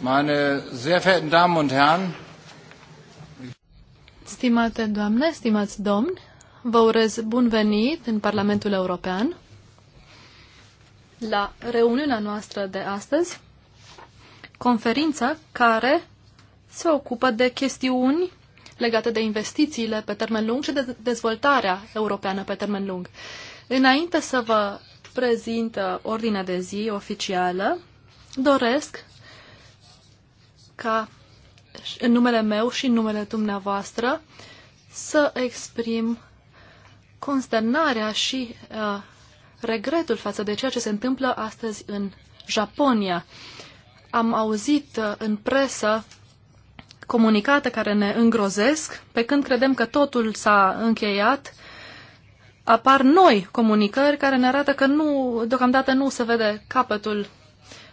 Meine sehr verehrten Damen und Herren, Stimate doamne, stimați domni, vă urez bun venit în Parlamentul European la reuniunea noastră de astăzi, conferința care se ocupă de chestiuni legate de investițiile pe termen lung și de dezvoltarea europeană pe termen lung. Înainte să vă prezint uh, ordinea de zi oficială, doresc ca în numele meu și în numele dumneavoastră să exprim consternarea și uh, regretul față de ceea ce se întâmplă astăzi în Japonia. Am auzit uh, în presă comunicate care ne îngrozesc, pe când credem că totul s-a încheiat, apar noi comunicări care ne arată că nu, deocamdată nu se vede capătul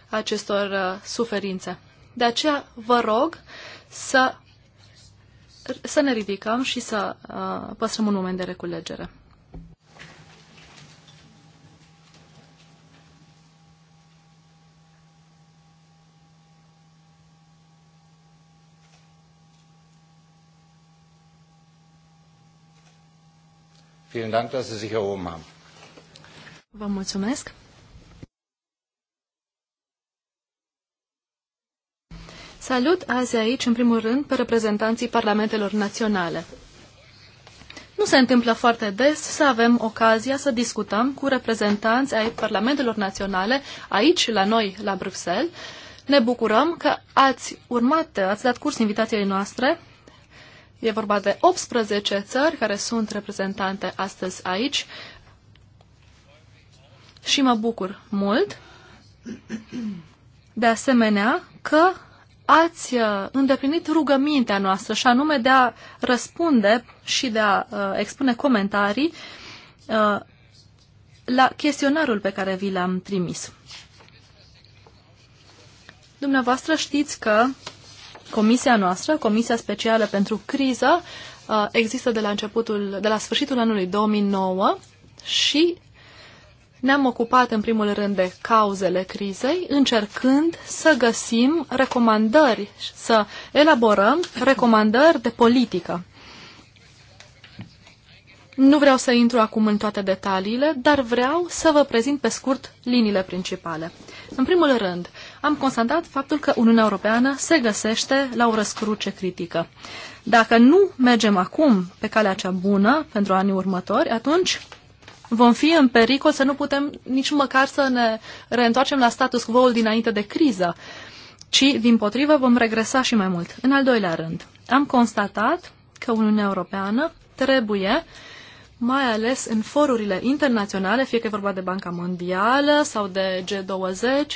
acestor uh, suferințe. De aceea vă rog să, să ne ridicăm și să uh, păstrăm un moment de reculegere. Vielen Dank, dass Sie sich erhoben haben. Vă mulțumesc. Salut azi aici, în primul rând, pe reprezentanții parlamentelor naționale. Nu se întâmplă foarte des să avem ocazia să discutăm cu reprezentanți ai parlamentelor naționale aici, la noi, la Bruxelles. Ne bucurăm că ați urmat, ați dat curs invitației noastre. E vorba de 18 țări care sunt reprezentante astăzi aici și mă bucur mult. De asemenea, că ați uh, îndeplinit rugămintea noastră și anume de a răspunde și de a uh, expune comentarii uh, la chestionarul pe care vi l-am trimis. Dumneavoastră știți că comisia noastră, Comisia Specială pentru Criză, există de la începutul, de la sfârșitul anului 2009 și ne-am ocupat în primul rând de cauzele crizei, încercând să găsim recomandări, să elaborăm recomandări de politică. Nu vreau să intru acum în toate detaliile, dar vreau să vă prezint pe scurt liniile principale. În primul rând, am constatat faptul că Uniunea Europeană se găsește la o răscruce critică. Dacă nu mergem acum pe calea cea bună pentru anii următori, atunci vom fi în pericol să nu putem nici măcar să ne reîntoarcem la status quo dinainte de criză, ci, din potrivă, vom regresa și mai mult. În al doilea rând, am constatat că Uniunea Europeană trebuie mai ales în forurile internaționale, fie că e vorba de Banca Mondială sau de G20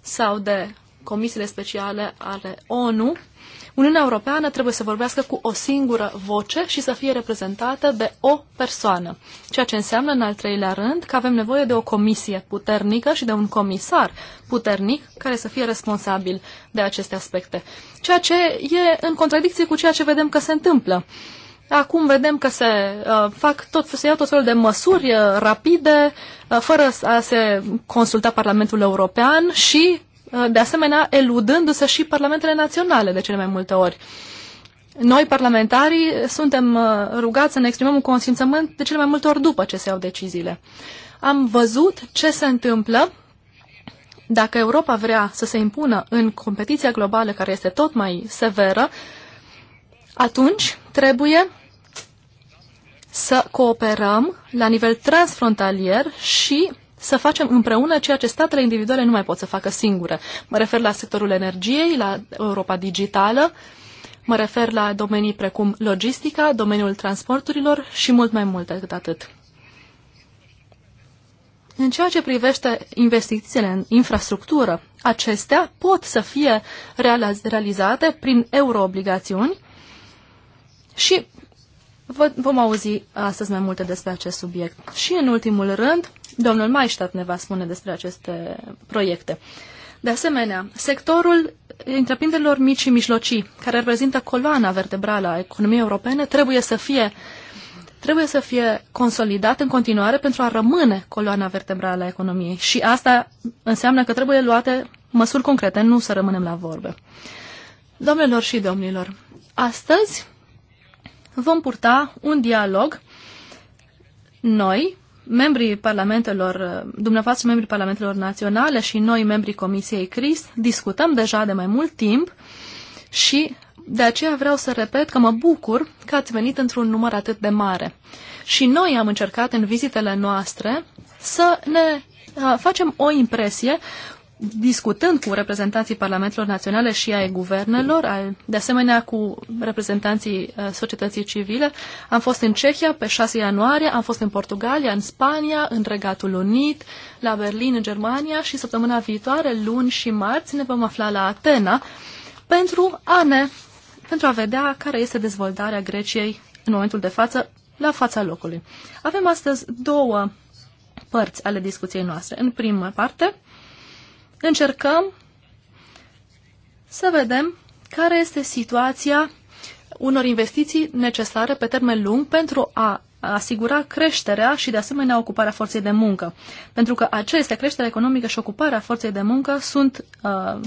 sau de comisiile speciale ale ONU, Uniunea Europeană trebuie să vorbească cu o singură voce și să fie reprezentată de o persoană, ceea ce înseamnă, în al treilea rând, că avem nevoie de o comisie puternică și de un comisar puternic care să fie responsabil de aceste aspecte, ceea ce e în contradicție cu ceea ce vedem că se întâmplă. Acum vedem că se uh, fac tot, se iau tot felul de măsuri uh, rapide, uh, fără a se consulta Parlamentul European și Uh, de asemenea eludându-se și parlamentele naționale de cele mai multe ori. Noi, parlamentarii, suntem uh, rugați să ne exprimăm un consimțământ de cele mai multe ori după ce se iau deciziile. Am văzut ce se întâmplă dacă Europa vrea să se impună în competiția globală care este tot mai severă, atunci trebuie să cooperăm la nivel transfrontalier și să facem împreună ceea ce statele individuale nu mai pot să facă singure. Mă refer la sectorul energiei, la Europa digitală, mă refer la domenii precum logistica, domeniul transporturilor și mult mai mult decât atât. În ceea ce privește investițiile în infrastructură, acestea pot să fie realizate prin euroobligațiuni și vom auzi astăzi mai multe despre acest subiect. Și în ultimul rând, Domnul Maistat ne va spune despre aceste proiecte. De asemenea, sectorul întreprinderilor mici și mijlocii, care reprezintă coloana vertebrală a economiei europene, trebuie să fie trebuie să fie consolidat în continuare pentru a rămâne coloana vertebrală a economiei. Și asta înseamnă că trebuie luate măsuri concrete, nu să rămânem la vorbe. Domnilor și domnilor, astăzi vom purta un dialog noi membrii parlamentelor, dumneavoastră membrii parlamentelor naționale și noi membrii Comisiei CRIS discutăm deja de mai mult timp și de aceea vreau să repet că mă bucur că ați venit într-un număr atât de mare. Și noi am încercat în vizitele noastre să ne facem o impresie discutând cu reprezentanții parlamentelor naționale și ai guvernelor, de asemenea cu reprezentanții uh, societății civile. Am fost în Cehia pe 6 ianuarie, am fost în Portugalia, în Spania, în Regatul Unit, la Berlin, în Germania și săptămâna viitoare, luni și marți, ne vom afla la Atena pentru a ne pentru a vedea care este dezvoltarea Greciei în momentul de față la fața locului. Avem astăzi două părți ale discuției noastre. În prima parte, încercăm să vedem care este situația unor investiții necesare pe termen lung pentru a asigura creșterea și, de asemenea, ocuparea forței de muncă. Pentru că acestea, creșterea economică și ocuparea forței de muncă, sunt uh,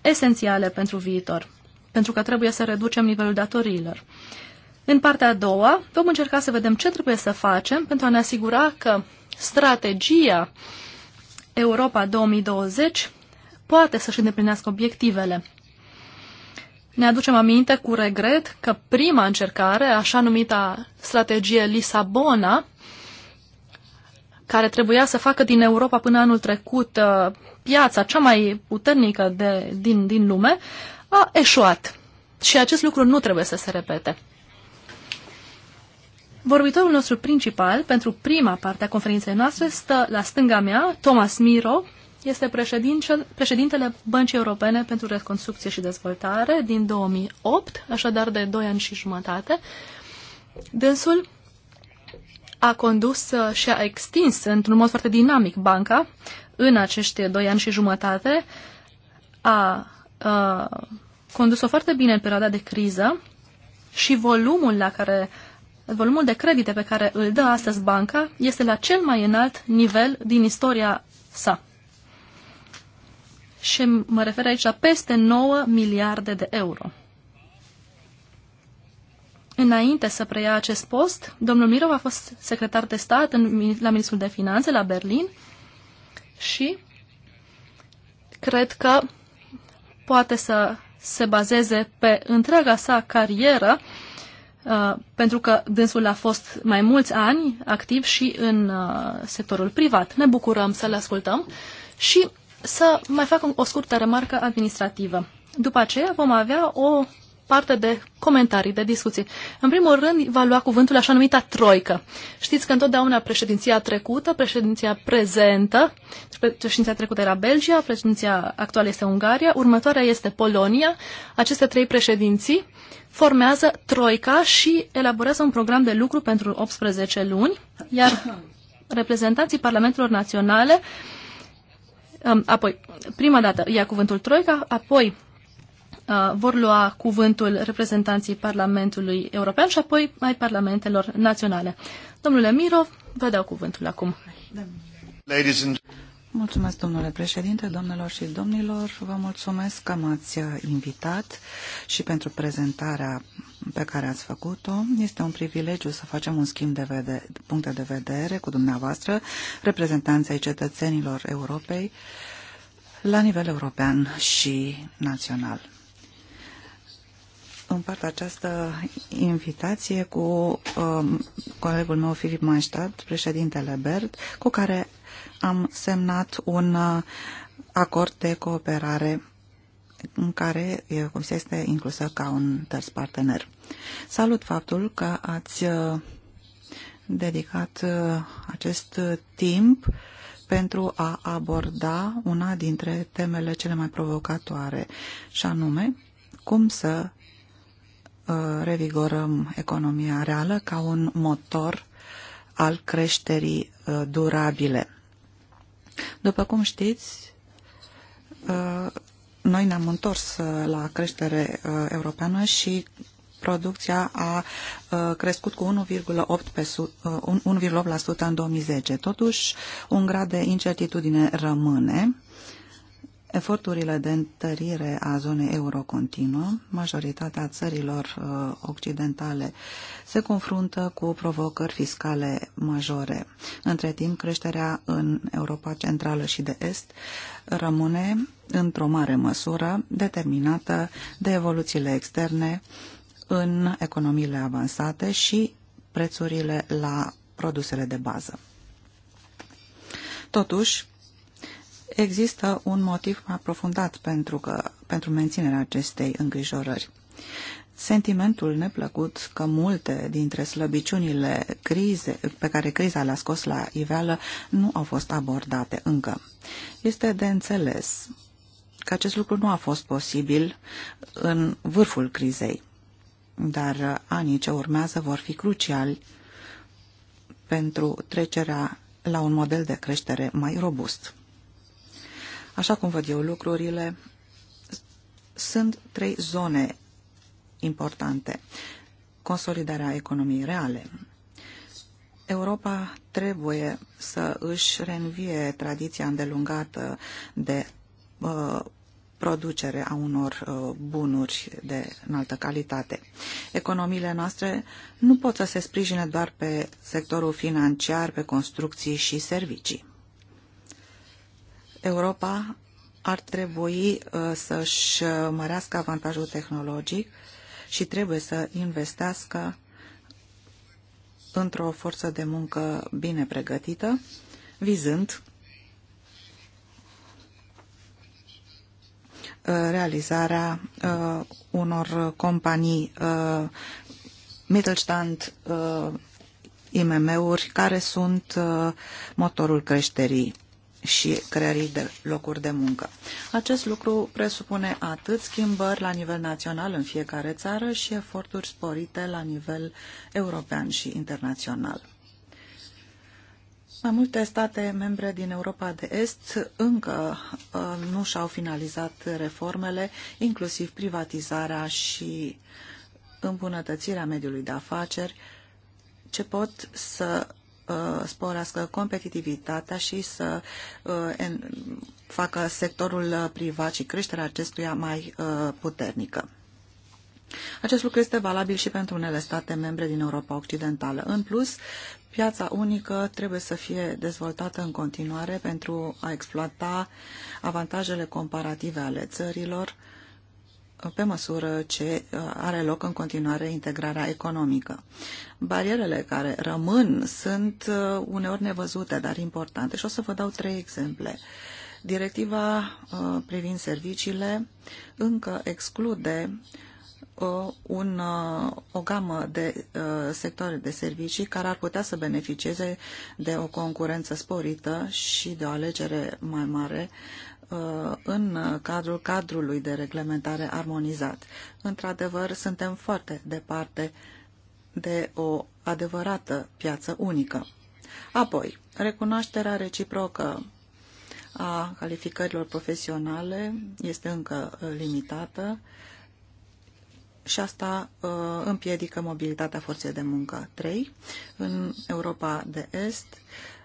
esențiale pentru viitor, pentru că trebuie să reducem nivelul datoriilor. În partea a doua, vom încerca să vedem ce trebuie să facem pentru a ne asigura că strategia uh, Europa 2020 poate să-și îndeplinească obiectivele. Ne aducem aminte cu regret că prima încercare, așa numita strategie Lisabona, care trebuia să facă din Europa până anul trecut uh, piața cea mai puternică de, din, din lume, a eșuat. Și acest lucru nu trebuie să se repete. Vorbitorul nostru principal pentru prima parte a conferinței noastre stă la stânga mea, Thomas Miro, este președintele Băncii Europene pentru Reconstrucție și Dezvoltare din 2008, așadar de 2 ani și jumătate. Dânsul a condus uh, și a extins într-un mod foarte dinamic banca în acești 2 ani și jumătate. A, a uh, condus-o foarte bine în perioada de criză și volumul la care volumul de credite pe care îl dă astăzi banca este la cel mai înalt nivel din istoria sa. Și mă refer aici la peste 9 miliarde de euro. Înainte să preia acest post, domnul Mirov a fost secretar de stat în, la Ministrul de Finanțe la Berlin și cred că poate să se bazeze pe întreaga sa carieră Uh, pentru că dânsul a fost mai mulți ani activ și în uh, sectorul privat. Ne bucurăm să-l ascultăm și să mai fac o scurtă remarcă administrativă. După aceea vom avea o parte de comentarii, de discuții. În primul rând, va lua cuvântul așa numita troică. Știți că întotdeauna președinția trecută, președinția prezentă, președinția trecută era Belgia, președinția actuală este Ungaria, următoarea este Polonia. Aceste trei președinții formează troica și elaborează un program de lucru pentru 18 luni, iar reprezentanții parlamentelor naționale um, Apoi, prima dată ia cuvântul Troica, apoi Uh, vor lua cuvântul reprezentanții Parlamentului European și apoi ai Parlamentelor Naționale. Domnule Mirov, vă dau cuvântul acum. Mulțumesc, domnule președinte, domnilor și domnilor. Vă mulțumesc că m-ați invitat și pentru prezentarea pe care ați făcut-o. Este un privilegiu să facem un schimb de vede- puncte de vedere cu dumneavoastră, reprezentanții cetățenilor Europei, la nivel european și național împart această invitație cu um, colegul meu Filip Maistat, președintele BERT, cu care am semnat un uh, acord de cooperare în care cum se este inclusă ca un ters partener. Salut faptul că ați uh, dedicat uh, acest timp pentru a aborda una dintre temele cele mai provocatoare, și anume cum să Uh, revigorăm economia reală ca un motor al creșterii uh, durabile. După cum știți, uh, noi ne-am întors la creștere europeană și producția a crescut cu 1,8% în 2010. Totuși, un grad de incertitudine rămâne Eforturile de întărire a zonei euro continuă. Majoritatea țărilor uh, occidentale se confruntă cu provocări fiscale majore. Între timp, creșterea în Europa Centrală și de Est rămâne, într-o mare măsură, determinată de evoluțiile externe în economiile avansate și prețurile la produsele de bază. Totuși, există un motiv mai aprofundat pentru, că, pentru menținerea acestei îngrijorări. Sentimentul neplăcut că multe dintre slăbiciunile crize, pe care criza le-a scos la iveală nu au fost abordate încă. Este de înțeles că acest lucru nu a fost posibil în vârful crizei, dar anii ce urmează vor fi cruciali pentru trecerea la un model de creștere mai robust. Așa cum văd eu lucrurile, sunt trei zone importante. Consolidarea economiei reale. Europa trebuie să își renvie tradiția îndelungată de uh, producere a unor uh, bunuri de înaltă calitate. Economiile noastre nu pot să se sprijine doar pe sectorul financiar, pe construcții și servicii. Europa ar trebui uh, să-și mărească avantajul tehnologic și trebuie să investească într-o forță de muncă bine pregătită, vizând uh, realizarea uh, unor companii Mittelstand, IMM-uri, care sunt motorul creșterii și creării de locuri de muncă. Acest lucru presupune atât schimbări la nivel național în fiecare țară și eforturi sporite la nivel european și internațional. Mai multe state membre din Europa de Est încă uh, nu și-au finalizat reformele, inclusiv privatizarea și îmbunătățirea mediului de afaceri, ce pot să Uh, sporească competitivitatea și să uh, facă sectorul uh, privat și creșterea acestuia mai puternică. Acest lucru este valabil și pentru unele state membre din Europa Occidentală. În plus, piața unică trebuie să fie dezvoltată în continuare pentru a exploata avantajele comparative ale țărilor, uh, pe măsură ce uh, are loc în continuare integrarea economică. Barierele care rămân sunt uh, uneori nevăzute, dar importante și o să vă dau trei exemple. Directiva uh, privind serviciile încă exclude Uh, un, uh, o gamă de uh, sectoare de servicii care ar putea să beneficieze de o concurență sporită și de o alegere mai mare în cadrul cadrului de reglementare armonizat. Într-adevăr, suntem foarte departe de o adevărată piață unică. Apoi, recunoașterea reciprocă a calificărilor profesionale este încă limitată și asta uh, împiedică mobilitatea forței de muncă. 3. În Europa de Est,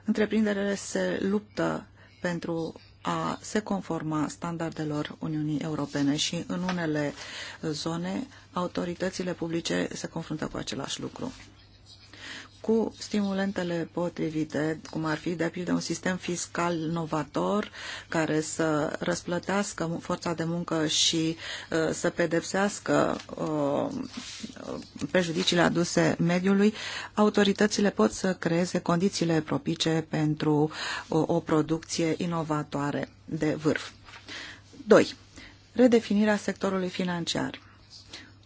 întreprinderile se luptă pentru a se conforma standardelor Uniunii Europene și în unele zone autoritățile publice se confruntă cu același lucru cu stimulentele potrivite, cum ar fi, de pildă, un sistem fiscal novator care să răsplătească forța de muncă și uh, să pedepsească uh, prejudiciile aduse mediului, autoritățile pot să creeze condițiile propice pentru uh, o producție inovatoare de vârf. 2. Redefinirea sectorului financiar.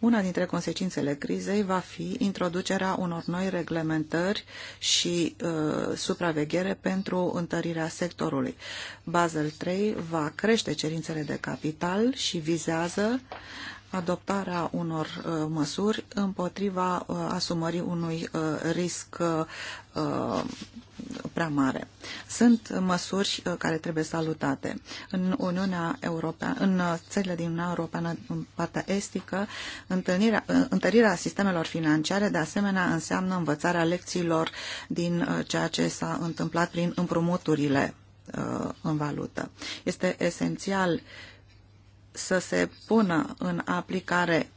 Una dintre consecințele crizei va fi introducerea unor noi reglementări și uh, supraveghere pentru întărirea sectorului. Basel III va crește cerințele de capital și vizează adoptarea unor uh, măsuri împotriva uh, asumării unui uh, risc uh, prea mare. Sunt măsuri uh, care trebuie salutate. În Uniunea Europeană, în uh, țările din Uniunea Europeană, în partea estică, uh, întărirea sistemelor financiare, de asemenea, înseamnă învățarea lecțiilor din ceea ce s-a întâmplat prin împrumuturile în valută. Este esențial să se pună în aplicare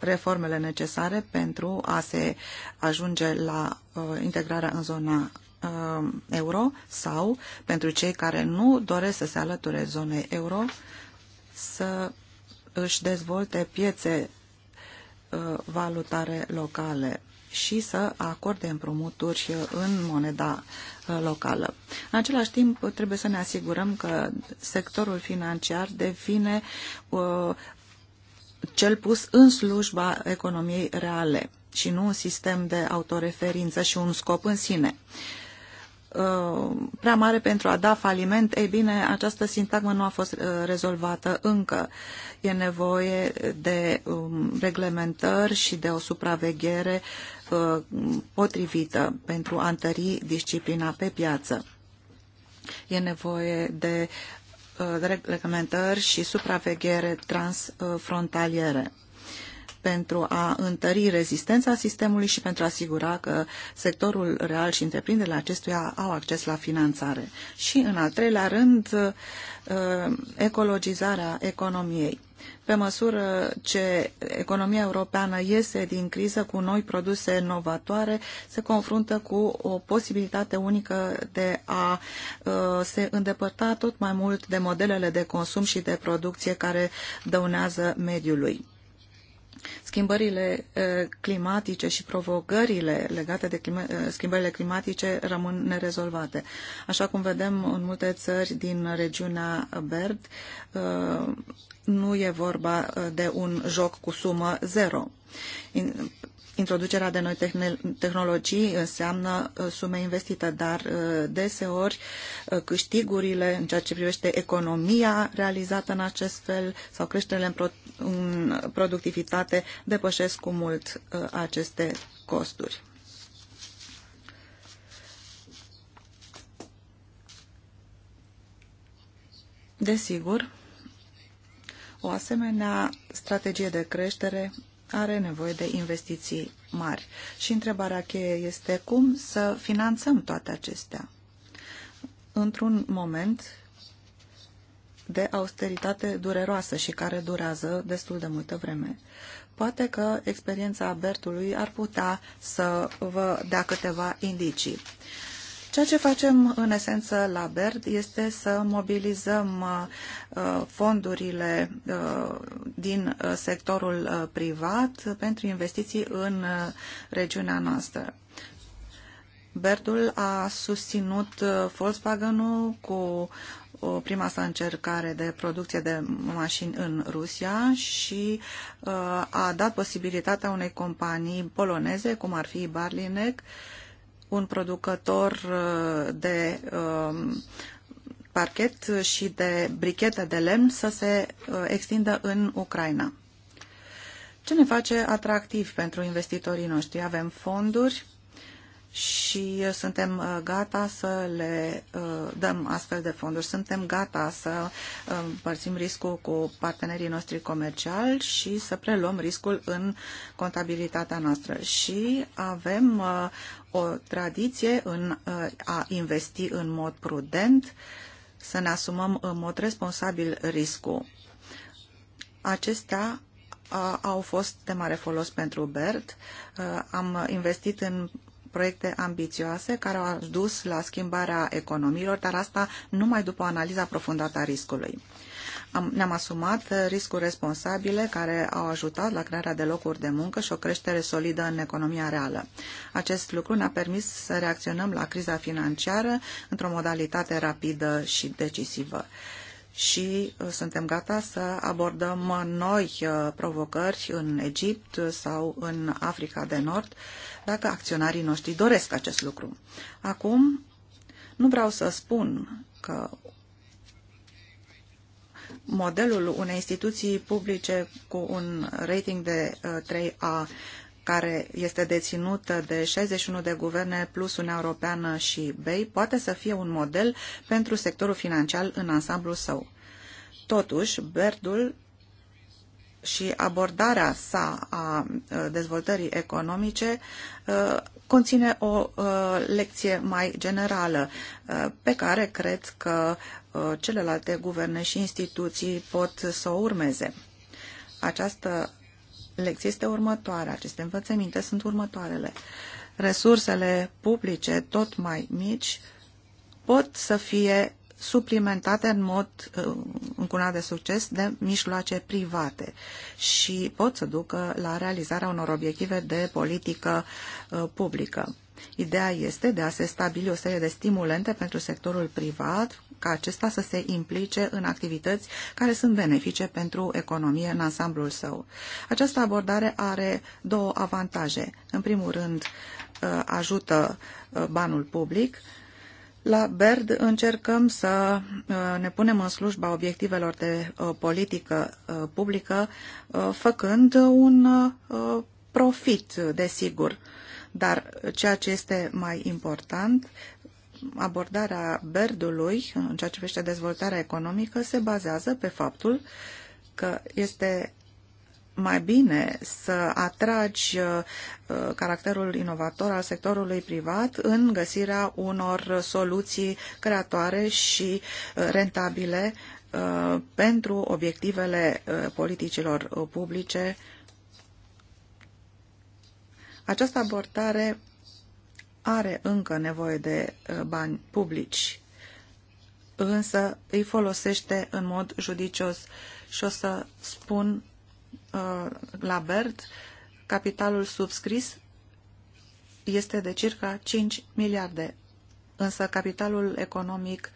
reformele necesare pentru a se ajunge la uh, integrarea în zona Um, euro sau pentru cei care nu doresc să se alăture zonei euro să își dezvolte piețe uh, valutare locale și să acorde împrumuturi în moneda uh, locală. În același timp, trebuie să ne asigurăm că sectorul financiar devine uh, cel pus în slujba economiei reale și nu un sistem de autoreferință și un scop în sine. Uh, Uh, prea mare pentru a da faliment, ei bine, această sintagmă nu a fost uh, rezolvată încă. E nevoie de um, reglementări și de o supraveghere uh, potrivită pentru a întări disciplina pe piață. E nevoie de reglementări și supraveghere transfrontaliere pentru a întări rezistența sistemului și pentru a asigura că sectorul real și întreprinderile acestuia au acces la finanțare. Și, în al treilea rând, uh, ecologizarea economiei. Pe măsură ce economia europeană iese din criză cu noi produse novatoare, se confruntă cu o posibilitate unică de a uh, se îndepărta tot mai mult de modelele de consum și de producție care dăunează mediului. Schimbările climatice și provocările legate de clima, schimbările climatice rămân nerezolvate. Așa cum vedem în multe țări din regiunea Berd, nu e vorba de un joc cu sumă zero introducerea de noi tehnologii înseamnă uh, sume investite, dar uh, deseori uh, câștigurile în ceea ce privește economia realizată în acest fel sau creșterile în, pro în productivitate depășesc cu mult aceste costuri. Desigur, o asemenea strategie de creștere are nevoie de investiții mari. Și întrebarea cheie este cum să finanțăm toate acestea într-un moment de austeritate dureroasă și care durează destul de multă vreme. Poate că experiența Bertului ar putea să vă dea câteva indicii. Ceea ce facem în esență la BERD este să mobilizăm uh, fondurile uh, din uh, sectorul privat pentru investiții în regiunea noastră. Berdul a susținut Volkswagen-ul cu prima sa încercare de producție de mașini în Rusia și a dat posibilitatea unei companii poloneze, cum ar fi Barlinec, un producător uh, de um, parchet și de brichete de lemn să se uh, extindă în Ucraina. Ce ne face atractiv pentru investitorii noștri? Avem fonduri și suntem uh, gata să le dăm astfel de fonduri. Suntem gata să împărțim riscul cu partenerii noștri comerciali și să preluăm riscul în contabilitatea noastră. Și avem o tradiție în uh, a investi în mod prudent, să ne asumăm în mod responsabil riscul. Acestea uh, au fost de mare folos pentru BERT. Uh, am investit în proiecte ambițioase care au dus la schimbarea economiilor, dar asta numai după analiza profundată a riscului. Am, ne-am asumat uh, riscuri responsabile care au ajutat la crearea de locuri de muncă și o creștere solidă în economia reală. Acest lucru ne-a permis să reacționăm la criza financiară într-o modalitate rapidă și decisivă și uh, suntem gata să abordăm noi uh, provocări în Egipt sau în Africa de Nord, dacă acționarii noștri doresc acest lucru. Acum, nu vreau să spun că modelul unei instituții publice cu un rating de 3A uh, care este deținută de 61 de guverne plus Uniunea Europeană și BEI poate să fie un model pentru sectorul financiar în ansamblul său. Totuși, Berdul și abordarea sa a uh, dezvoltării economice uh, conține o lecție mai generală pe care cred că Uh, celelalte guverne și instituții pot să o urmeze. Această lecție este următoarea, aceste învățăminte sunt următoarele. Resursele publice tot mai mici pot să fie suplimentate în mod uh, încunat de succes de mijloace private și pot să ducă la realizarea unor obiective de politică uh, publică. Ideea este de a se stabili o serie de stimulente pentru sectorul privat ca acesta să se implice în activități care sunt benefice pentru economie în ansamblul său. Această abordare are două avantaje. În primul rând, uh, ajută uh, banul public, la BERD încercăm să uh, ne punem în slujba obiectivelor de politică publică, făcând un profit, desigur. Dar ceea ce este mai important abordarea Berdului în ceea ce privește dezvoltarea economică se bazează pe faptul că este mai bine să atragi uh, uh, caracterul inovator al sectorului privat în găsirea unor soluții creatoare și uh, rentabile pentru obiectivele politicilor publice această abordare are încă nevoie de uh, bani publici, însă îi folosește în mod judicios. Și o să spun uh, la Bert, capitalul subscris este de circa 5 miliarde, însă capitalul economic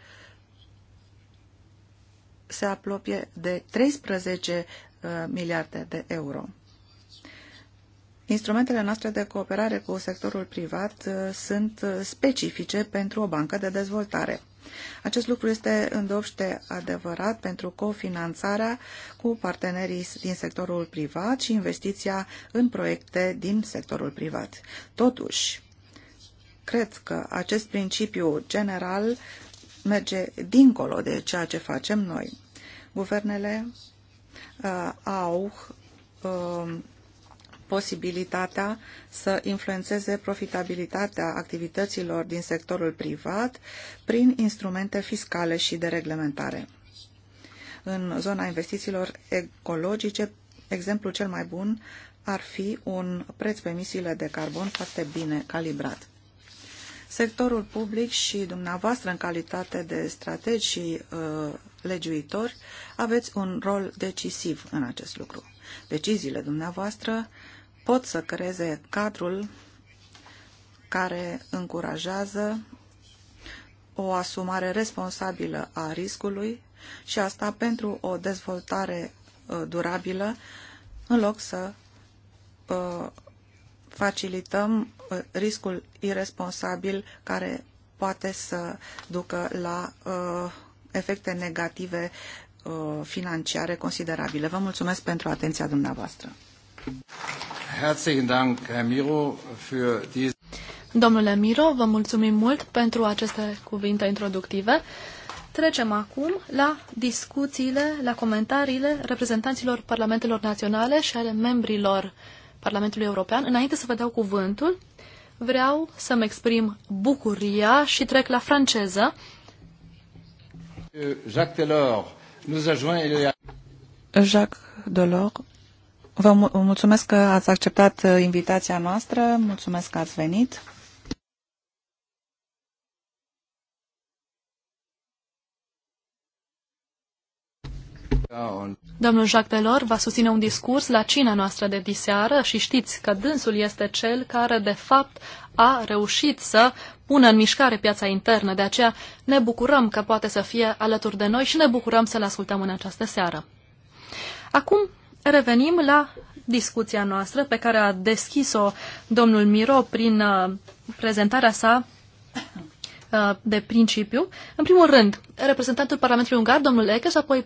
se apropie de 13 uh, miliarde de euro. Instrumentele noastre de cooperare cu sectorul privat uh, sunt uh, specifice pentru o bancă de dezvoltare. Acest lucru este îndopște adevărat pentru cofinanțarea cu partenerii din sectorul privat și investiția în proiecte din sectorul privat. Totuși, cred că acest principiu general merge dincolo de ceea ce facem noi. Guvernele uh, au uh, posibilitatea să influențeze profitabilitatea activităților din sectorul privat prin instrumente fiscale și de reglementare. În zona investițiilor ecologice, exemplul cel mai bun ar fi un preț pe emisiile de carbon foarte bine calibrat. Sectorul public și dumneavoastră în calitate de strategi și uh, legiuitori aveți un rol decisiv în acest lucru. Deciziile dumneavoastră pot să creeze cadrul care încurajează o asumare responsabilă a riscului și asta pentru o dezvoltare uh, durabilă, în loc să uh, facilităm uh, riscul irresponsabil care poate să ducă la efecte negative financiare considerabile. Vă mulțumesc pentru atenția dumneavoastră. Domnule Miro, vă mulțumim mult pentru aceste cuvinte introductive. Trecem acum la discuțiile, la comentariile reprezentanților parlamentelor naționale și ale membrilor Parlamentului European. Înainte să vă dau cuvântul, vreau să-mi exprim bucuria și trec la franceză. Jacques Delors nous Jacques Delors Vă mulțumesc că ați acceptat uh, invitația noastră, mulțumesc că ați venit. Domnul Jacques Delors va susține un discurs la cina noastră de diseară și știți că dânsul este cel care, de fapt, a reușit să pună în mișcare piața internă. De aceea ne bucurăm că poate să fie alături de noi și ne bucurăm să-l ascultăm în această seară. Acum revenim la discuția noastră pe care a deschis-o domnul Miro prin uh, prezentarea sa uh, de principiu. În primul rând, reprezentantul Parlamentului Ungar, domnul Eke, și apoi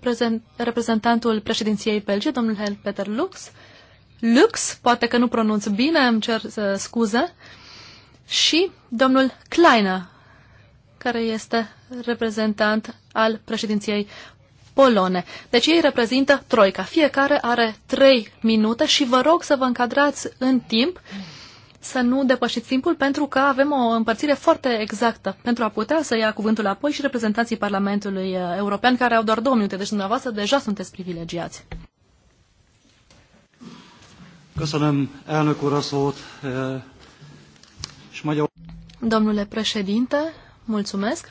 reprezentantul președinției belge, domnul Hel Peter Lux. Lux, poate că nu pronunț bine, îmi cer uh, scuze. Și domnul Kleiner, care este reprezentant al președinției polone. Deci ei reprezintă troica. Fiecare are trei minute și vă rog să vă încadrați în timp să nu depășiți timpul pentru că avem o împărțire foarte exactă pentru a putea să ia cuvântul apoi și reprezentanții Parlamentului uh, European care au doar două minute. Deci dumneavoastră deja sunteți privilegiați. Uh, Domnule președinte, mulțumesc.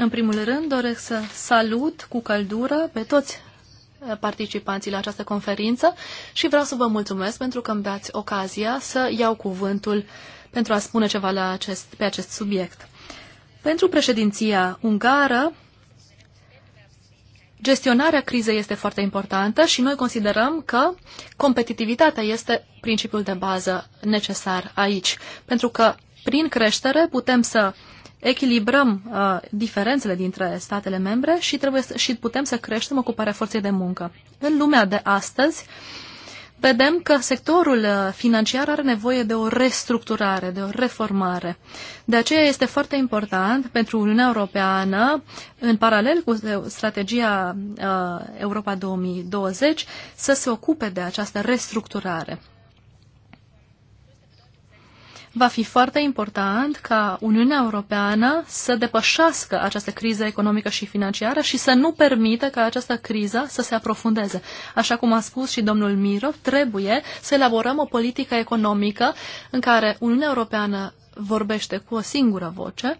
În primul rând, doresc să salut cu căldură pe toți participanții la această conferință și vreau să vă mulțumesc pentru că îmi dați ocazia să iau cuvântul pentru a spune ceva la acest, pe acest subiect. Pentru președinția ungară, gestionarea crizei este foarte importantă și noi considerăm că competitivitatea este principiul de bază necesar aici, pentru că prin creștere putem să uh, echilibrăm uh, diferențele dintre statele membre și, trebuie să, și putem să creștem ocuparea forței de muncă. În lumea de astăzi, vedem că sectorul uh, financiar are nevoie de o restructurare, de o reformare. De aceea este foarte important pentru Uniunea Europeană, în paralel cu strategia uh, Europa 2020, să se ocupe de această restructurare va fi foarte important ca Uniunea Europeană să depășească această criză economică și financiară și să nu permită ca această criză să se aprofundeze. Așa cum a spus și domnul Miro, trebuie să elaborăm o politică economică în care Uniunea Europeană vorbește cu o singură voce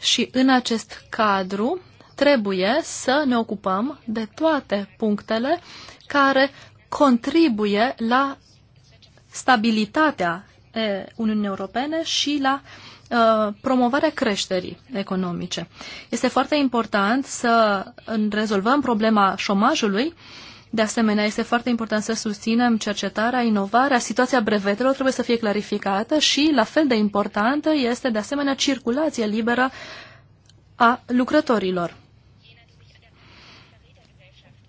și în acest cadru trebuie să ne ocupăm de toate punctele care contribuie la stabilitatea Uniunii Europene și la promovarea creșterii economice. Este foarte important să rezolvăm problema șomajului de asemenea, este foarte important să susținem cercetarea, inovarea, situația brevetelor trebuie să fie clarificată și, la fel de importantă, este, de asemenea, circulația liberă a lucrătorilor.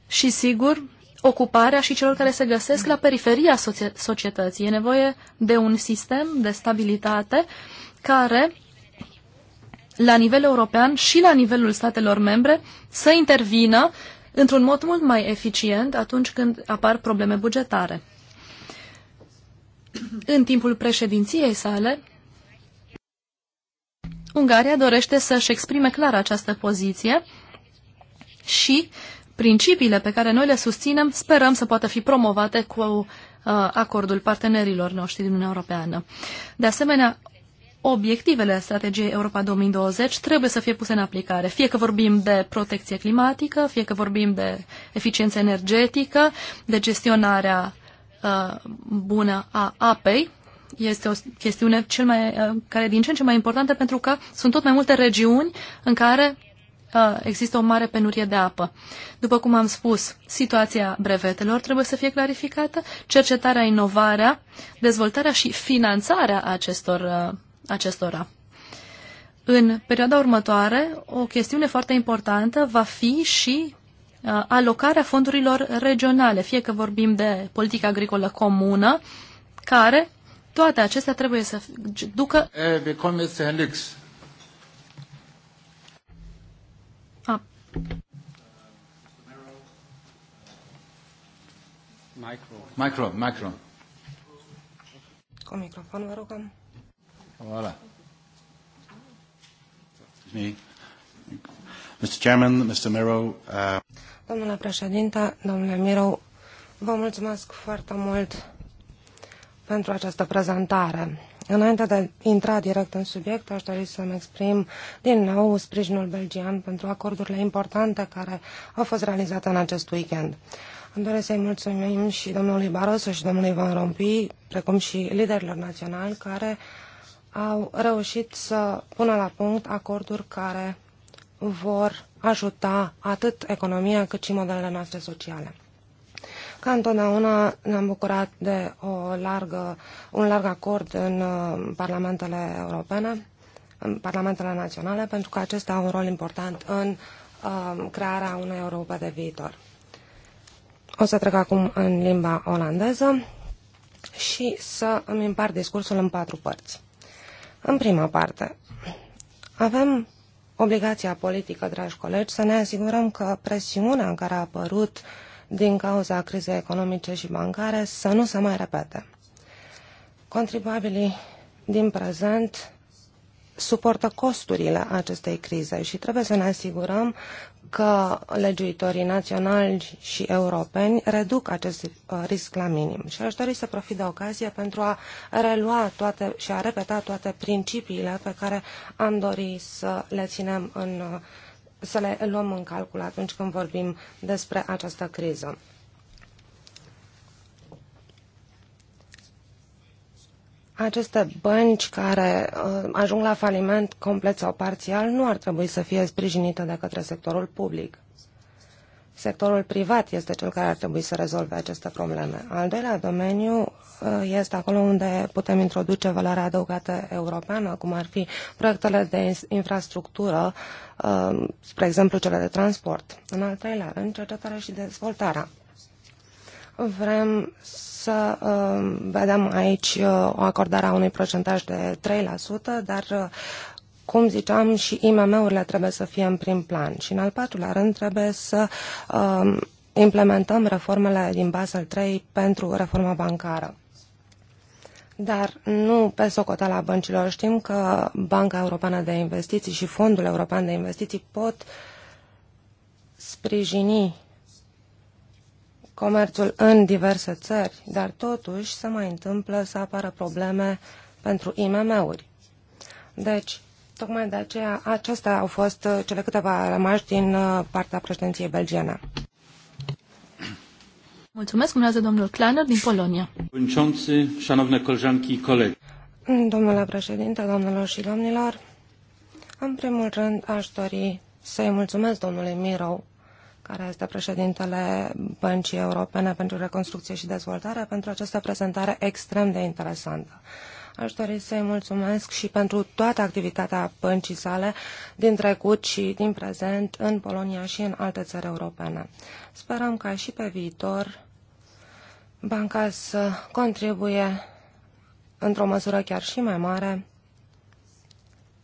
Și, sigur, ocuparea și celor care se găsesc la periferia societății. E nevoie de un sistem de stabilitate care, la nivel european și la nivelul statelor membre, să intervină într-un mod mult mai eficient atunci când apar probleme bugetare. În timpul președinției sale, Ungaria dorește să-și exprime clar această poziție și principiile pe care noi le susținem sperăm să poată fi promovate cu uh, acordul partenerilor noștri din Uniunea Europeană. De asemenea, obiectivele strategiei Europa 2020 trebuie să fie puse în aplicare. Fie că vorbim de protecție climatică, fie că vorbim de eficiență energetică, de gestionarea uh, bună a apei, este o chestiune cel mai, uh, care din ce în ce mai importantă pentru că sunt tot mai multe regiuni în care există o mare penurie de apă. După cum am spus, situația brevetelor trebuie să fie clarificată, cercetarea, inovarea, dezvoltarea și finanțarea acestor, uh, acestora. În perioada următoare, o chestiune foarte importantă va fi și uh, alocarea fondurilor regionale, fie că vorbim de politică agricolă comună, care toate acestea trebuie să ducă... Eh, Micro, micro. Cu microfon, vă rog. Voilà. Me. Mr. Chairman, Mr. Miro, uh... Domnule președinte, domnule Miro, vă mulțumesc foarte mult pentru această prezentare. Înainte de a intra direct în subiect, aș dori să-mi exprim din nou sprijinul belgian pentru acordurile importante care au fost realizate în acest weekend. Îmi doresc să-i mulțumim și domnului Barroso și domnului Van Rompuy, precum și liderilor naționali care au reușit să pună la punct acorduri care vor ajuta atât economia cât și modelele noastre sociale. Ca întotdeauna ne-am bucurat de o largă, un larg acord în uh, parlamentele europene, în parlamentele naționale, pentru că acestea au un rol important în uh, crearea unei Europe de viitor. O să trec acum în limba olandeză și să îmi împart discursul în patru părți. În prima parte, avem obligația politică, dragi colegi, să ne asigurăm că presiunea în care a apărut uh, din cauza crizei economice și bancare să nu se mai repete. Contribuabilii din prezent suportă costurile acestei crize și trebuie să ne asigurăm că legiuitorii naționali și europeni reduc acest uh, risc la minim. Și aș dori să profit de ocazie pentru a relua toate și a repeta toate principiile pe care am dori să le ținem în uh, să le luăm în calcul atunci când vorbim despre această criză. aceste bănci care uh, ajung la faliment complet sau parțial nu ar trebui să fie sprijinite de către sectorul public sectorul privat este cel care ar trebui să rezolve aceste probleme. Al doilea domeniu uh, este acolo unde putem introduce valoarea adăugată europeană, cum ar fi proiectele de infrastructură, uh, spre exemplu cele de transport. În al treilea rând, cercetarea și dezvoltarea. Vrem să uh, vedem aici o acordare a unui procentaj de 3%, dar cum ziceam, și IMM-urile trebuie să fie în prim plan. Și în al patrulea rând trebuie să um, implementăm reformele din Basel III pentru reforma bancară. Dar nu pe socoteala băncilor. Știm că Banca Europeană de Investiții și Fondul European de Investiții pot sprijini comerțul în diverse țări, dar totuși se mai întâmplă să apară probleme pentru IMM-uri. Deci, Tocmai de aceea, acestea au fost uh, cele câteva rămași din uh, partea președinției belgiene. Mulțumesc, urmează domnul Kleiner din Polonia. Domnule președinte, domnilor și domnilor, în primul rând aș dori să-i mulțumesc domnului Miro, care este președintele Băncii Europene pentru Reconstrucție și Dezvoltare, pentru această prezentare extrem de interesantă. Aș dori să-i mulțumesc și pentru toată activitatea păncii sale din trecut și din prezent în Polonia și în alte țări europene. Sperăm ca și pe viitor banca să contribuie într-o măsură chiar și mai mare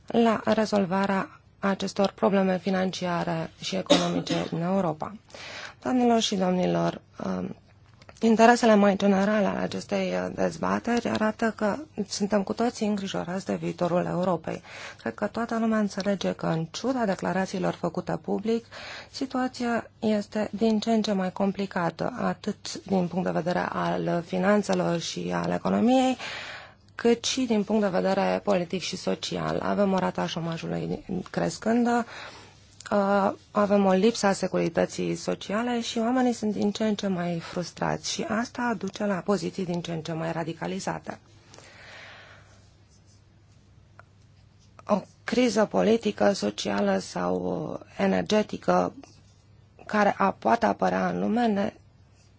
la rezolvarea acestor probleme financiare și economice în Europa. Doamnelor și domnilor, Interesele mai generale ale acestei uh, dezbateri arată că suntem cu toții îngrijorați de viitorul Europei. Cred că toată lumea înțelege că, în ciuda declarațiilor făcute public, situația este din ce în ce mai complicată, atât din punct de vedere al finanțelor și al economiei, cât și din punct de vedere politic și social. Avem o rata șomajului crescândă, uh, avem o lipsă a securității sociale și oamenii sunt din ce în ce mai frustrați și asta duce la poziții din ce în ce mai radicalizate. O criză politică, socială sau energetică care a, poate apărea în lume ne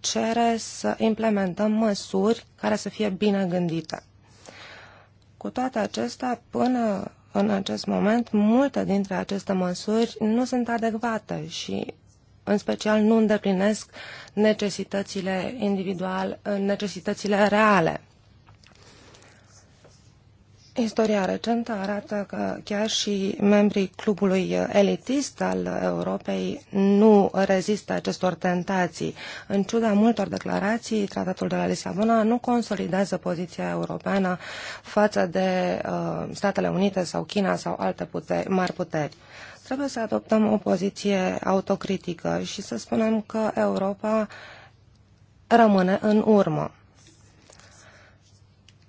cere să implementăm măsuri care să fie bine gândite. Cu toate acestea, până în acest moment, multe dintre aceste măsuri nu sunt adecvate și în special nu îndeplinesc necesitățile individual, necesitățile reale. Istoria recentă arată că chiar și membrii clubului elitist al Europei nu rezistă acestor tentații. În ciuda multor declarații, tratatul de la Lisabona nu consolidează poziția europeană față de uh, Statele Unite sau China sau alte puteri, mari puteri. Trebuie să adoptăm o poziție autocritică și să spunem că Europa rămâne în urmă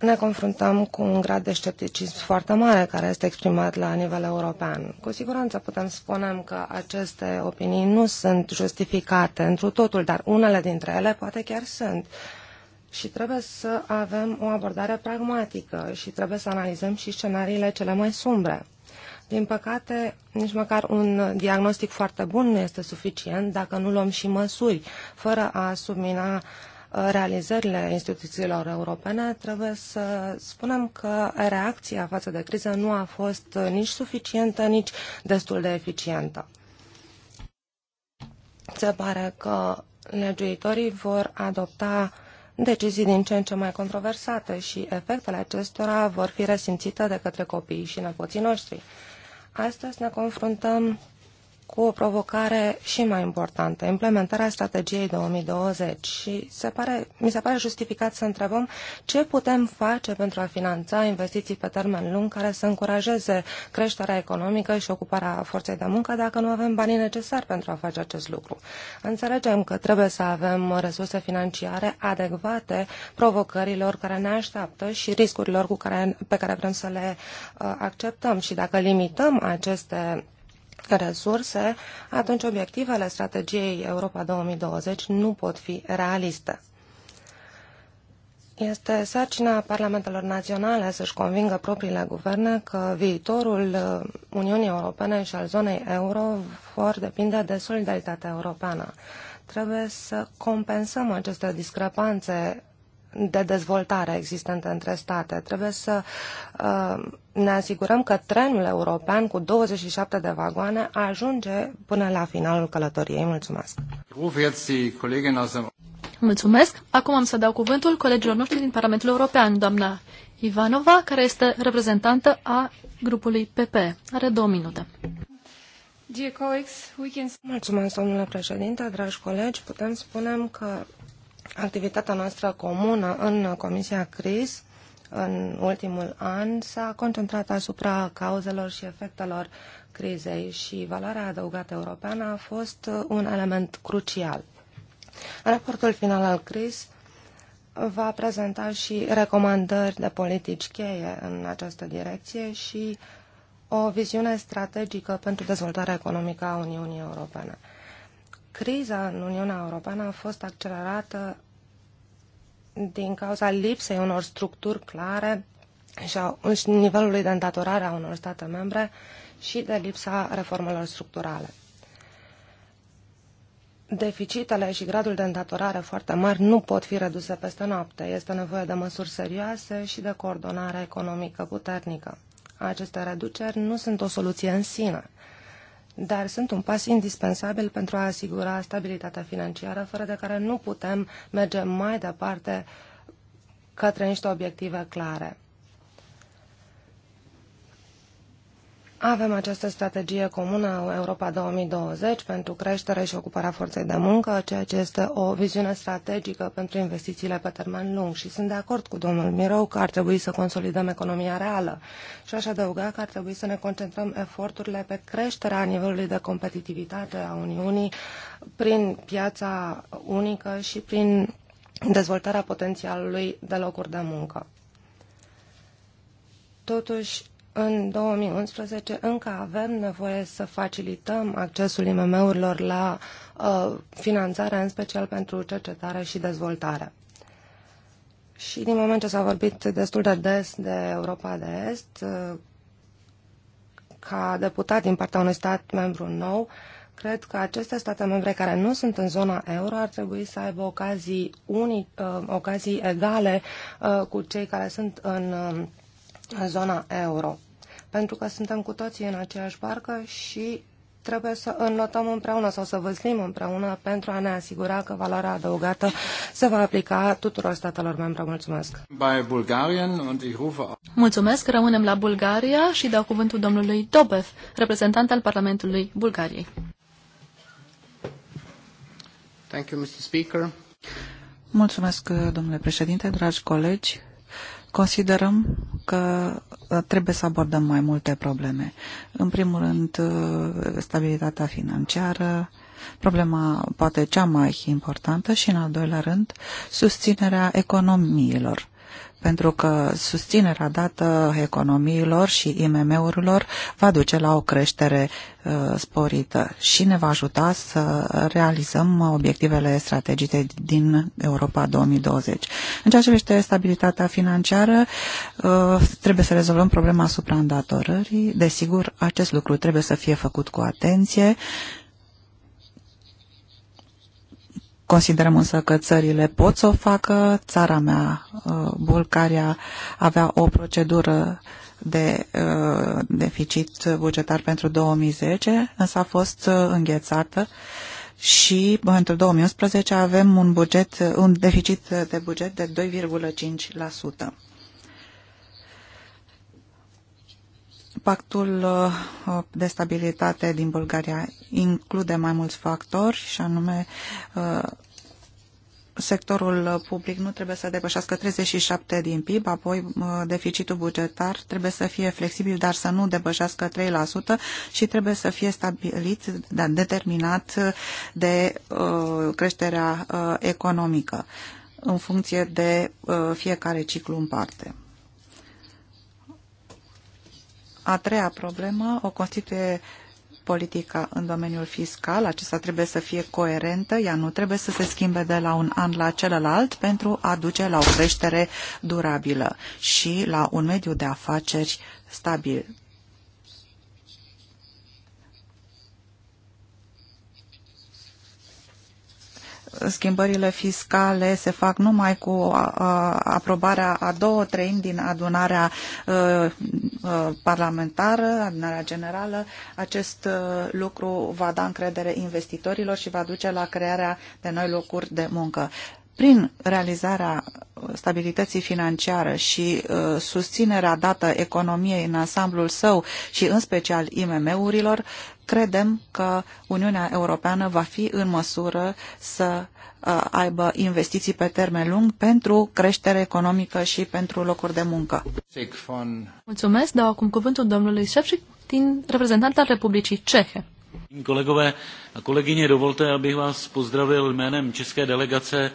ne confruntăm cu un grad de scepticism foarte mare care este exprimat la nivel european. Cu siguranță putem spune că aceste opinii nu sunt justificate întru totul, dar unele dintre ele poate chiar sunt. Și trebuie să avem o abordare pragmatică și trebuie să analizăm și scenariile cele mai sumbre. Din păcate, nici măcar un diagnostic foarte bun nu este suficient dacă nu luăm și măsuri, fără a submina realizările instituțiilor europene, trebuie să spunem că reacția față de criză nu a fost nici suficientă, nici destul de eficientă. Se pare că legiuitorii vor adopta decizii din ce în ce mai controversate și efectele acestora vor fi resimțite de către copiii și nepoții noștri. Astăzi ne confruntăm cu o provocare și mai importantă, implementarea strategiei 2020 și se pare, mi se pare justificat să întrebăm ce putem face pentru a finanța investiții pe termen lung care să încurajeze creșterea economică și ocuparea forței de muncă dacă nu avem banii necesari pentru a face acest lucru. Înțelegem că trebuie să avem resurse financiare adecvate provocărilor care ne așteaptă și riscurilor cu care, pe care vrem să le uh, acceptăm și dacă limităm aceste resurse, atunci obiectivele strategiei Europa 2020 nu pot fi realiste. Este sarcina parlamentelor naționale să-și convingă propriile guverne că viitorul uh, Uniunii Europene și al zonei euro vor depinde de solidaritatea europeană. Trebuie să compensăm aceste discrepanțe de dezvoltare existente între state. Trebuie să uh, ne asigurăm că trenul european cu 27 de vagoane ajunge până la finalul călătoriei. Mulțumesc! Mulțumesc! Acum am să dau cuvântul colegilor noștri din Parlamentul European, doamna Ivanova, care este reprezentantă a grupului PP. Are două minute. Mulțumesc, domnule președinte, dragi colegi. Putem spune că Activitatea noastră comună în Comisia CRIS în ultimul an s-a concentrat asupra cauzelor și efectelor crizei și valoarea adăugată europeană a fost un element crucial. Raportul final al CRIS va prezenta și recomandări de politici cheie în această direcție și o viziune strategică pentru dezvoltarea economică a Uniunii Europene criza în Uniunea Europeană a fost accelerată din cauza lipsei unor structuri clare și a nivelului de îndatorare a unor state membre și de lipsa reformelor structurale. Deficitele și gradul de îndatorare foarte mari nu pot fi reduse peste noapte. Este nevoie de măsuri serioase și de coordonare economică puternică. Aceste reduceri nu sunt o soluție în sine dar sunt un pas indispensabil pentru a asigura stabilitatea financiară, fără de care nu putem merge mai departe către niște obiective clare. Avem această strategie comună Europa 2020 pentru creștere și ocuparea forței de muncă, ceea ce este o viziune strategică pentru investițiile pe termen lung și sunt de acord cu domnul Mirou că ar trebui să consolidăm economia reală și aș adăuga că ar trebui să ne concentrăm eforturile pe creșterea nivelului de competitivitate a Uniunii prin piața unică și prin dezvoltarea potențialului de locuri de muncă. Totuși, în 2011 încă avem nevoie să facilităm accesul IMM-urilor la uh, finanțare, în special pentru cercetare și dezvoltare. Și din moment ce s-a vorbit destul de des de Europa de Est, uh, ca deputat din partea unui stat membru nou, cred că aceste state membre care nu sunt în zona euro ar trebui să aibă ocazii, uni, uh, ocazii egale uh, cu cei care sunt în uh, zona euro pentru că suntem cu toții în aceeași barcă și trebuie să înlotăm împreună sau să văzlim împreună pentru a ne asigura că valoarea adăugată se va aplica tuturor statelor membre. Mulțumesc! Mulțumesc! Rămânem la Bulgaria și dau cuvântul domnului Dobev, reprezentant al Parlamentului Bulgariei. Thank you, Mr. Speaker. Mulțumesc, domnule președinte, dragi colegi. Considerăm că uh, trebuie să abordăm mai multe probleme. În primul rând, uh, stabilitatea financiară, problema poate cea mai importantă și, în al doilea rând, susținerea economiilor pentru că susținerea dată economiilor și IMM-urilor va duce la o creștere uh, sporită și ne va ajuta să realizăm obiectivele strategice din Europa 2020. În ceea ce privește stabilitatea financiară, uh, trebuie să rezolvăm problema supraîndatorării. Desigur, acest lucru trebuie să fie făcut cu atenție Considerăm însă că țările pot să o facă. Țara mea, uh, Bulgaria, avea o procedură de uh, deficit bugetar pentru 2010, însă a fost uh, înghețată și pentru 2011 avem un, buget, un deficit de buget de 2,5%. Pactul uh, de stabilitate din Bulgaria include mai mulți factori și anume uh, sectorul public nu trebuie să depășească 37 din PIB, apoi uh, deficitul bugetar trebuie să fie flexibil, dar să nu depășească 3% și trebuie să fie stabilit, dar determinat de creșterea economică în funcție de fiecare ciclu în parte. A treia problemă o constituie politica în domeniul fiscal, acesta trebuie să fie coerentă, ea nu trebuie să se schimbe de la un an la celălalt pentru a duce la o creștere durabilă și la un mediu de afaceri stabil. schimbările fiscale se fac numai cu aprobarea a două treimi din adunarea ă, ă, parlamentară, adunarea generală, acest ă, lucru va da încredere investitorilor și va duce la crearea de noi locuri de muncă. Prin realizarea uh, stabilității financiară și uh, susținerea dată economiei în ansamblul său și în special IMM-urilor, credem că Uniunea Europeană va fi în măsură să uh, aibă investiții pe termen lung pentru creștere economică și pentru locuri de muncă. Mulțumesc, dau acum cuvântul domnului Șefșic din reprezentant al Republicii Cehe. Kolegové a kolegyně, dovolte, abych vás pozdravil jménem české delegace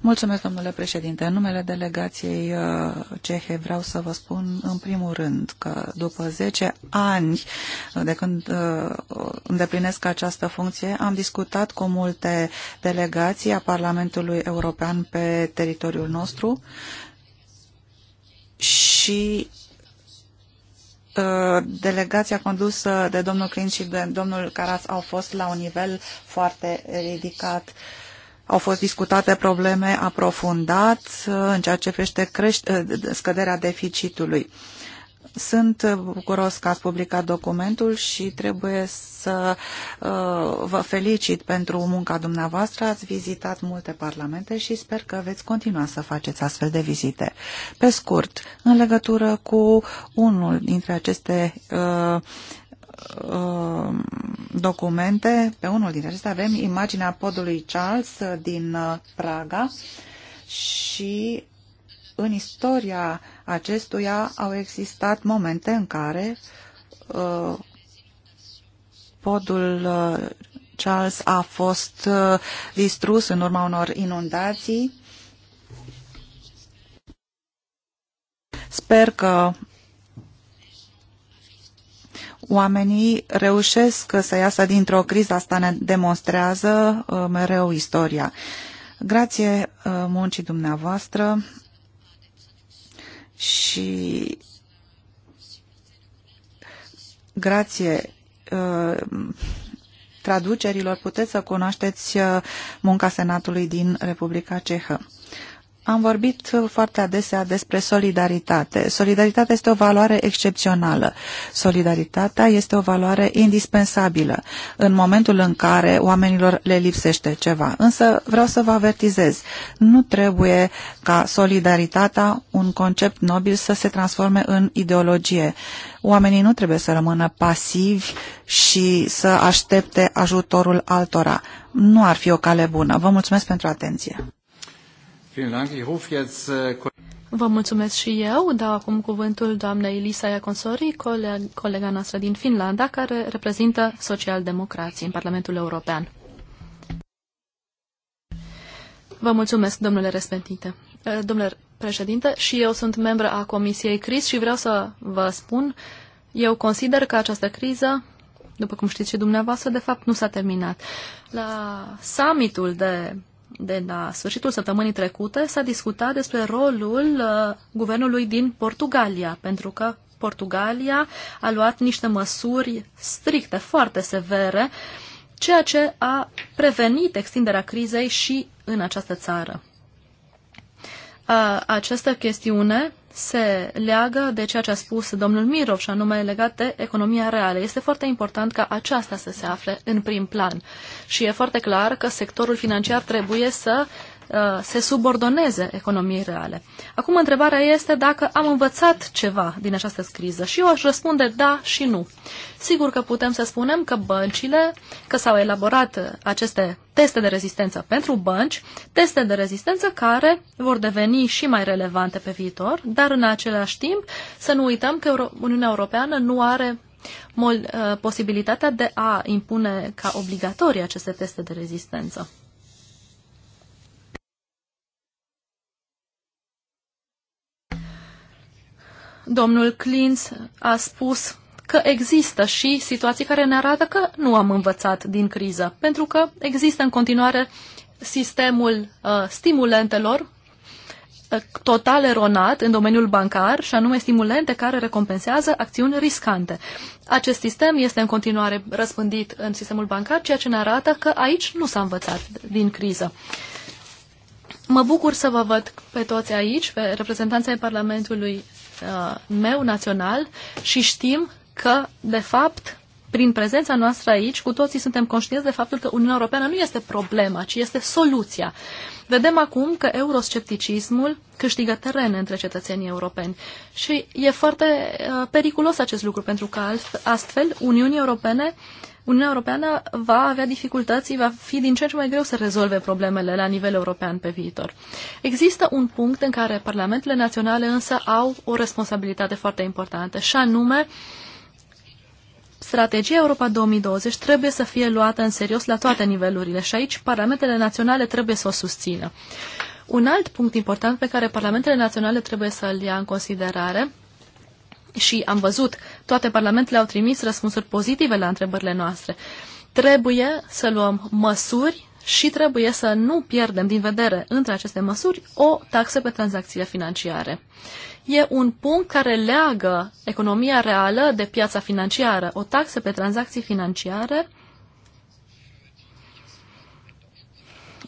Mulțumesc, domnule președinte. În numele delegației uh, cehe vreau să vă spun în primul rând că după 10 ani de când uh, îndeplinesc această funcție, am discutat cu multe delegații a Parlamentului European pe teritoriul nostru și uh, delegația condusă de domnul Clin și de domnul Caras au fost la un nivel foarte ridicat. Au fost discutate probleme aprofundat uh, în ceea ce privește uh, scăderea deficitului. Sunt uh, bucuros că ați publicat documentul și trebuie să vă felicit pentru munca dumneavoastră. Ați vizitat multe parlamente și sper că veți continua să faceți astfel de vizite. Pe scurt, în legătură cu unul dintre aceste uh, Uh, documente, pe unul dintre acestea avem imaginea podului Charles uh, din uh, Praga și în istoria acestuia au existat momente în care podul Charles a fost distrus în urma unor inundații. Sper că Oamenii reușesc să iasă dintr-o criză, asta ne demonstrează uh, mereu istoria. Grație uh, muncii dumneavoastră și grație uh, traducerilor puteți să cunoașteți munca Senatului din Republica Cehă. Am vorbit uh, foarte adesea despre solidaritate. Solidaritatea este o valoare excepțională. Solidaritatea este o valoare indispensabilă în momentul în care oamenilor le lipsește ceva. Însă vreau să vă avertizez. Nu trebuie ca solidaritatea, un concept nobil, să se transforme în ideologie. Oamenii nu trebuie să rămână pasivi și să aștepte ajutorul altora. Nu ar fi o cale bună. Vă mulțumesc pentru atenție. Äh, vă mulțumesc și eu. Dau acum cuvântul doamnei Elisa Iaconsori, colega noastră din Finlanda, care reprezintă socialdemocrații în Parlamentul European. Vă mulțumesc, domnule respendite. Ă, domnule președinte, și eu sunt membră a Comisiei CRIS și vreau să vă spun, eu consider că această criză, după cum știți și dumneavoastră, de fapt nu s-a terminat. La summitul de de la sfârșitul săptămânii trecute s-a discutat despre rolul uh, guvernului din Portugalia, pentru că Portugalia a luat niște măsuri stricte, foarte severe, ceea ce a prevenit extinderea crizei și în această țară. Uh, această chestiune se leagă de ceea ce a spus domnul Mirov și anume legat de economia reală. Este foarte important ca aceasta să se afle în prim plan și e foarte clar că sectorul financiar trebuie să Uh, se subordoneze economiei reale. Acum întrebarea este dacă am învățat ceva din această criză și eu aș răspunde da și nu. Sigur că putem să spunem că băncile, că s-au elaborat aceste teste de rezistență pentru bănci, teste de rezistență care vor deveni și mai relevante pe viitor, dar în același timp să nu uităm că Uniunea Europeană nu are uh, posibilitatea de a impune ca obligatorie aceste teste de rezistență. domnul Klintz a spus că există și situații care ne arată că nu am învățat din criză, pentru că există în continuare sistemul uh, stimulentelor uh, total eronat în domeniul bancar și anume stimulente care recompensează acțiuni riscante. Acest sistem este în continuare răspândit în sistemul bancar, ceea ce ne arată că aici nu s-a învățat din criză. Mă bucur să vă văd pe toți aici, pe reprezentanța Parlamentului Uh, meu național și știm că, de fapt, prin prezența noastră aici, cu toții suntem conștienți de faptul că Uniunea Europeană nu este problema, ci este soluția. Vedem acum că euroscepticismul câștigă teren între cetățenii europeni și e foarte uh, periculos acest lucru, pentru că astfel Uniunii Europene Uniunea Europeană va avea dificultăți, va fi din ce în ce mai greu să rezolve problemele la nivel european pe viitor. Există un punct în care parlamentele naționale însă au o responsabilitate foarte importantă și anume strategia Europa 2020 trebuie să fie luată în serios la toate nivelurile și aici parlamentele naționale trebuie să o susțină. Un alt punct important pe care parlamentele naționale trebuie să-l ia în considerare și am văzut, toate parlamentele au trimis răspunsuri pozitive la întrebările noastre. Trebuie să luăm măsuri și trebuie să nu pierdem din vedere între aceste măsuri o taxă pe tranzacțiile financiare. E un punct care leagă economia reală de piața financiară. O taxă pe tranzacții financiare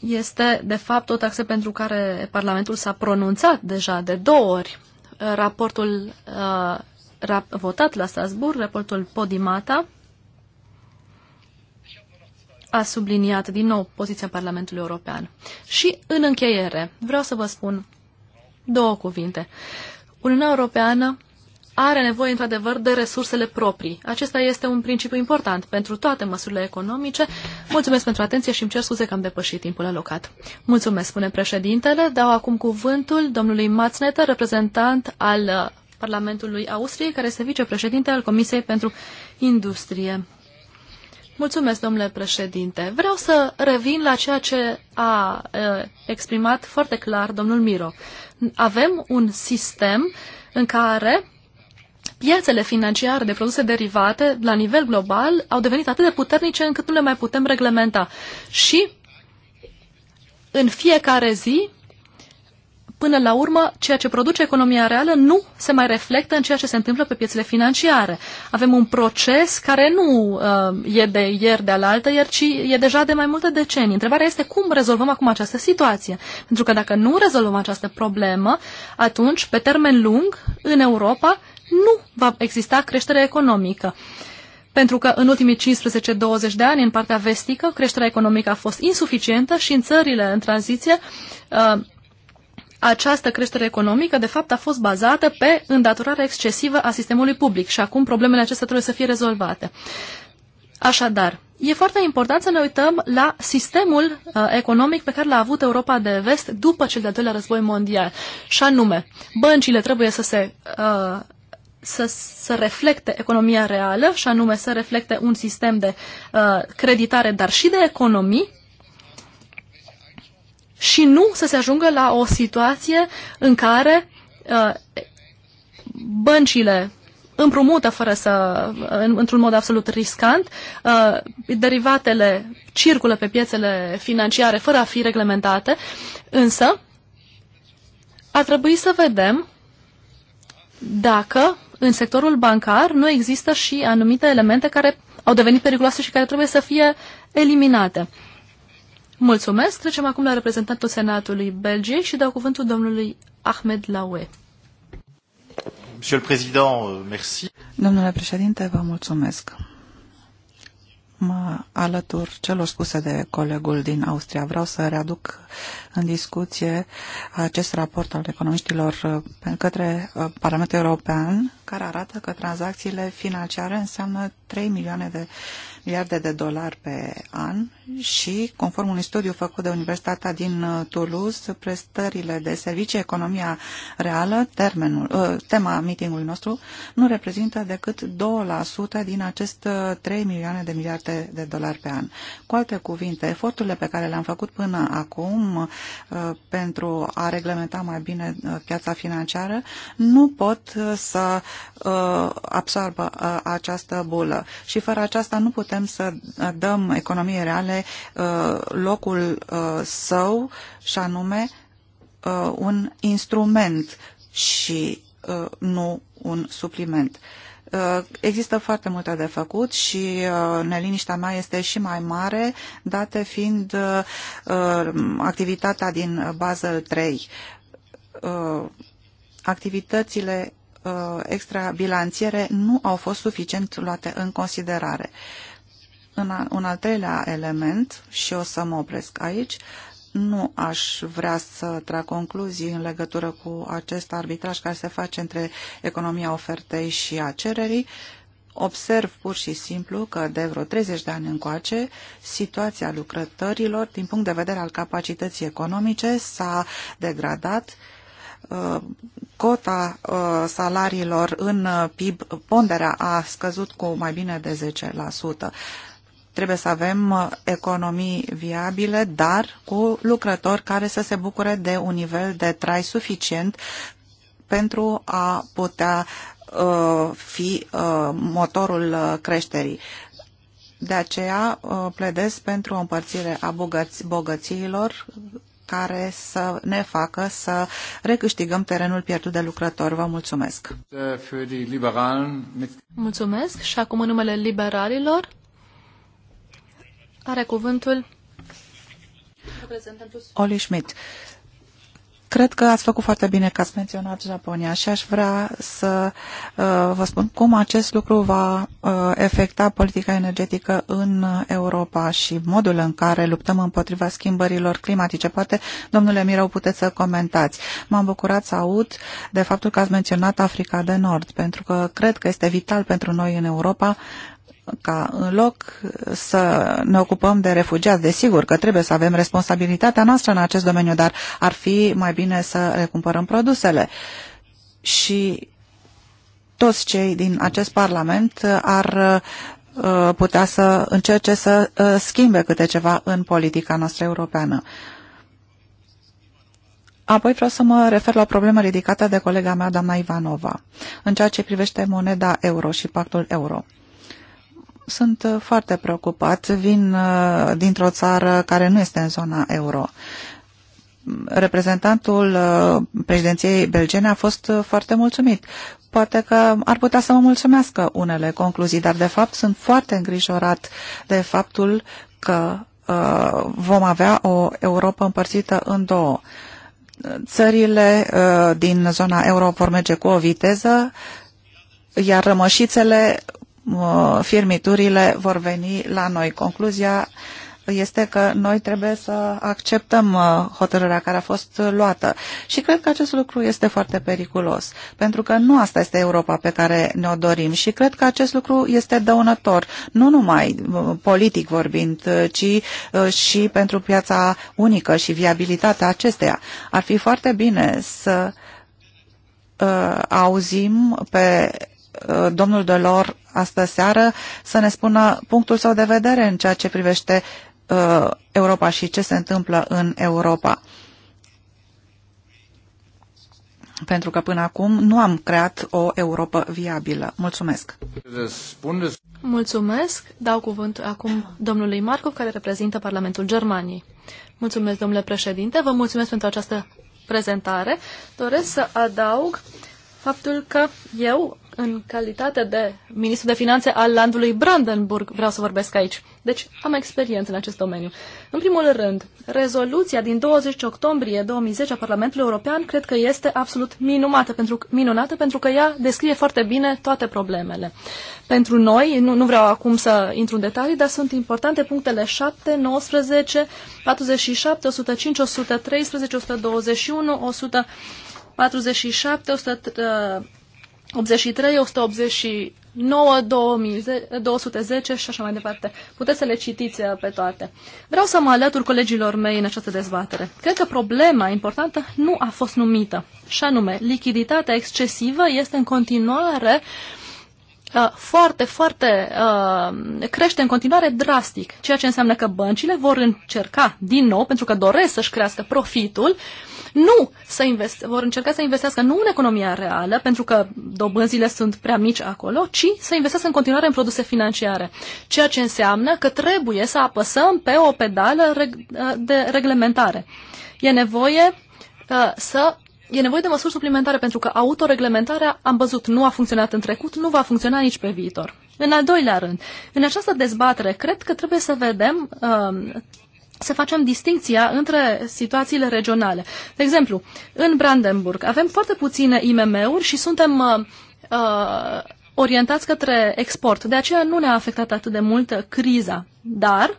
este, de fapt, o taxă pentru care Parlamentul s-a pronunțat deja de două ori raportul uh, rap votat la Strasbourg, raportul Podimata, a subliniat din nou poziția Parlamentului European. Și în încheiere, vreau să vă spun două cuvinte. Uniunea Europeană are nevoie într-adevăr de resursele proprii. Acesta este un principiu important pentru toate măsurile economice. Mulțumesc pentru atenție și îmi cer scuze că am depășit timpul alocat. Mulțumesc, spune președintele. Dau acum cuvântul domnului Mațnetă, reprezentant al uh, Parlamentului Austriei, care este vicepreședinte al Comisiei pentru Industrie. Mulțumesc, domnule președinte. Vreau să revin la ceea ce a uh, exprimat foarte clar domnul Miro. Avem un sistem în care Piațele financiare de produse derivate la nivel global au devenit atât de puternice încât nu le mai putem reglementa. Și în fiecare zi, până la urmă, ceea ce produce economia reală nu se mai reflectă în ceea ce se întâmplă pe piețele financiare. Avem un proces care nu uh, e de ieri de alaltă, iar ci e deja de mai multe decenii. Întrebarea este cum rezolvăm acum această situație. Pentru că dacă nu rezolvăm această problemă, atunci, pe termen lung, în Europa, nu va exista creștere economică. Pentru că în ultimii 15-20 de ani, în partea vestică, creșterea economică a fost insuficientă și în țările în tranziție, uh, această creștere economică, de fapt, a fost bazată pe îndatorarea excesivă a sistemului public și acum problemele acestea trebuie să fie rezolvate. Așadar, e foarte important să ne uităm la sistemul uh, economic pe care l-a avut Europa de vest după cel de-al doilea război mondial. Și anume, băncile trebuie să se uh, să, să reflecte economia reală și anume să reflecte un sistem de uh, creditare, dar și de economii și nu să se ajungă la o situație în care uh, băncile împrumută fără să, în, într-un mod absolut riscant, uh, derivatele circulă pe piețele financiare fără a fi reglementate, însă ar trebui să vedem dacă în sectorul bancar nu există și anumite elemente care au devenit periculoase și care trebuie să fie eliminate. Mulțumesc. Trecem acum la reprezentantul Senatului Belgiei și dau cuvântul domnului Ahmed Laue. Monsieur le Président, euh, merci. Domnule președinte, vă mulțumesc mă alătur celor spuse de colegul din Austria. Vreau să readuc în discuție acest raport al economiștilor uh, către uh, Parlamentul European, care arată că tranzacțiile financiare înseamnă 3 milioane de miliarde de dolari pe an și, conform unui studiu făcut de Universitatea din uh, Toulouse, prestările de servicii, economia reală, termenul, uh, tema meetingului nostru, nu reprezintă decât 2% din acest 3 uh, milioane de miliarde de dolari pe an. Cu alte cuvinte, eforturile pe care le-am făcut până acum pentru a reglementa mai bine piața financiară nu pot să absorbă această bulă și fără aceasta nu putem putem să dăm economiei reale uh, locul uh, său și anume uh, un instrument și nu un supliment. Există foarte multe de făcut și neliniștea mea este și mai mare, date fiind activitatea din Basel 3. Activitățile extrabilanțiere nu au fost suficient luate în considerare. În un al treilea element, și o să mă opresc aici, nu aș vrea să trag concluzii în legătură cu acest arbitraj care se face între economia ofertei și a cererii. Observ pur și simplu că de vreo 30 de ani încoace, situația lucrătorilor, din punct de vedere al capacității economice, s-a degradat uh, cota uh, salariilor în uh, PIB, ponderea a scăzut cu mai bine de 10%. Trebuie să avem uh, economii viabile, dar cu lucrători care să se bucure de un nivel de trai suficient pentru a putea uh, fi uh, motorul creșterii. De aceea pledez pentru o împărțire a bogățiilor care să ne facă să recâștigăm terenul pierdut de lucrători. Vă mulțumesc! Mulțumesc și acum în numele liberalilor, are cuvântul Oli Schmidt. Cred că ați făcut foarte bine că ați menționat Japonia și aș vrea să uh, vă spun cum acest lucru va uh, efecta politica energetică în Europa și modul în care luptăm împotriva schimbărilor climatice. Poate, domnule Mirau, puteți să comentați. M-am bucurat să aud de faptul că ați menționat Africa de Nord, pentru că cred că este vital pentru noi în Europa ca în loc să ne ocupăm de refugiați, desigur că trebuie să avem responsabilitatea noastră în acest domeniu, dar ar fi mai bine să recumpărăm produsele. Și toți cei din acest Parlament ar uh, putea să încerce să uh, schimbe câte ceva în politica noastră europeană. Apoi vreau să mă refer la o problemă ridicată de colega mea, doamna Ivanova, în ceea ce privește moneda euro și pactul euro. Sunt uh, foarte preocupat. Vin uh, dintr-o țară care nu este în zona euro. Reprezentantul uh, președinției belgene a fost foarte mulțumit. Poate că ar putea să mă mulțumească unele concluzii, dar de fapt sunt foarte îngrijorat de faptul că vom avea o Europa împărțită în două. Țările din zona euro vor merge cu o viteză, iar rămășițele firmiturile vor veni la noi. Concluzia este că noi trebuie să acceptăm hotărârea care a fost luată. Și cred că acest lucru este foarte periculos, pentru că nu asta este Europa pe care ne-o dorim și cred că acest lucru este dăunător, nu numai politic vorbind, ci ă, și pentru piața unică și viabilitatea acesteia. Ar fi foarte bine să ă, auzim pe Uh, domnul Delor astă seară să ne spună punctul său de vedere în ceea ce privește uh, Europa și ce se întâmplă în Europa. Pentru că până acum nu am creat o Europa viabilă. Mulțumesc! Mulțumesc! Dau cuvânt acum domnului Marcov, care reprezintă Parlamentul Germaniei. Mulțumesc, domnule președinte, vă mulțumesc pentru această prezentare. Doresc să adaug faptul că eu în calitate de ministru de finanțe al landului Brandenburg vreau să vorbesc aici. Deci am experiență în acest domeniu. În primul rând, rezoluția din 20 octombrie 2010 a Parlamentului European cred că este absolut minunată pentru, minunată pentru că ea descrie foarte bine toate problemele. Pentru noi, nu, nu vreau acum să intru în detalii, dar sunt importante punctele 7, 19, 47, 105, 113, 121, 147, 100, 83, 189, 2000, 210 și așa mai departe. Puteți să le citiți uh, pe toate. Vreau să mă alătur colegilor mei în această dezbatere. Cred că problema importantă nu a fost numită. Și anume, lichiditatea excesivă este în continuare uh, Uh, foarte, foarte uh, crește în continuare drastic, ceea ce înseamnă că băncile vor încerca din nou, pentru că doresc să-și crească profitul, nu să invest, vor încerca să investească nu în economia reală, pentru că dobânzile sunt prea mici acolo, ci să investească în continuare în produse financiare. Ceea ce înseamnă că trebuie să apăsăm pe o pedală uh, de reglementare. E nevoie să E nevoie de măsuri suplimentare pentru că autoreglementarea, am văzut, nu a funcționat în trecut, nu va funcționa nici pe viitor. În al doilea rând, în această dezbatere, cred că trebuie să vedem, um, să facem distinția între situațiile regionale. De exemplu, în Brandenburg avem foarte puține IMM-uri și suntem uh, uh, orientați către export. De aceea nu ne-a afectat atât de mult criza. Dar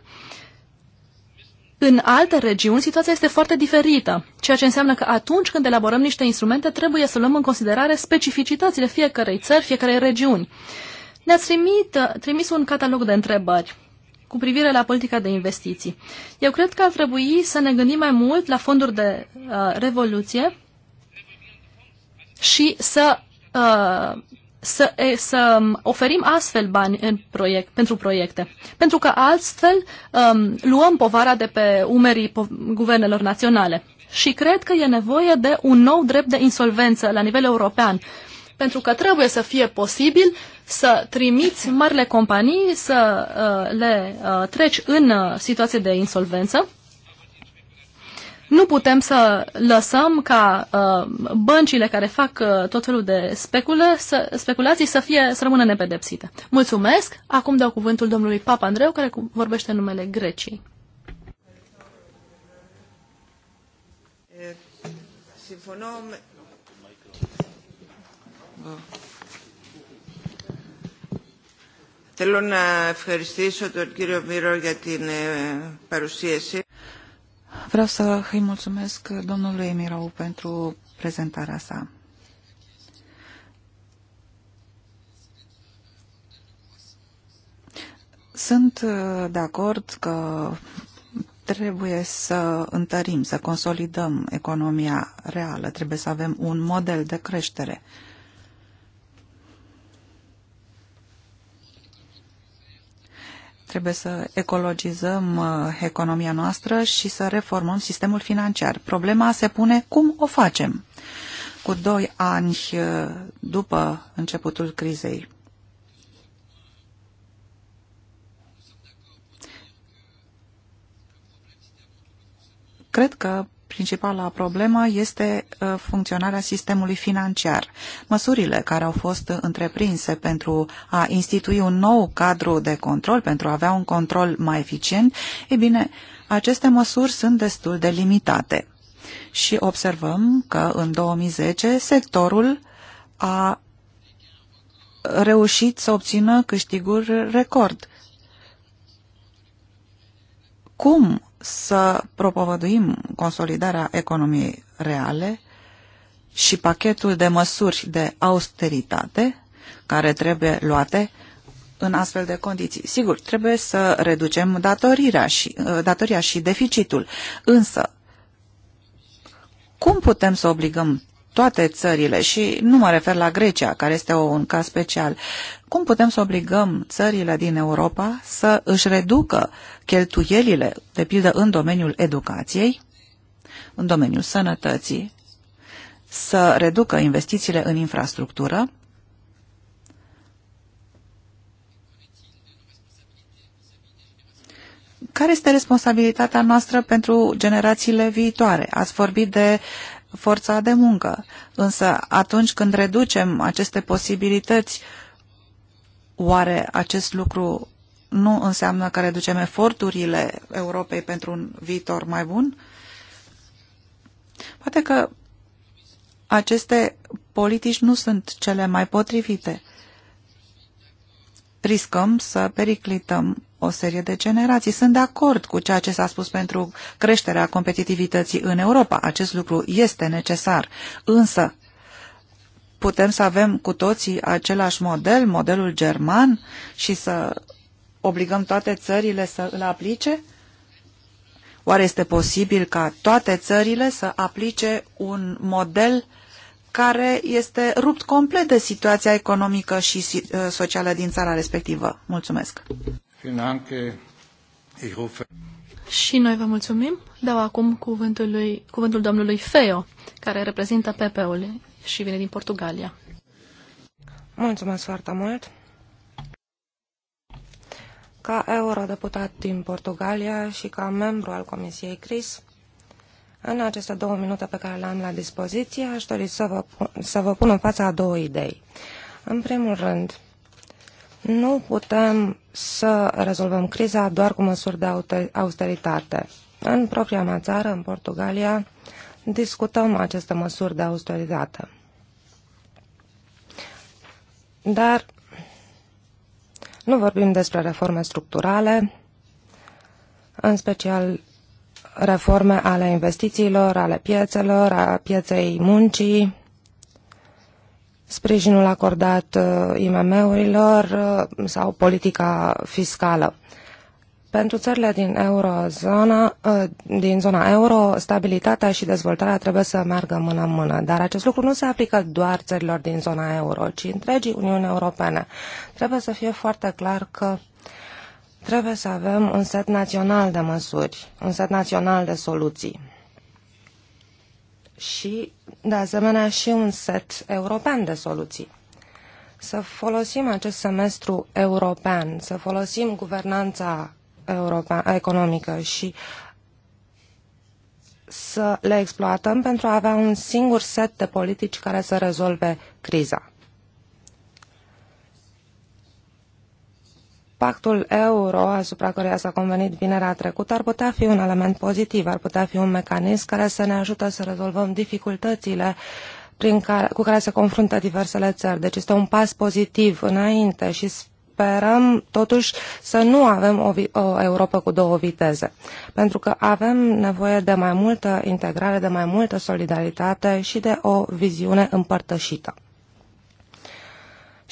în alte regiuni, situația este foarte diferită, ceea ce înseamnă că atunci când elaborăm niște instrumente, trebuie să luăm în considerare specificitățile fiecarei țări, fiecarei regiuni. Ne-ați trimit, trimis un catalog de întrebări cu privire la politica de investiții. Eu cred că ar trebui să ne gândim mai mult la fonduri de uh, revoluție și să uh, să, să oferim astfel bani în proiect, pentru proiecte. Pentru că altfel um, luăm povara de pe umerii guvernelor naționale. Și cred că e nevoie de un nou drept de insolvență la nivel european. Pentru că trebuie să fie posibil să trimiți marile companii, să uh, le uh, treci în uh, situație de insolvență nu putem să lăsăm ca uh, băncile care fac uh, tot felul de specule, să, speculații să, fie, să rămână nepedepsite. Mulțumesc! Acum dau cuvântul domnului Papa Andreu, care vorbește în numele Greciei. Θέλω να ευχαριστήσω τον κύριο Μύρο για την παρουσίαση. Vreau să îi mulțumesc domnului Emirau pentru prezentarea sa. Sunt uh, de acord că trebuie să întărim, să consolidăm economia reală, trebuie să avem un model de creștere. Uh, Trebuie să ecologizăm uh, economia noastră și să reformăm sistemul financiar. Problema se pune cum o facem cu doi ani uh, după începutul crizei. Cred că principala problemă este uh, funcționarea sistemului financiar. Măsurile care au fost întreprinse pentru a institui un nou cadru de control, pentru a avea un control mai eficient, e bine, aceste măsuri sunt destul de limitate. Și observăm că în 2010 sectorul a reușit să obțină câștiguri record. Cum să propovăduim consolidarea economiei reale și pachetul de măsuri de austeritate care trebuie luate în astfel de condiții. Sigur, trebuie să reducem datorirea și, uh, datoria și deficitul, însă cum putem să obligăm toate țările și nu mă refer la Grecia, care este o, un caz special. Cum putem să obligăm țările din Europa să își reducă cheltuielile, de pildă în domeniul educației, în domeniul sănătății, să reducă investițiile în infrastructură, care este responsabilitatea noastră pentru generațiile viitoare? Ați vorbit de forța de muncă. Însă atunci când reducem aceste posibilități, oare acest lucru nu înseamnă că reducem eforturile Europei pentru un viitor mai bun? Poate că aceste politici nu sunt cele mai potrivite. Riscăm să periclităm o serie de generații. Sunt de acord cu ceea ce s-a spus pentru creșterea competitivității în Europa. Acest lucru este necesar. Însă, putem să avem cu toții același model, modelul german, și să obligăm toate țările să îl aplice? Oare este posibil ca toate țările să aplice un model care este rupt complet de situația economică și socială din țara respectivă? Mulțumesc! Și noi vă mulțumim. Dau acum cuvântul, lui, cuvântul domnului Feo, care reprezintă PP-ul și vine din Portugalia. Mulțumesc foarte mult. Ca eurodeputat din Portugalia și ca membru al Comisiei CRIS, în aceste două minute pe care le-am la dispoziție, aș dori să vă, să vă pun în fața două idei. În primul rând, nu putem să rezolvăm criza doar cu măsuri de austeritate. În propria mea țară, în Portugalia, discutăm aceste măsuri de austeritate. Dar nu vorbim despre reforme structurale, în special reforme ale investițiilor, ale piețelor, a pieței muncii, sprijinul acordat uh, IMM-urilor uh, sau politica fiscală. Pentru țările din, eurozona, uh, din zona euro, stabilitatea și dezvoltarea trebuie să meargă mână în mână, dar acest lucru nu se aplică doar țărilor din zona euro, ci întregii Uniuni Europene. Trebuie să fie foarte clar că trebuie să avem un set național de măsuri, un set național de soluții și, de asemenea, și un set european de soluții. Să folosim acest semestru european, să folosim guvernanța europeană economică și să le exploatăm pentru a avea un singur set de politici care să rezolve criza. pactul euro, asupra căruia s-a convenit vinerea trecută, ar putea fi un element pozitiv, ar putea fi un mecanism care să ne ajute să rezolvăm dificultățile prin care, cu care se confruntă diversele țări. Deci este un pas pozitiv înainte și sperăm totuși să nu avem o, o Europa cu două viteze, pentru că avem nevoie de mai multă integrare, de mai multă solidaritate și de o viziune împărtășită.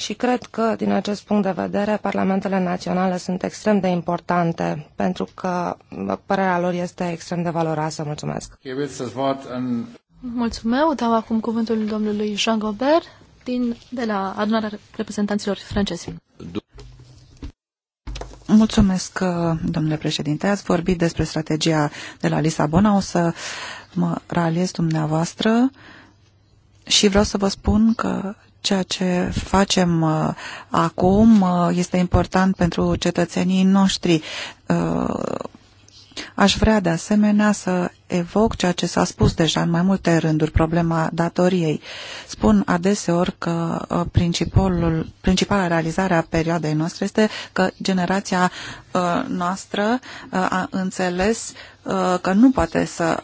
Și cred că, din acest punct de vedere, parlamentele naționale sunt extrem de importante, pentru că părerea lor este extrem de valoroasă. Mulțumesc! Mulțumesc! Dau acum cuvântul domnului Jean Gobert din, de la adunarea reprezentanților francezi. Mulțumesc, domnule președinte. Ați vorbit despre strategia de la Lisabona. O să mă raliez dumneavoastră și vreau să vă spun că Ceea ce facem uh, acum uh, este important pentru cetățenii noștri. Uh, aș vrea de asemenea să evoc ceea ce s-a spus deja în mai multe rânduri, problema datoriei. Spun adeseori că principalul, principala realizare a perioadei noastre este că generația noastră a înțeles că nu poate să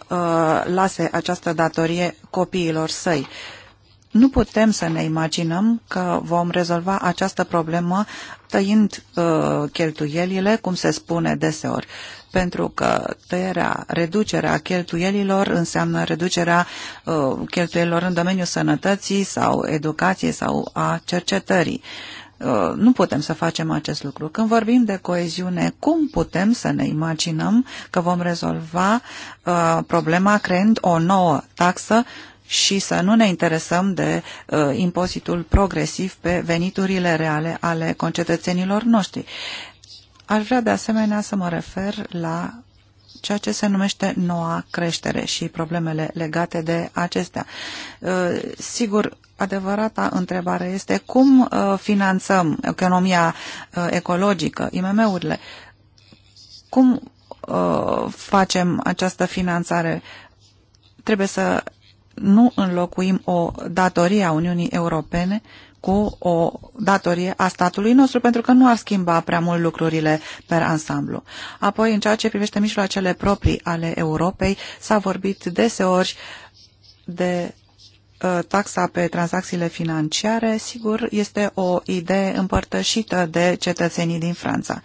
lase această datorie copiilor săi. Nu putem să ne imaginăm că vom rezolva această problemă tăind uh, cheltuielile, cum se spune deseori, pentru că tăierea, reducerea cheltuielilor înseamnă reducerea uh, cheltuielilor în domeniul sănătății sau educației sau a cercetării. Uh, nu putem să facem acest lucru. Când vorbim de coeziune, cum putem să ne imaginăm că vom rezolva uh, problema creând o nouă taxă și să nu ne interesăm de uh, impozitul progresiv pe veniturile reale ale concetățenilor noștri. Aș vrea de asemenea să mă refer la ceea ce se numește noua creștere și problemele legate de acestea. Uh, sigur, adevărata întrebare este cum uh, finanțăm economia uh, ecologică, IMM-urile, cum uh, facem această finanțare? Trebuie să nu înlocuim o datorie a Uniunii Europene cu o datorie a statului nostru, pentru că nu ar schimba prea mult lucrurile per ansamblu. Apoi, în ceea ce privește mijloacele proprii ale Europei, s-a vorbit deseori de ă, taxa pe tranzacțiile financiare, sigur, este o idee împărtășită de cetățenii din Franța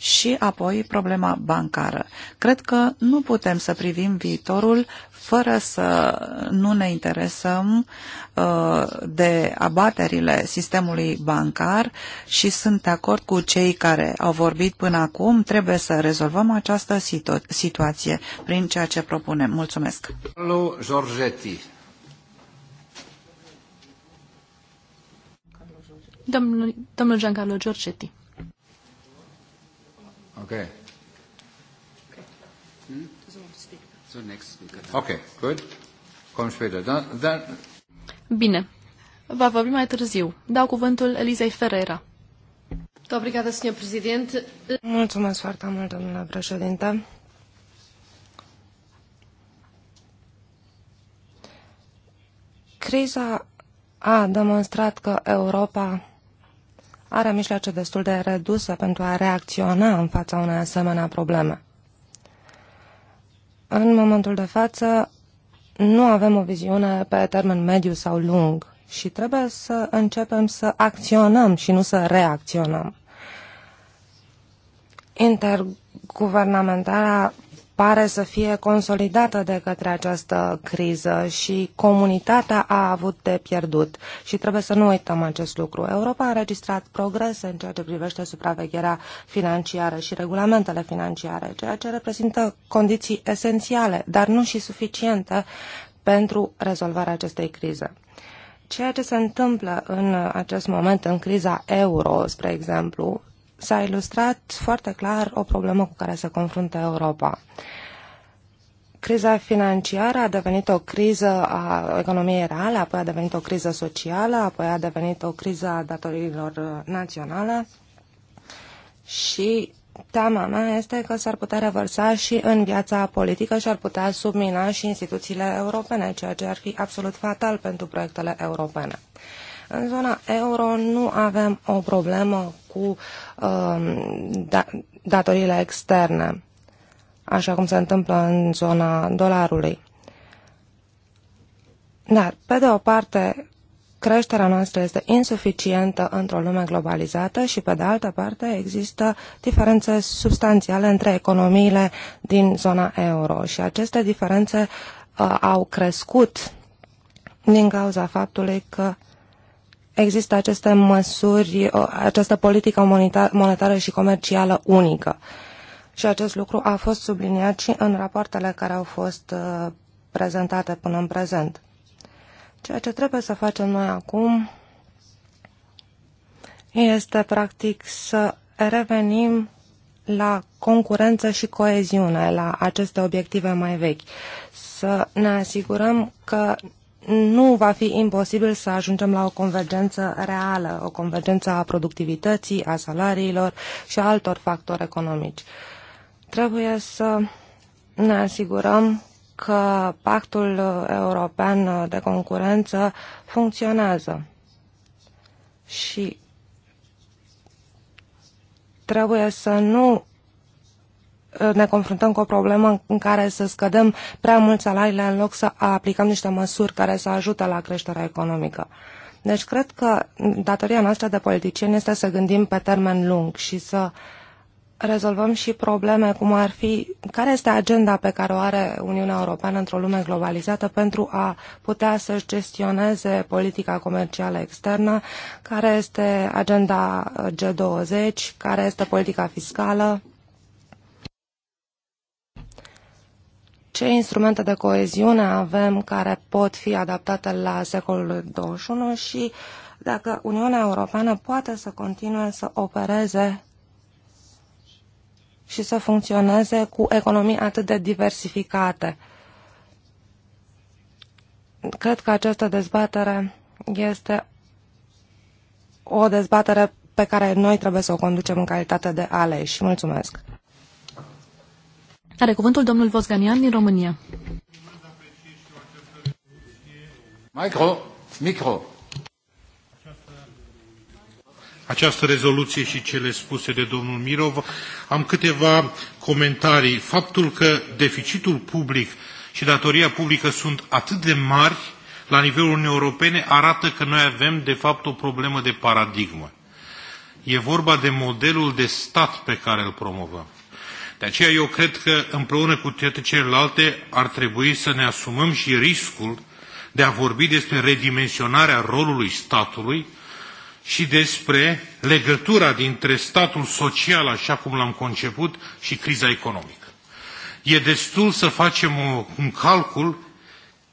și apoi problema bancară. Cred că nu putem să privim viitorul fără să nu ne interesăm uh, de abaterile sistemului bancar și sunt de acord cu cei care au vorbit până acum. Trebuie să rezolvăm această situ situație prin ceea ce propunem. Mulțumesc! Carlo Giorgetti. Domnul, domnul Giancarlo Giorgetti. Okay. Hmm? Okay, good. Come später. Then, then... Bine. Va vorbi mai târziu. Dau cuvântul Elizei Ferreira. Obrigada, senhor presidente. Mulțumesc foarte mult, domnule președinte. Criza a demonstrat că Europa are mijloace destul de reduse pentru a reacționa în fața unei asemenea probleme. În momentul de față, nu avem o viziune pe termen mediu sau lung și trebuie să începem să acționăm și nu să reacționăm. Interguvernamentarea pare să fie consolidată de către această criză și comunitatea a avut de pierdut. Și trebuie să nu uităm acest lucru. Europa a înregistrat progrese în ceea ce privește supravegherea financiară și regulamentele financiare, ceea ce reprezintă condiții esențiale, dar nu și suficiente pentru rezolvarea acestei crize ceea ce se întâmplă în acest moment în criza euro, spre exemplu, s-a ilustrat foarte clar o problemă cu care se confruntă Europa. Criza financiară a devenit o criză a economiei reale, apoi a devenit o criză socială, apoi a devenit o criză a datoriilor uh, naționale și teama mea este că s-ar putea reversa și în viața politică și ar putea submina și instituțiile europene, ceea ce ar fi absolut fatal pentru proiectele europene. În zona euro nu avem o problemă cu uh, da, datoriile externe, așa cum se întâmplă în zona dolarului. Dar, pe de o parte, creșterea noastră este insuficientă într-o lume globalizată și, pe de altă parte, există diferențe substanțiale între economiile din zona euro și aceste diferențe uh, au crescut din cauza faptului că există aceste măsuri, această politică monetară și comercială unică. Și acest lucru a fost subliniat și în rapoartele care au fost uh, prezentate până în prezent. Ceea ce trebuie să facem noi acum este practic să revenim la concurență și coeziune, la aceste obiective mai vechi. Să ne asigurăm că nu va fi imposibil să ajungem la o convergență reală, o convergență a productivității, a salariilor și a altor factori economici. Trebuie să ne asigurăm că pactul european de concurență funcționează și trebuie să nu ne confruntăm cu o problemă în care să scădem prea mult salariile în loc să aplicăm niște măsuri care să ajute la creșterea economică. Deci cred că datoria noastră de politicieni este să gândim pe termen lung și să rezolvăm și probleme cum ar fi care este agenda pe care o are Uniunea Europeană într-o lume globalizată pentru a putea să-și gestioneze politica comercială externă, care este agenda G20, care este politica fiscală ce instrumente de coeziune avem care pot fi adaptate la secolul 21 și dacă Uniunea Europeană poate să continue să opereze și să funcționeze cu economii atât de diversificate. Cred că această dezbatere este o dezbatere pe care noi trebuie să o conducem în calitate de aleși. Mulțumesc! Are cuvântul domnul Vosganian din România. Micro, micro. Această rezoluție și cele spuse de domnul Mirov, am câteva comentarii. Faptul că deficitul public și datoria publică sunt atât de mari la nivelul Uniunii Europene arată că noi avem, de fapt, o problemă de paradigmă. E vorba de modelul de stat pe care îl promovăm. De aceea eu cred că împreună cu toate celelalte ar trebui să ne asumăm și riscul de a vorbi despre redimensionarea rolului statului și despre legătura dintre statul social, așa cum l-am conceput, și criza economică. E destul să facem o, un calcul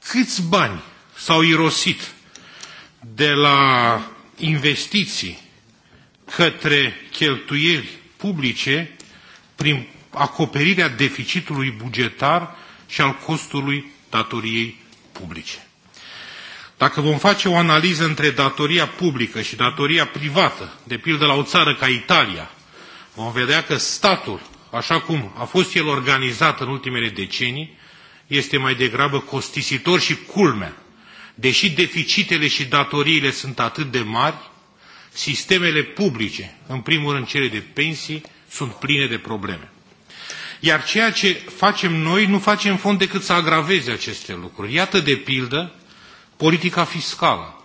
câți bani s-au irosit de la investiții către cheltuieli publice prin acoperirea deficitului bugetar și al costului datoriei publice. Dacă vom face o analiză între datoria publică și datoria privată, de pildă la o țară ca Italia, vom vedea că statul, așa cum a fost el organizat în ultimele decenii, este mai degrabă costisitor și culmea. Deși deficitele și datoriile sunt atât de mari, sistemele publice, în primul rând cele de pensii, sunt pline de probleme. Iar ceea ce facem noi nu facem în fond decât să agraveze aceste lucruri. Iată de pildă politica fiscală.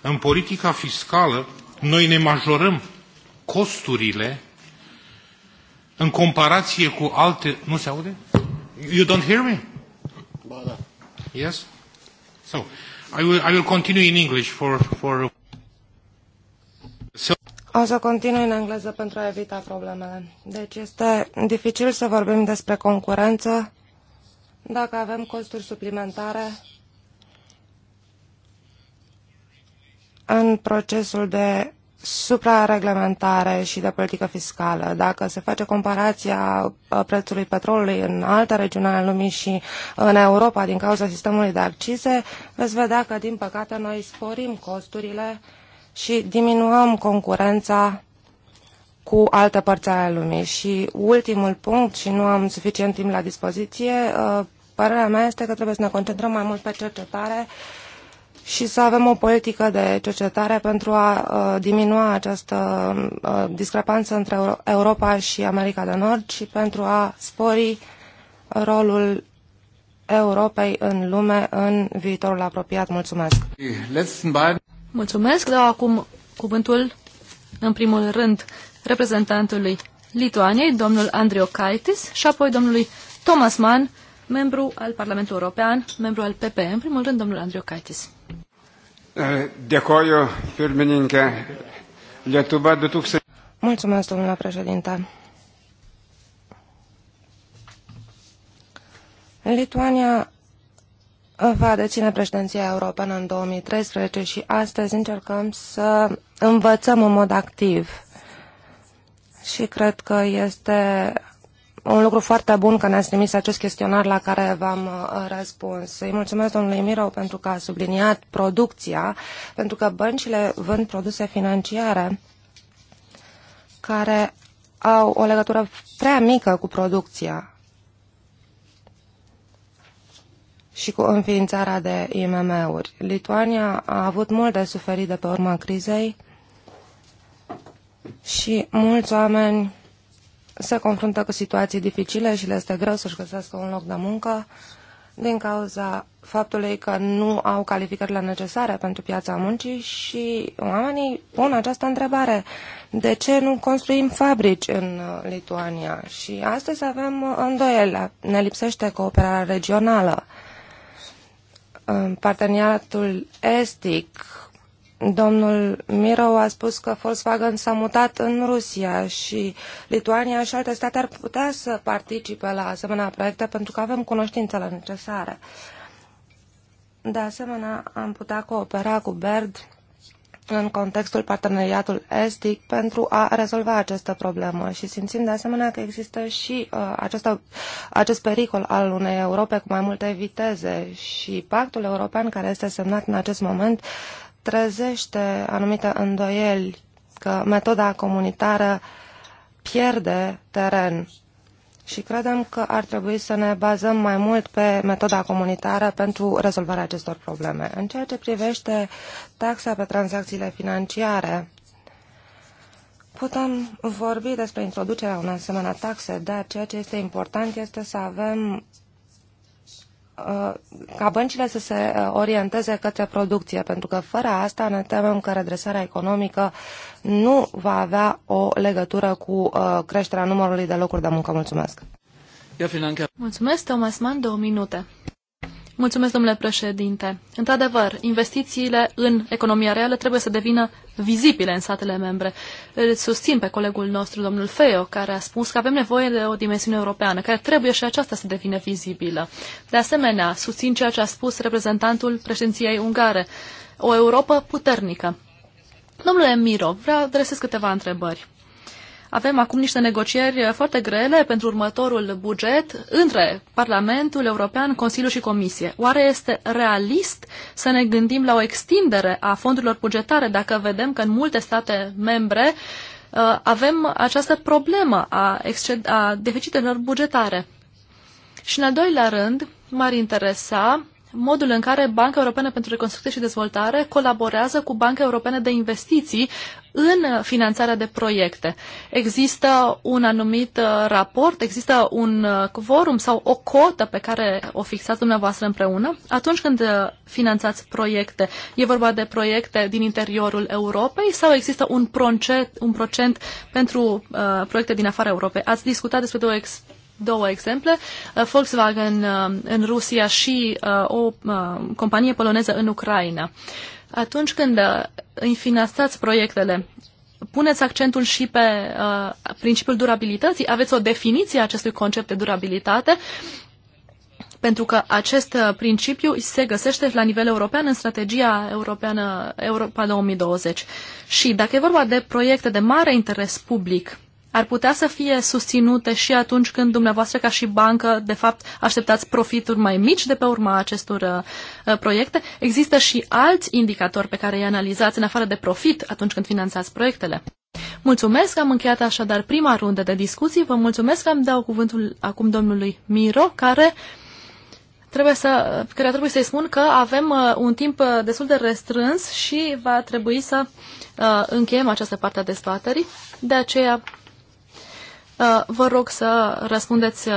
În politica fiscală noi ne majorăm costurile în comparație cu alte... Nu se aude? You don't hear me? Ba da. Yes? So, I will, I will continue in English for... for... So... O să continui în engleză pentru a evita problemele. Deci este dificil să vorbim despre concurență dacă avem costuri suplimentare în procesul de suprareglementare și de politică fiscală. Dacă se face comparația uh, prețului petrolului în alte regiuni ale lumii și în Europa din cauza sistemului de accize, veți vedea că, din păcate, noi sporim costurile și diminuăm concurența cu alte părți ale lumii. Și ultimul punct, și nu am suficient timp la dispoziție, uh, părerea mea este că trebuie să ne concentrăm mai mult pe cercetare și să avem o politică de cercetare pentru a uh, diminua această uh, discrepanță între Europa și America de Nord și pentru a spori rolul Europei în lume în viitorul apropiat. Mulțumesc! Mulțumesc. Dau acum cuvântul, în primul rând, reprezentantului Lituaniei, domnul Andrio Kaitis, și apoi domnului Thomas Mann, membru al Parlamentului European, membru al PP. În primul rând, domnul Andrio Kaitis. Decoiu, pirmininke, Lietuva 2000... Mulțumesc, domnule președinte. Lituania va deține președinția europeană în 2013 și astăzi încercăm să învățăm în mod activ. Și cred că este un lucru foarte bun că ne-ați trimis acest chestionar la care v-am uh, răspuns. Îi mulțumesc domnului Mirov pentru că a subliniat producția, pentru că băncile vând produse financiare care au o legătură prea mică cu producția și cu înființarea de IMM-uri. Lituania a avut mult de suferit de pe urma crizei și mulți oameni se confruntă cu situații dificile și le este greu să-și găsească un loc de muncă din cauza faptului că nu au calificările necesare pentru piața muncii și oamenii pun această întrebare. De ce nu construim fabrici în uh, Lituania? Și astăzi avem uh, îndoiele. Ne lipsește cooperarea regională parteneriatul estic, domnul Miro a spus că Volkswagen s-a mutat în Rusia și Lituania și alte state ar putea să participe la asemenea proiecte pentru că avem cunoștințele necesare. De asemenea, am putea coopera cu BERD în contextul parteneriatului estic pentru a rezolva această problemă și simțim de asemenea că există și uh, acesta, acest pericol al unei Europe cu mai multe viteze și pactul european care este semnat în acest moment trezește anumite îndoieli că metoda comunitară pierde teren și credem că ar trebui să ne bazăm mai mult pe metoda comunitară pentru rezolvarea acestor probleme. În ceea ce privește taxa pe tranzacțiile financiare, putem vorbi despre introducerea unei asemenea taxe, dar ceea ce este important este să avem Uh, ca băncile să se uh, orienteze către producție, pentru că fără asta ne temem că redresarea economică nu va avea o legătură cu uh, creșterea numărului de locuri de muncă. Mulțumesc! Mulțumesc, Thomas Mann, două minute. Mulțumesc, domnule președinte. Într-adevăr, investițiile în economia reală trebuie să devină vizibile în statele membre. Îl susțin pe colegul nostru, domnul Feo, care a spus că avem nevoie de o dimensiune europeană, care trebuie și aceasta să devină vizibilă. De asemenea, susțin ceea ce a spus reprezentantul președinției ungare, o Europa puternică. Domnule Miro, vreau adresez câteva întrebări. Avem acum niște negocieri foarte grele pentru următorul buget între Parlamentul European, Consiliu și Comisie. Oare este realist să ne gândim la o extindere a fondurilor bugetare dacă vedem că în multe state membre uh, avem această problemă a, exced- a deficitelor bugetare? Și în al doilea rând, m-ar interesa modul în care Banca Europeană pentru Reconstrucție și Dezvoltare colaborează cu Banca Europeană de Investiții în finanțarea de proiecte. Există un anumit uh, raport, există un uh, quorum sau o cotă pe care o fixați dumneavoastră împreună atunci când uh, finanțați proiecte. E vorba de proiecte din interiorul Europei sau există un procent, un procent pentru uh, proiecte din afara Europei? Ați discutat despre două ex două exemple, uh, Volkswagen uh, în Rusia și uh, o companie poloneză în Ucraina. Atunci când înfinanțați proiectele, puneți accentul și pe principiul durabilității, aveți o definiție a acestui concept de durabilitate, pentru că acest principiu se găsește la nivel european în strategia europeană Europa 2020. Și dacă e vorba de proiecte de mare interes public, ar putea să fie susținute și atunci când dumneavoastră ca și bancă, de fapt, așteptați profituri mai mici de pe urma acestor uh, proiecte? Există și alți indicatori pe care îi analizați în afară de profit atunci când finanțați proiectele? Mulțumesc, am încheiat așadar prima rundă de discuții. Vă mulțumesc că am dau cuvântul acum domnului Miro, care trebuie să, care trebuie să-i spun că avem uh, un timp uh, destul de restrâns și va trebui să uh, încheiem această parte a dezbaterii. De aceea Uh, vă rog să răspundeți uh,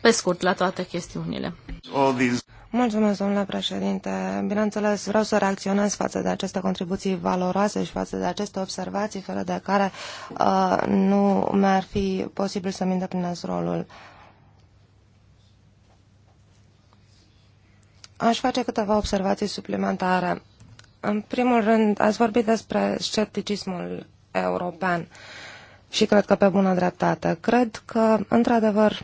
pe scurt la toate chestiunile. Mulțumesc, domnule președinte. Bineînțeles, vreau să reacționez față de aceste contribuții valoroase și față de aceste observații, fără de care uh, nu mi-ar fi posibil să-mi îndeplinesc rolul. Aș face câteva observații suplimentare. În primul rând, ați vorbit despre scepticismul european. Uh, și cred că pe bună dreptate. Cred că, într-adevăr,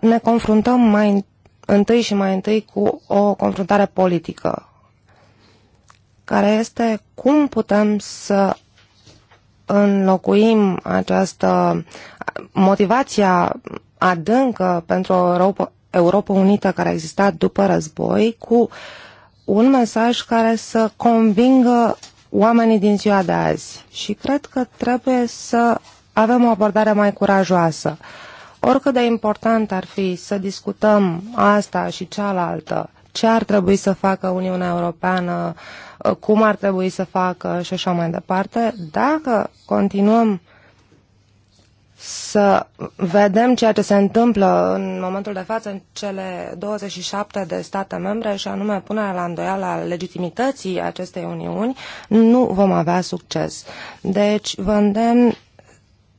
ne confruntăm mai întâi și mai întâi cu o confruntare politică, care este cum putem să înlocuim această motivația adâncă pentru o Europa, Europa Unită care a existat după război cu un mesaj care să convingă oamenii din ziua de azi și cred că trebuie să avem o abordare mai curajoasă. Oricât de important ar fi să discutăm asta și cealaltă, ce ar trebui să facă Uniunea Europeană, cum ar trebui să facă și așa mai departe, dacă continuăm uh, să vedem ceea ce se întâmplă în momentul de față în cele 27 de state membre și anume punerea la îndoială a legitimității acestei uniuni, nu vom avea succes. Deci vă îndemn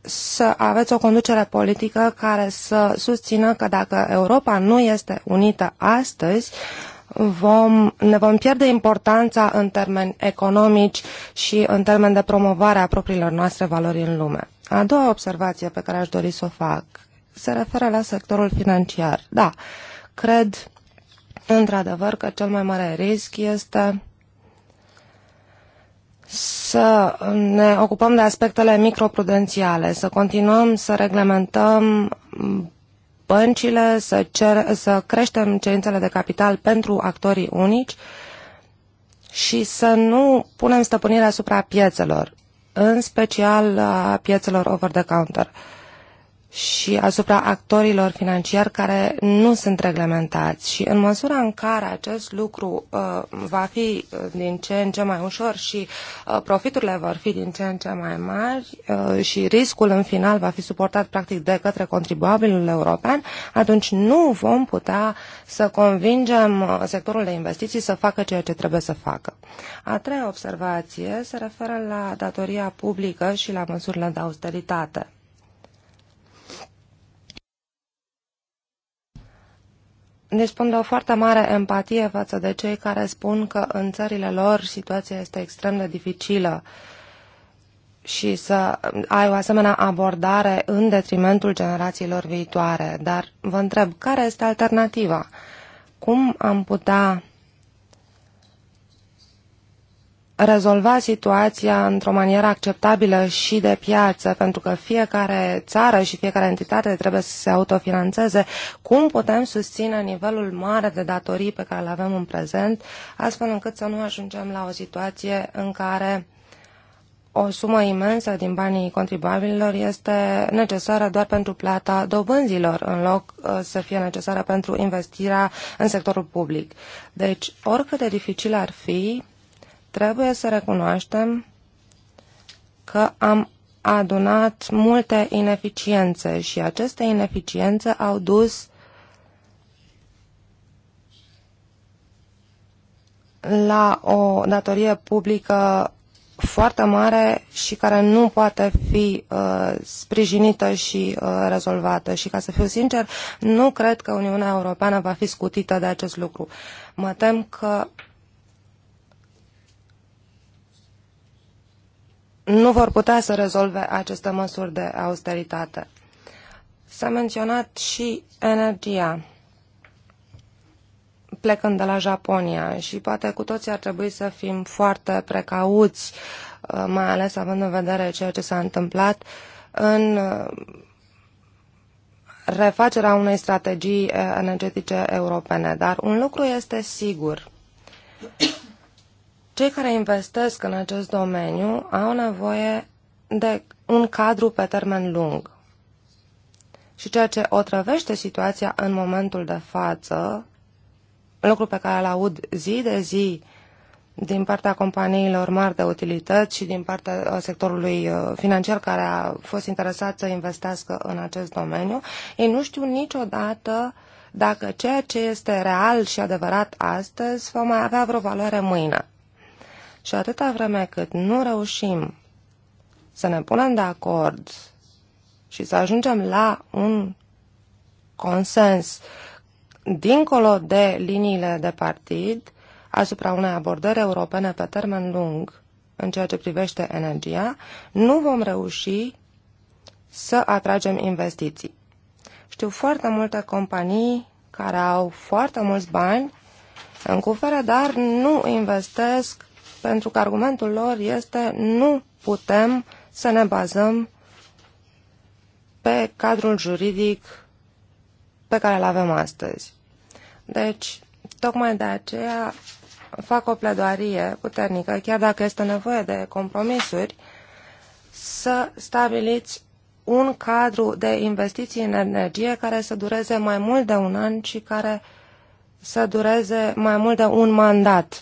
să aveți o conducere politică care să susțină că dacă Europa nu este unită astăzi, vom, ne vom pierde importanța în termeni economici și în termeni de promovare a propriilor noastre valori în lume. A doua observație pe care aș dori să o fac se referă la sectorul financiar. Da, cred într-adevăr că cel mai mare risc este să ne ocupăm de aspectele microprudențiale, să continuăm să reglementăm băncile, să, cer, să creștem cerințele de capital pentru actorii unici și să nu punem stăpânirea asupra piețelor în special a piețelor over-the-counter. Uh, și asupra actorilor financiari care nu sunt reglementați și în măsura în care acest lucru uh, va fi uh, din ce în ce mai ușor și uh, profiturile vor fi din ce în ce mai mari uh, și riscul în final va fi suportat practic de către contribuabilul european, atunci nu vom putea să convingem uh, sectorul de investiții să facă ceea ce trebuie să facă. A treia observație se referă la datoria publică și la măsurile de austeritate. dispun de o foarte mare empatie față de cei care spun că în țările lor situația este extrem de dificilă și să ai o asemenea abordare în detrimentul generațiilor viitoare. Dar vă întreb, care este alternativa? Cum am putea rezolva situația într-o manieră acceptabilă și de piață, pentru că fiecare țară și fiecare entitate trebuie să se autofinanțeze, cum putem susține nivelul mare de datorii pe care le avem în prezent, astfel încât să nu ajungem la o situație în care o sumă imensă din banii contribuabililor este necesară doar pentru plata dobânzilor, în loc uh, să fie necesară pentru investirea în sectorul public. Deci, oricât de dificil ar fi, Trebuie să recunoaștem că am adunat multe ineficiențe și aceste ineficiențe au dus la o datorie publică foarte mare și care nu poate fi uh, sprijinită și uh, rezolvată. Și ca să fiu sincer, nu cred că Uniunea Europeană va fi scutită de acest lucru. Mă tem că nu vor putea să rezolve aceste măsuri de austeritate. S-a menționat și energia, plecând de la Japonia și poate cu toții ar trebui să fim foarte precauți, uh, mai ales având în vedere ceea ce s-a întâmplat în uh, refacerea unei strategii uh, energetice europene. Dar un lucru este sigur. Cei care investesc în acest domeniu au nevoie de un cadru pe termen lung. Și ceea ce otrăvește situația în momentul de față, lucru pe care îl aud zi de zi din partea companiilor mari de utilități și din partea uh, sectorului uh, financiar care a fost interesat să investească în acest domeniu, ei nu știu niciodată dacă ceea ce este real și adevărat astăzi va mai avea vreo valoare mâine. Și atâta vreme cât nu reușim să ne punem de acord și să ajungem la un consens dincolo de liniile de partid asupra unei abordări europene pe termen lung în ceea ce privește energia, nu vom reuși să atragem investiții. Știu foarte multe companii care au foarte mulți bani în cufere, dar nu investesc pentru că argumentul lor este nu putem să ne bazăm pe cadrul juridic pe care îl avem astăzi. Deci, tocmai de aceea fac o pledoarie puternică, chiar dacă este nevoie de compromisuri, să stabiliți un cadru de investiții în energie care să dureze mai mult de un an și care să dureze mai mult de un mandat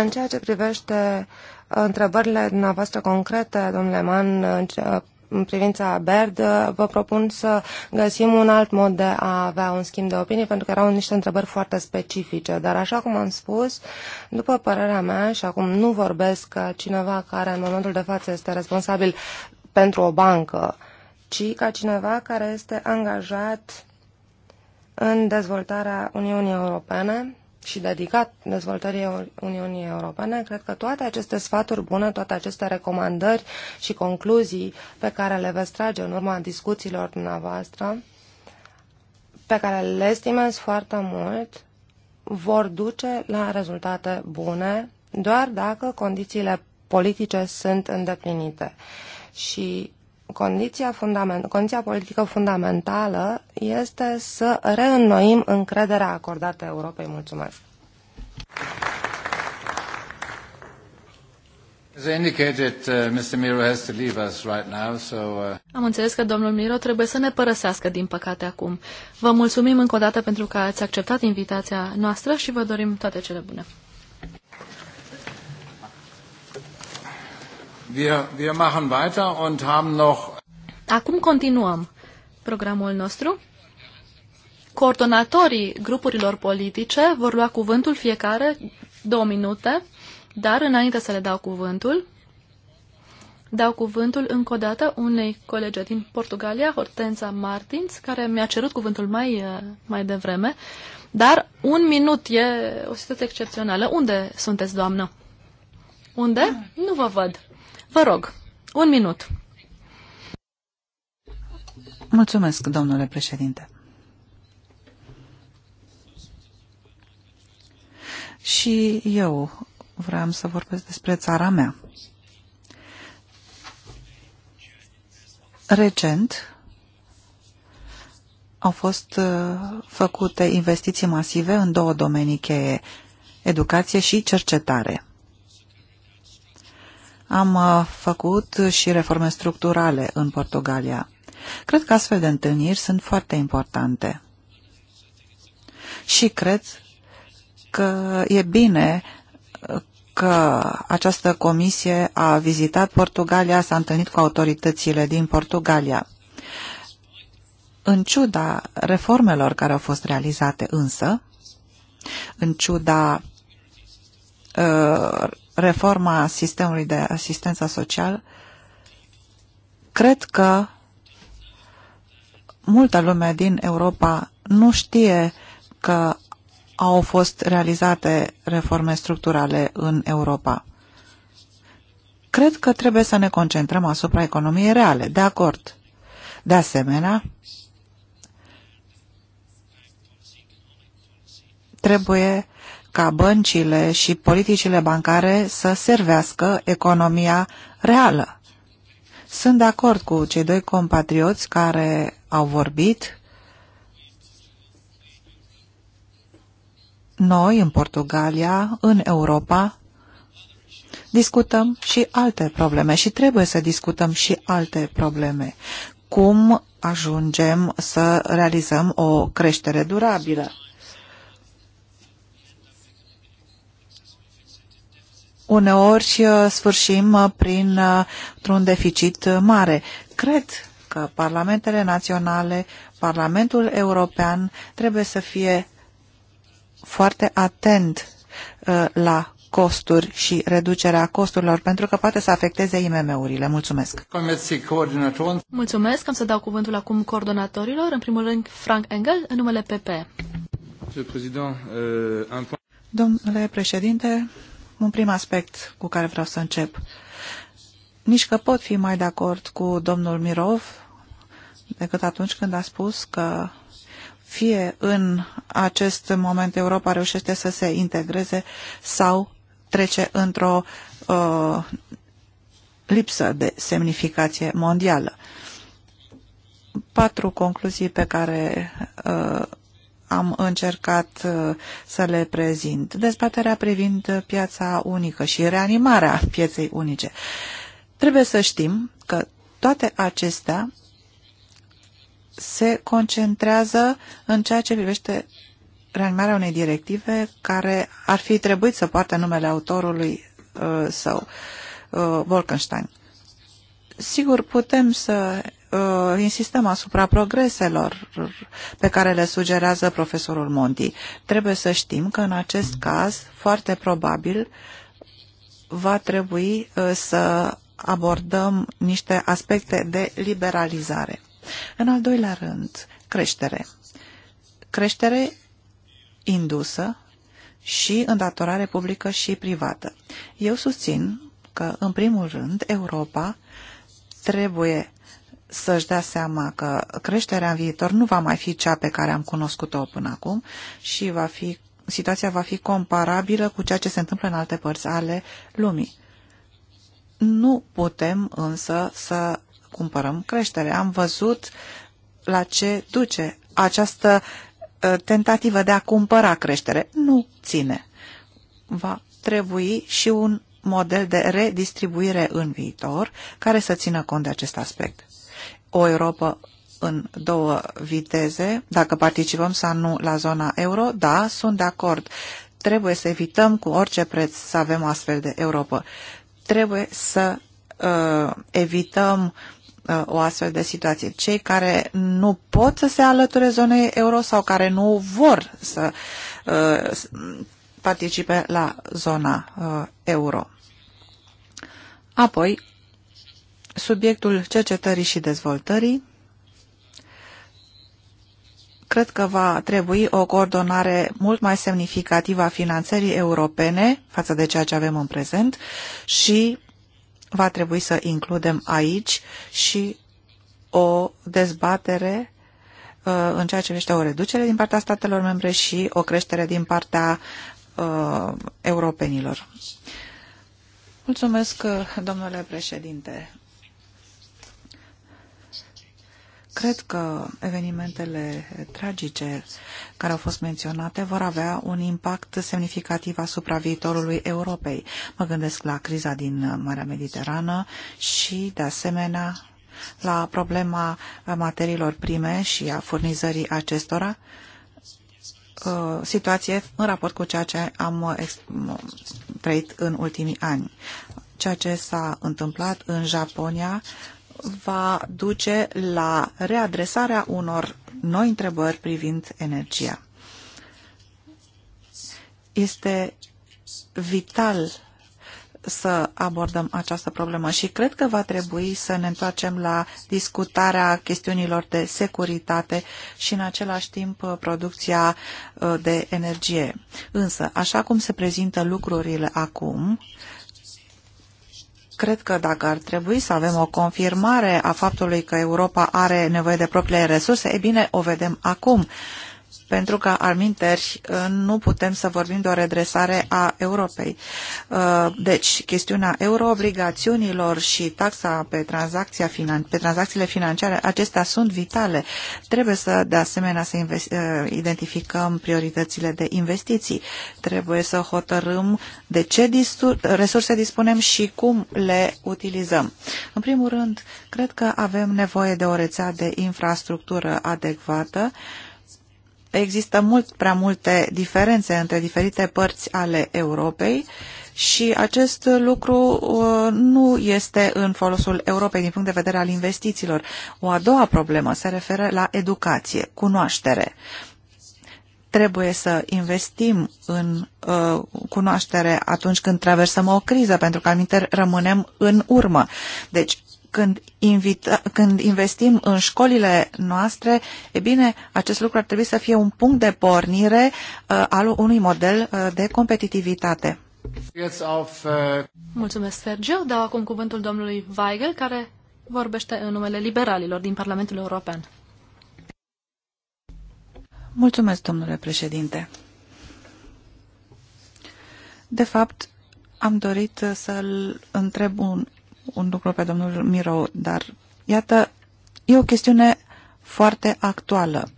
în ceea ce privește uh, întrebările dumneavoastră concrete, domnule Man, uh, în privința BERD, uh, vă propun să găsim un alt mod de a avea un schimb de opinie, pentru că erau niște întrebări foarte specifice. Dar așa cum am spus, după părerea mea, și acum nu vorbesc ca cineva care în momentul de față este responsabil pentru o bancă, ci ca cineva care este angajat în dezvoltarea Uniunii Europene și dedicat dezvoltării Uniunii Europene, cred că toate aceste sfaturi bune, toate aceste recomandări și concluzii pe care le veți trage în urma discuțiilor dumneavoastră, pe care le estimez foarte mult, vor duce la rezultate bune doar dacă condițiile politice sunt îndeplinite. Și condiția, fundament, condiția politică fundamentală este să reînnoim încrederea acordată Europei. Mulțumesc! Uh, uh, Am înțeles că domnul Miro trebuie să ne părăsească, din păcate, acum. Vă mulțumim încă o dată pentru că ați acceptat invitația noastră și vă dorim toate cele bune. Wir, wir machen weiter und haben noch... Acum continuăm programul nostru. Coordonatorii grupurilor politice vor lua cuvântul fiecare două minute, dar înainte să le dau cuvântul, dau cuvântul încă o dată unei colege din Portugalia, Hortenza Martins, care mi-a cerut cuvântul mai, eh, mai devreme, dar un minut e o situație excepțională. Unde sunteți, doamnă? Unde? Nu vă văd. Vă rog, un minut. Mulțumesc, domnule președinte. Și eu vreau să vorbesc despre țara mea. Recent au fost uh, făcute investiții masive în două domenii cheie, educație și cercetare am uh, făcut și reforme structurale în Portugalia. Cred că astfel de întâlniri sunt foarte importante. Și cred că e bine uh, că această comisie a vizitat Portugalia, s-a întâlnit cu autoritățile din Portugalia. În ciuda reformelor care au fost realizate însă, în ciuda uh, reforma sistemului de asistență socială, cred că multă lume din Europa nu știe că au fost realizate reforme structurale în Europa. Cred că trebuie să ne concentrăm asupra economiei reale, de acord. De asemenea, trebuie ca băncile și politicile bancare să servească economia reală. Sunt de acord cu cei doi compatrioți care au vorbit. Noi, în Portugalia, în Europa, discutăm și alte probleme și trebuie să discutăm și alte probleme. Cum ajungem să realizăm o creștere durabilă? uneori uh, sfârșim uh, prin uh, un deficit mare. Cred că parlamentele naționale, Parlamentul European trebuie să fie foarte atent la costuri și reducerea costurilor, pentru că poate să afecteze IMM-urile. Mulțumesc! Mulțumesc! Am să dau cuvântul acum coordonatorilor. În primul rând, Frank Engel, în numele PP. Euh, Domnule președinte, un prim aspect cu care vreau să încep. Nici că pot fi mai de acord cu domnul Mirov decât atunci când a spus că fie în acest moment Europa reușește să se integreze sau trece într-o uh, lipsă de semnificație mondială. Patru concluzii pe care uh, am încercat uh, să le prezint. Dezbaterea privind piața unică și reanimarea pieței unice. Trebuie să știm că toate acestea se concentrează în ceea ce privește reanimarea unei directive care ar fi trebuit să poartă numele autorului uh, său, uh, Wolkenstein. Sigur, putem să uh, insistăm asupra progreselor pe care le sugerează profesorul Monti. Trebuie să știm că în acest caz, foarte probabil, va trebui uh, să abordăm niște aspecte de liberalizare. În al doilea rând, creștere. Creștere indusă și îndatorare publică și privată. Eu susțin că, în primul rând, Europa trebuie să-și dea seama că creșterea în viitor nu va mai fi cea pe care am cunoscut-o până acum și va fi, situația va fi comparabilă cu ceea ce se întâmplă în alte părți ale lumii. Nu putem însă să cumpărăm creștere. Am văzut la ce duce această ă, tentativă de a cumpăra creștere. Nu ține. Va trebui și un model de redistribuire în viitor care să țină cont de acest aspect o Europa în două viteze, dacă participăm sau nu la zona euro, da, sunt de acord. Trebuie să evităm cu orice preț să avem astfel de Europa. Trebuie să uh, evităm uh, o astfel de situație. Cei care nu pot să se alăture zonei euro sau care nu vor să uh, participe la zona uh, euro. Apoi, subiectul cercetării și dezvoltării. Cred că va trebui o coordonare mult mai semnificativă a finanțării europene față de ceea ce avem în prezent și va trebui să includem aici și o dezbatere uh, în ceea ce vește o reducere din partea statelor membre și o creștere din partea uh, europenilor. Mulțumesc, uh, domnule președinte. Cred că evenimentele tragice care au fost menționate vor avea un impact semnificativ asupra viitorului Europei. Mă gândesc la criza din Marea Mediterană și, de asemenea, la problema materiilor prime și a furnizării acestora, uh, situație în raport cu ceea ce am trăit în ultimii ani. Ceea ce s-a întâmplat în Japonia va duce la readresarea unor noi întrebări privind energia. Este vital să abordăm această problemă și cred că va trebui să ne întoarcem la discutarea chestiunilor de securitate și în același timp producția uh, de energie. Însă, așa cum se prezintă lucrurile acum, cred că dacă ar trebui să avem o confirmare a faptului că Europa are nevoie de propriile resurse, e bine, o vedem acum pentru că alminteri uh, nu putem să vorbim de o redresare a Europei. Uh, deci, chestiunea euroobligațiunilor și taxa pe, tranzacția finan pe tranzacțiile financiare, acestea sunt vitale. Trebuie să, de asemenea, să uh, identificăm prioritățile de investiții. Trebuie să hotărâm de ce resurse dispunem și cum le utilizăm. În primul rând, cred că avem nevoie de o rețea de infrastructură adecvată există mult prea multe diferențe între diferite părți ale Europei și acest lucru uh, nu este în folosul Europei din punct de vedere al investițiilor. O a doua problemă se referă la educație, cunoaștere. Trebuie să investim în uh, cunoaștere atunci când traversăm o criză, pentru că aminte rămânem în urmă. Deci când, invita, când investim în școlile noastre, e bine, acest lucru ar trebui să fie un punct de pornire uh, al unui model uh, de competitivitate. Mulțumesc, Sergio. Dau acum cuvântul domnului Weigel, care vorbește în numele liberalilor din Parlamentul European. Mulțumesc, domnule președinte. De fapt, am dorit să-l întreb un un lucru pe domnul Miro, dar iată, e o chestiune foarte actuală.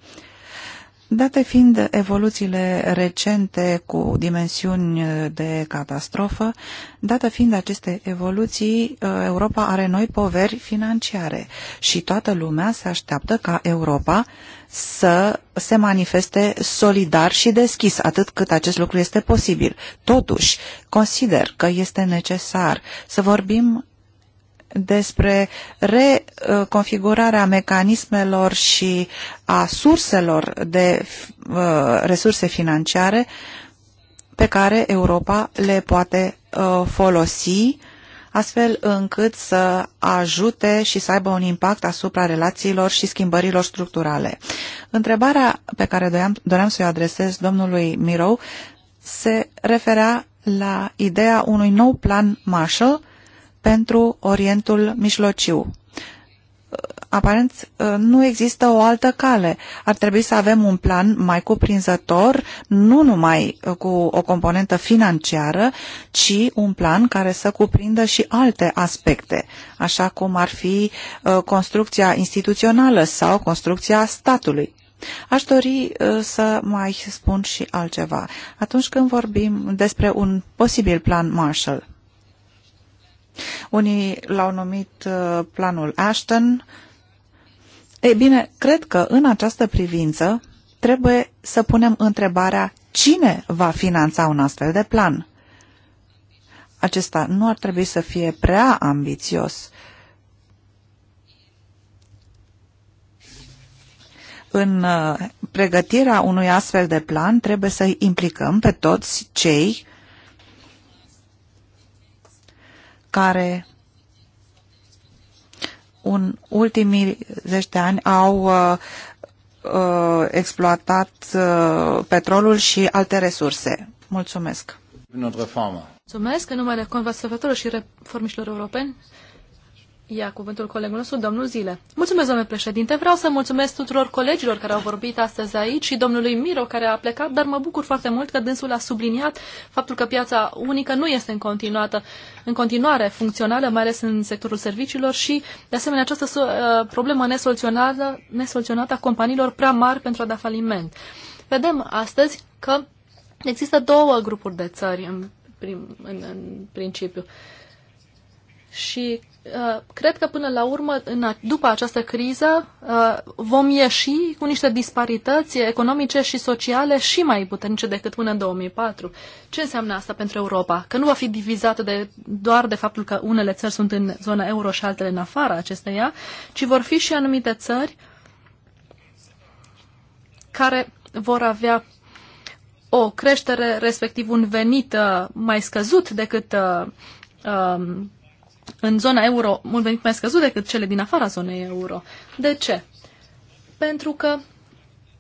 Date fiind evoluțiile recente cu dimensiuni de catastrofă, dată fiind aceste evoluții, Europa are noi poveri financiare și toată lumea se așteaptă ca Europa să se manifeste solidar și deschis, atât cât acest lucru este posibil. Totuși, consider că este necesar să vorbim despre reconfigurarea mecanismelor și a surselor de uh, resurse financiare pe care Europa le poate uh, folosi astfel încât să ajute și să aibă un impact asupra relațiilor și schimbărilor structurale. Întrebarea pe care doream, doream să o adresez domnului Mirou se referea la ideea unui nou plan Marshall pentru Orientul Mijlociu. Aparent, nu există o altă cale. Ar trebui să avem un plan mai cuprinzător, nu numai cu o componentă financiară, ci un plan care să cuprindă și alte aspecte, așa cum ar fi ă, construcția instituțională sau construcția statului. Aș dori ă, să mai spun și altceva. Atunci când vorbim despre un posibil plan Marshall, unii l-au numit uh, planul Ashton. Ei bine, cred că în această privință trebuie să punem întrebarea cine va finanța un astfel de plan. Acesta nu ar trebui să fie prea ambițios. În uh, pregătirea unui astfel de plan trebuie să implicăm pe toți cei care în ultimii zeci de ani au uh, uh, exploatat uh, petrolul și alte resurse. Mulțumesc! Mulțumesc în numele conservatorilor și reformiștilor europeni ia cuvântul colegul nostru, domnul Zile. Mulțumesc, domnule președinte. Vreau să mulțumesc tuturor colegilor care au vorbit astăzi aici și domnului Miro care a plecat, dar mă bucur foarte mult că dânsul a subliniat faptul că piața unică nu este în, continuată, în continuare funcțională, mai ales în sectorul serviciilor și, de asemenea, această uh, problemă nesoluționată, nesoluționată a companiilor prea mari pentru a da faliment. Vedem astăzi că există două grupuri de țări în, prim, în, în principiu. Și Uh, cred că până la urmă, în, după această criză, uh, vom ieși cu niște disparități economice și sociale și mai puternice decât până în 2004. Ce înseamnă asta pentru Europa? Că nu va fi divizată de, doar de faptul că unele țări sunt în zona euro și altele în afara acesteia, ci vor fi și anumite țări care vor avea o creștere, respectiv un venit uh, mai scăzut decât um, în zona euro mult venit mai scăzut decât cele din afara zonei euro. De ce? Pentru că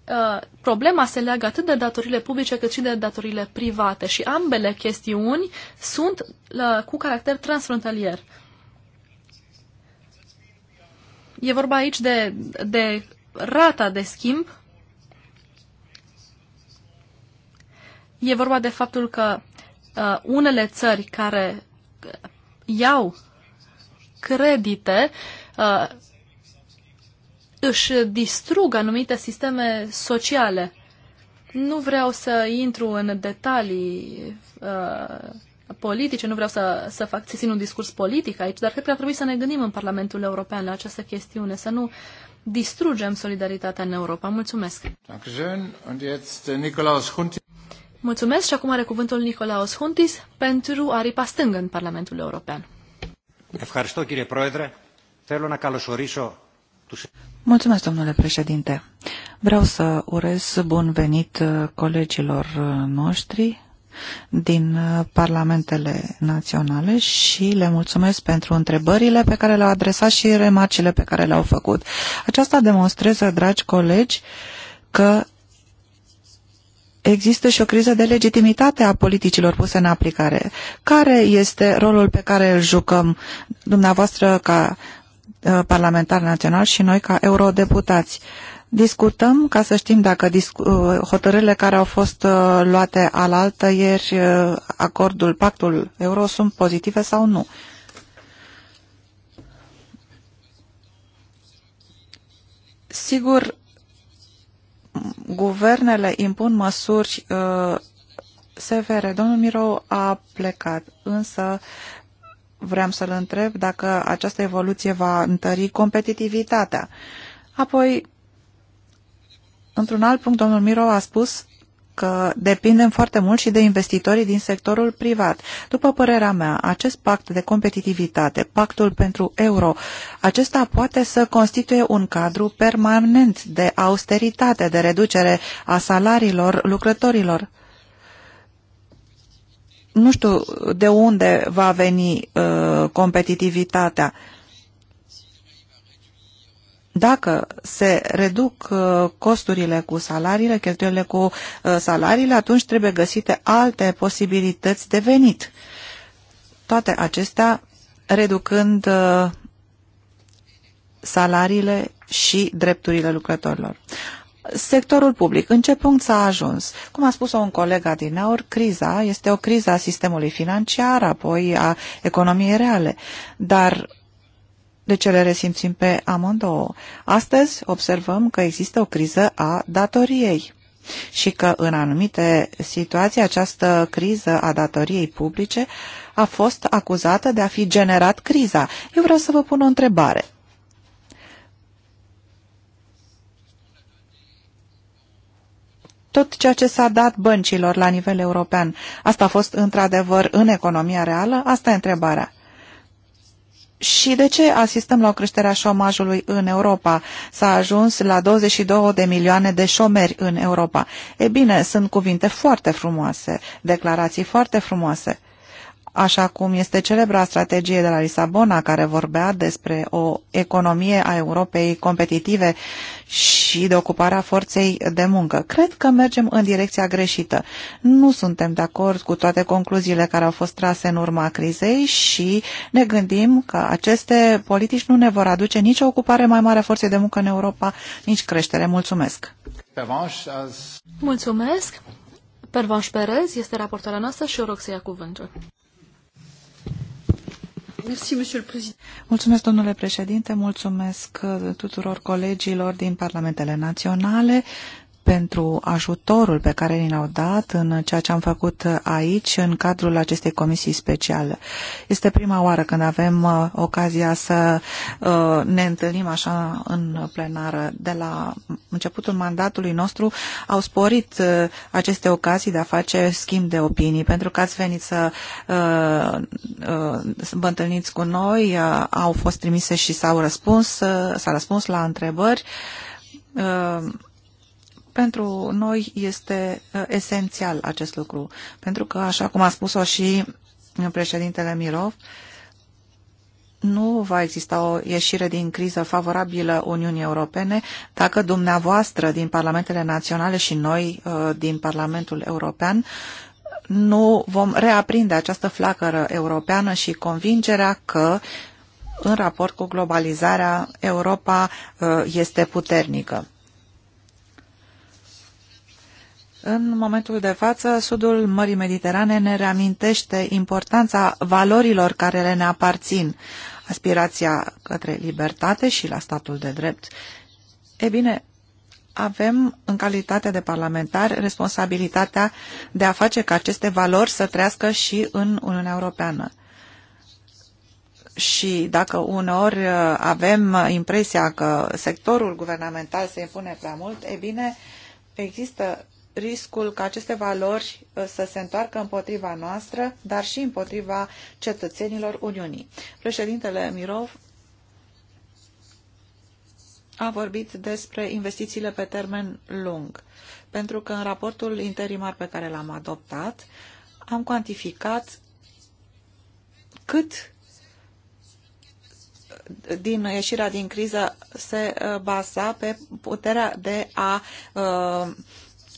uh, problema se leagă atât de datorile publice cât și de datorile private și ambele chestiuni sunt uh, cu caracter transfrontalier. E vorba aici de, de rata de schimb. E vorba de faptul că uh, unele țări care iau credite uh, își distrug anumite sisteme sociale. Nu vreau să intru în detalii uh, politice, nu vreau să, să fac țin un discurs politic aici, dar cred că ar trebui să ne gândim în Parlamentul European la această chestiune, să nu distrugem solidaritatea în Europa. Mulțumesc! Äh, Mulțumesc și acum are cuvântul Nicolaos Huntis pentru aripa stângă în Parlamentul European. Mulțumesc, domnule președinte. Vreau să urez bun venit uh, colegilor uh, noștri din uh, parlamentele naționale și le mulțumesc pentru întrebările pe care le-au adresat și remarcile pe care le-au făcut. Aceasta demonstrează, dragi colegi, că există și o criză de legitimitate a politicilor puse în aplicare. Care este rolul pe care îl jucăm dumneavoastră ca uh, parlamentar național și noi ca eurodeputați? Discutăm ca să știm dacă uh, hotărârile care au fost uh, luate alaltă ieri, acordul, pactul euro, sunt pozitive sau nu. Sigur, guvernele impun măsuri uh, severe. Domnul Miro a plecat, însă vreau să-l întreb dacă această evoluție va întări competitivitatea. Apoi, într-un alt punct, domnul Miro a spus că depindem foarte mult și de investitorii din sectorul privat. După părerea mea, acest pact de competitivitate, pactul pentru euro, acesta poate să constituie un cadru permanent de austeritate, de reducere a salariilor lucrătorilor. Nu știu de unde va veni uh, competitivitatea. Uh, dacă se reduc uh, costurile cu salariile, cheltuielile cu uh, salariile, atunci trebuie găsite alte posibilități de venit. Toate acestea reducând uh, salariile și drepturile lucrătorilor. Sectorul public, în ce punct s-a ajuns? Cum a spus-o un coleg aur, criza este o criză a sistemului financiar, apoi a economiei reale, dar ce le resimțim pe amândouă. Astăzi observăm că există o criză a datoriei și că în anumite situații această criză a datoriei publice a fost acuzată de a fi generat criza. Eu vreau să vă pun o întrebare. Tot ceea ce s-a dat băncilor la nivel european, asta a fost într-adevăr în economia reală? Asta e întrebarea. Și de ce asistăm la o creștere a șomajului în Europa? S-a ajuns la 22 de milioane de șomeri în Europa. E bine, sunt cuvinte foarte frumoase, declarații foarte frumoase așa cum este celebra strategie de la Lisabona, care vorbea despre o economie a Europei competitive și de ocuparea forței de muncă. Cred că mergem în direcția greșită. Nu suntem de acord cu toate concluziile care au fost trase în urma crizei și ne gândim că aceste politici nu ne vor aduce nici o ocupare mai mare a forței de muncă în Europa, nici creștere. Mulțumesc! Mulțumesc! Pervanș Perez este raportoarea noastră și o rog să ia cuvântul. Mulțumesc, domnule președinte, mulțumesc uh, tuturor colegilor din Parlamentele Naționale pentru ajutorul pe care ni l-au dat în ceea ce am făcut aici în cadrul acestei comisii speciale. Este prima oară când avem uh, ocazia să uh, ne întâlnim așa în plenară. De la începutul mandatului nostru au sporit uh, aceste ocazii de a face schimb de opinii, pentru că ați venit să, să vă întâlniți cu noi, au fost trimise și s-au răspuns, s-a răspuns la întrebări pentru noi este uh, esențial acest lucru, pentru că, așa cum a spus-o și uh, președintele Mirov, nu va exista o ieșire din criză favorabilă Uniunii Europene dacă dumneavoastră din Parlamentele Naționale și noi uh, din Parlamentul European nu vom reaprinde această flacără europeană și convingerea că în raport cu globalizarea Europa este puternică. În momentul de față, sudul Mării Mediterane ne reamintește importanța valorilor care le ne aparțin, aspirația către libertate și la statul de drept. E bine, avem, în calitate de parlamentar, responsabilitatea de a face ca aceste valori să trăiască și în Uniunea Europeană. Și dacă uneori uh, avem impresia că sectorul guvernamental se impune prea mult, e bine, există riscul ca aceste valori uh, să se întoarcă împotriva noastră, dar și împotriva cetățenilor Uniunii. Președintele Mirov a vorbit despre investițiile pe termen lung, pentru că în raportul interimar pe care l-am adoptat am cuantificat cât din ieșirea din criză se uh, baza pe puterea de a uh,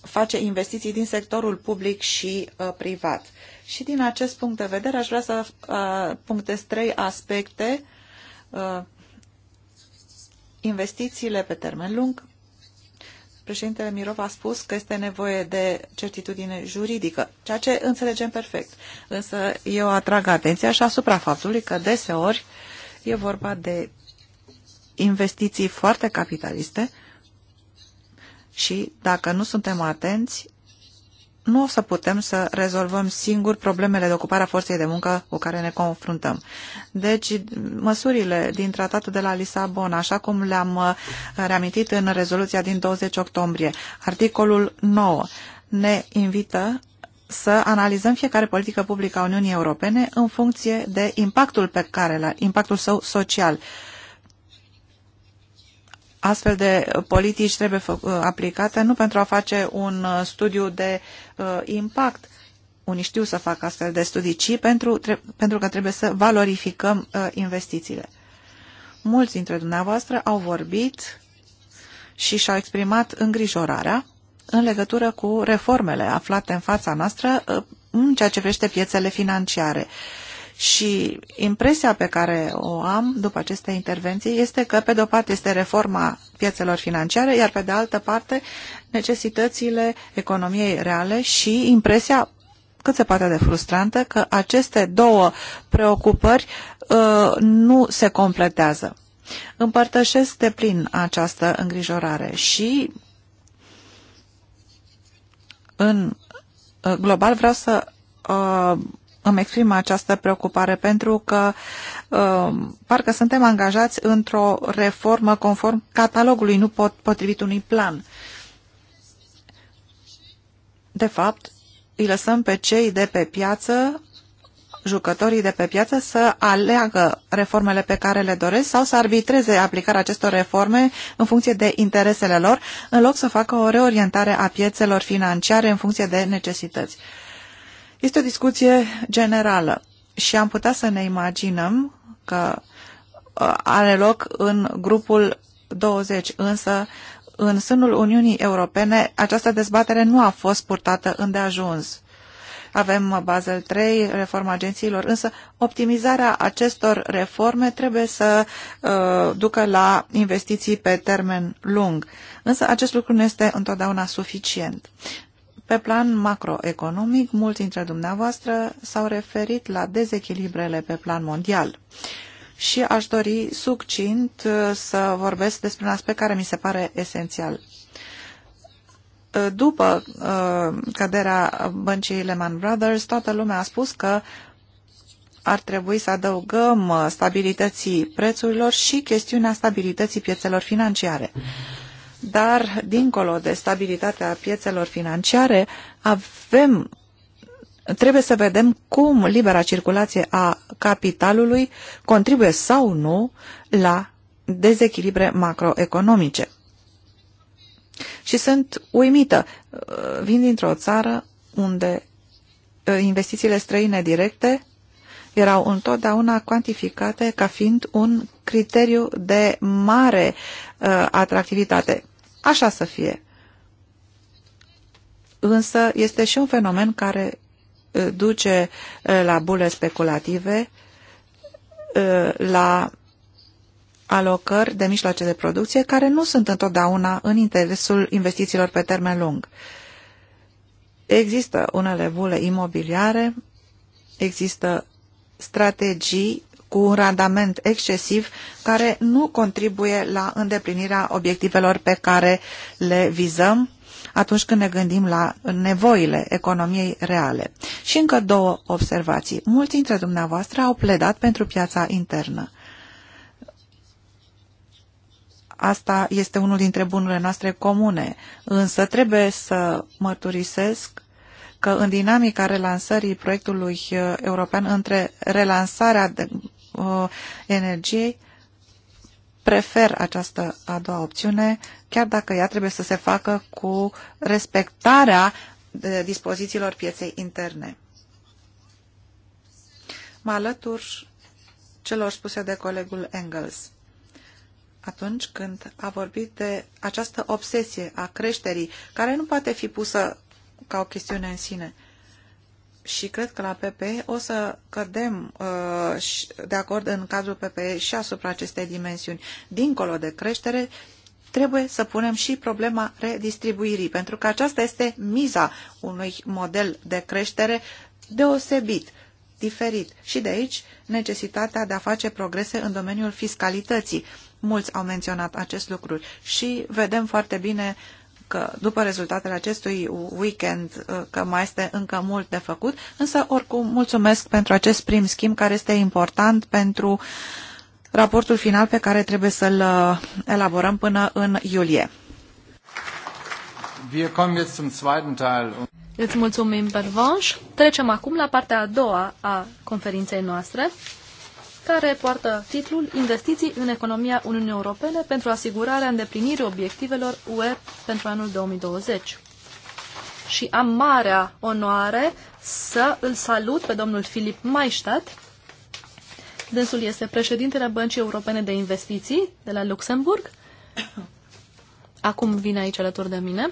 face investiții din sectorul public și uh, privat. Și din acest punct de vedere aș vrea să uh, punctez trei aspecte. Uh, investițiile pe termen lung. Președintele Mirov a spus că este nevoie de certitudine juridică, ceea ce înțelegem perfect. Însă eu atrag atenția și asupra faptului că deseori e vorba de investiții foarte capitaliste, și dacă nu suntem atenți, nu o să putem să rezolvăm singuri problemele de ocupare a forței de muncă cu care ne confruntăm. Deci, măsurile din tratatul de la Lisabona, așa cum le-am uh, reamintit în rezoluția din 20 octombrie, articolul 9, ne invită să analizăm fiecare politică publică a Uniunii Europene în funcție de impactul pe care, impactul său social. Uh, astfel de politici trebuie uh, aplicate nu pentru a face un uh, studiu de uh, impact, unii știu să facă astfel de studii, ci pentru, pentru că trebuie să valorificăm investițiile. Mulți dintre dumneavoastră au vorbit și și-au exprimat îngrijorarea în legătură cu reformele aflate în fața noastră în ceea ce privește piețele financiare. Uh, și impresia pe care o am după aceste intervenții este că, pe de o parte, este reforma piețelor financiare, iar pe de altă parte, necesitățile economiei reale și impresia cât se poate de frustrantă că aceste două preocupări uh, nu se completează. Împărtășesc de plin această îngrijorare și în uh, global vreau să uh, îmi exprim această preocupare pentru că uh, parcă suntem angajați într-o reformă conform catalogului, nu pot, potrivit unui plan. De fapt, îi lăsăm pe cei de pe piață, jucătorii de pe piață, să aleagă reformele pe care le doresc sau să arbitreze aplicarea acestor reforme în funcție de interesele lor, în loc să facă o reorientare a piețelor financiare în funcție de necesități. Uh, este o discuție generală și am putea să ne imaginăm că uh, are loc în grupul 20, însă în sânul Uniunii Europene această dezbatere nu a fost purtată îndeajuns. Avem uh, Basel 3, reforma agențiilor, însă optimizarea acestor reforme trebuie să uh, ducă la investiții pe termen lung. Însă acest lucru nu este întotdeauna suficient. Pe plan macroeconomic, mulți dintre dumneavoastră s-au referit la dezechilibrele pe plan mondial și aș dori succint uh, să vorbesc despre un aspect care mi se pare esențial. Uh, după uh, căderea băncii Lehman Brothers, toată lumea a spus că ar trebui să adăugăm stabilității prețurilor și chestiunea stabilității piețelor financiare dar dincolo de stabilitatea piețelor financiare, avem trebuie să vedem cum libera circulație a capitalului contribuie sau nu la dezechilibre macroeconomice. Și sunt uimită. Vin dintr-o țară unde ă, investițiile străine directe erau întotdeauna cuantificate ca fiind un criteriu de mare uh, atractivitate. Așa să fie. Însă este și un fenomen care duce la bule speculative, la alocări de mijloace de producție care nu sunt întotdeauna în interesul investițiilor pe termen lung. Există unele bule imobiliare, există strategii cu un randament excesiv care nu contribuie la îndeplinirea obiectivelor pe care le vizăm atunci când ne gândim la nevoile economiei reale. Și încă două observații. Mulți dintre dumneavoastră au pledat pentru piața internă. Asta este unul dintre bunurile noastre comune, însă trebuie să mărturisesc că în dinamica relansării proiectului european între relansarea de, Uh, energiei, prefer această a doua opțiune, chiar dacă ea trebuie să se facă cu respectarea dispozițiilor pieței interne. Mă alătur celor spuse de colegul Engels atunci când a vorbit de această obsesie a creșterii, care nu poate fi pusă ca o chestiune în sine și cred că la PPE o să cădem uh, de acord în cadrul PPE și asupra acestei dimensiuni. Dincolo de creștere, trebuie să punem și problema redistribuirii, pentru că aceasta este miza unui model de creștere deosebit, diferit. Și de aici necesitatea de a face progrese în domeniul fiscalității. Mulți au menționat acest lucru și vedem foarte bine uh, că după rezultatele acestui weekend uh, că mai este încă mult de făcut, însă oricum mulțumesc pentru acest prim schimb care este important pentru raportul final pe care trebuie să-l uh, elaborăm până în iulie. Wir kommen jetzt zum zweiten Teil. Îți mulțumim, Bervanș. Trecem acum la partea a doua a conferinței noastre care poartă titlul Investiții în economia Uniunii Europene pentru asigurarea îndeplinirii obiectivelor UE pentru anul 2020. Și am marea onoare să îl salut pe domnul Filip Maistat. Dânsul este președintele Băncii Europene de Investiții de la Luxemburg. Acum vine aici alături de mine.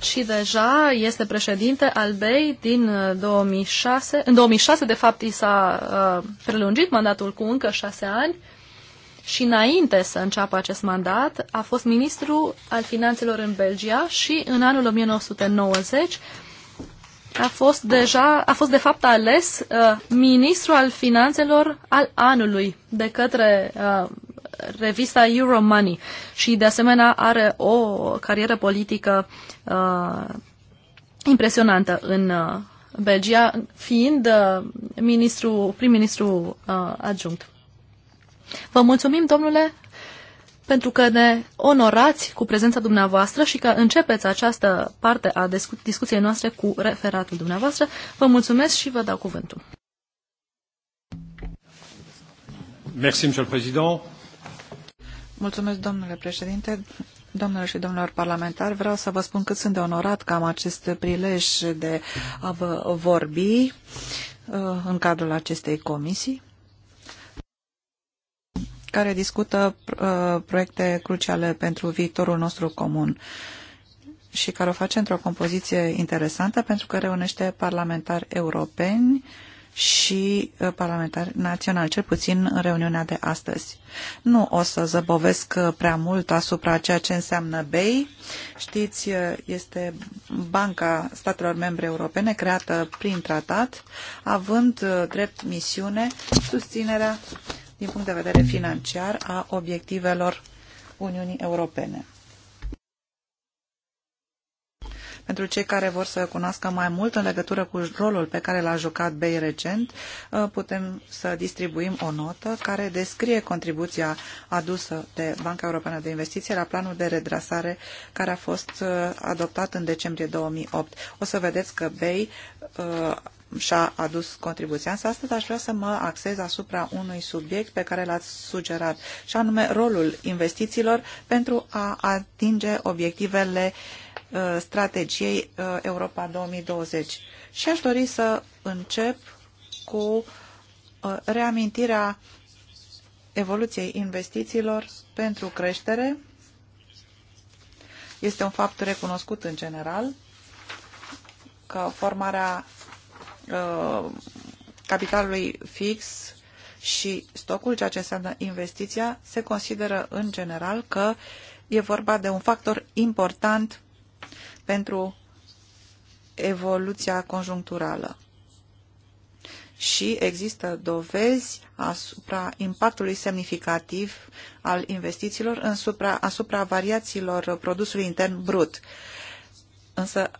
și deja este președinte al BEI din 2006. Uh, în 2006, de fapt, i s-a uh, prelungit mandatul cu încă șase ani și înainte să înceapă acest mandat a fost ministru al finanțelor în Belgia și în anul 1990 a fost deja, a fost de fapt ales uh, ministru al finanțelor al anului de către uh, revista Euromoney și de asemenea are o carieră politică uh, impresionantă în uh, Belgia, fiind uh, ministru, prim-ministru uh, adjunct. Vă mulțumim, domnule, pentru că ne onorați cu prezența dumneavoastră și că începeți această parte a discu discuției noastre cu referatul dumneavoastră. Vă mulțumesc și vă dau cuvântul. Merci, Monsieur le Président. Mulțumesc, domnule președinte. Domnilor și domnilor parlamentari, vreau să vă spun cât sunt de onorat că am acest prilej de a vă vorbi uh, în cadrul acestei comisii care discută uh, proiecte cruciale pentru viitorul nostru comun și care o face într-o compoziție interesantă pentru că reunește parlamentari europeni și uh, parlamentari naționali, cel puțin în reuniunea de astăzi. Nu o să zăbovesc uh, prea mult asupra ceea ce înseamnă BEI. Știți, uh, este Banca Statelor Membre Europene creată prin tratat, având drept misiune susținerea din punct de vedere financiar a obiectivelor Uniunii Europene. Pentru cei care vor să cunoască mai mult în legătură cu rolul pe care l-a jucat Bay recent, uh, putem să distribuim o notă care descrie contribuția adusă de Banca Europeană de Investiții la planul de redresare care a fost uh, adoptat în decembrie 2008. O să vedeți că Bay uh, și-a adus contribuția. Însă astăzi aș vrea să mă axez asupra unui subiect pe care l-ați sugerat, și anume rolul investițiilor pentru a atinge obiectivele uh, Uh, strategiei uh, Europa 2020. Și aș dori să încep cu uh, reamintirea evoluției investițiilor pentru creștere. Este un fapt recunoscut în general că formarea capitalului fix și stocul, ceea ce înseamnă investiția, se consideră în general că e vorba de un factor important pentru evoluția conjuncturală. Și există dovezi asupra impactului semnificativ al investițiilor asupra, asupra variațiilor produsului intern brut. Însă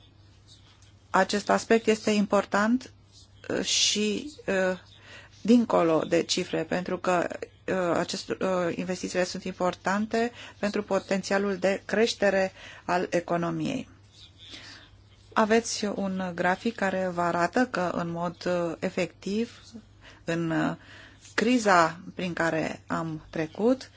acest aspect este important uh, și uh, dincolo de cifre, pentru că Uh, acest, uh, investițiile sunt importante pentru potențialul de creștere al economiei. Aveți un grafic care vă arată că în mod uh, efectiv, în criza prin care am trecut,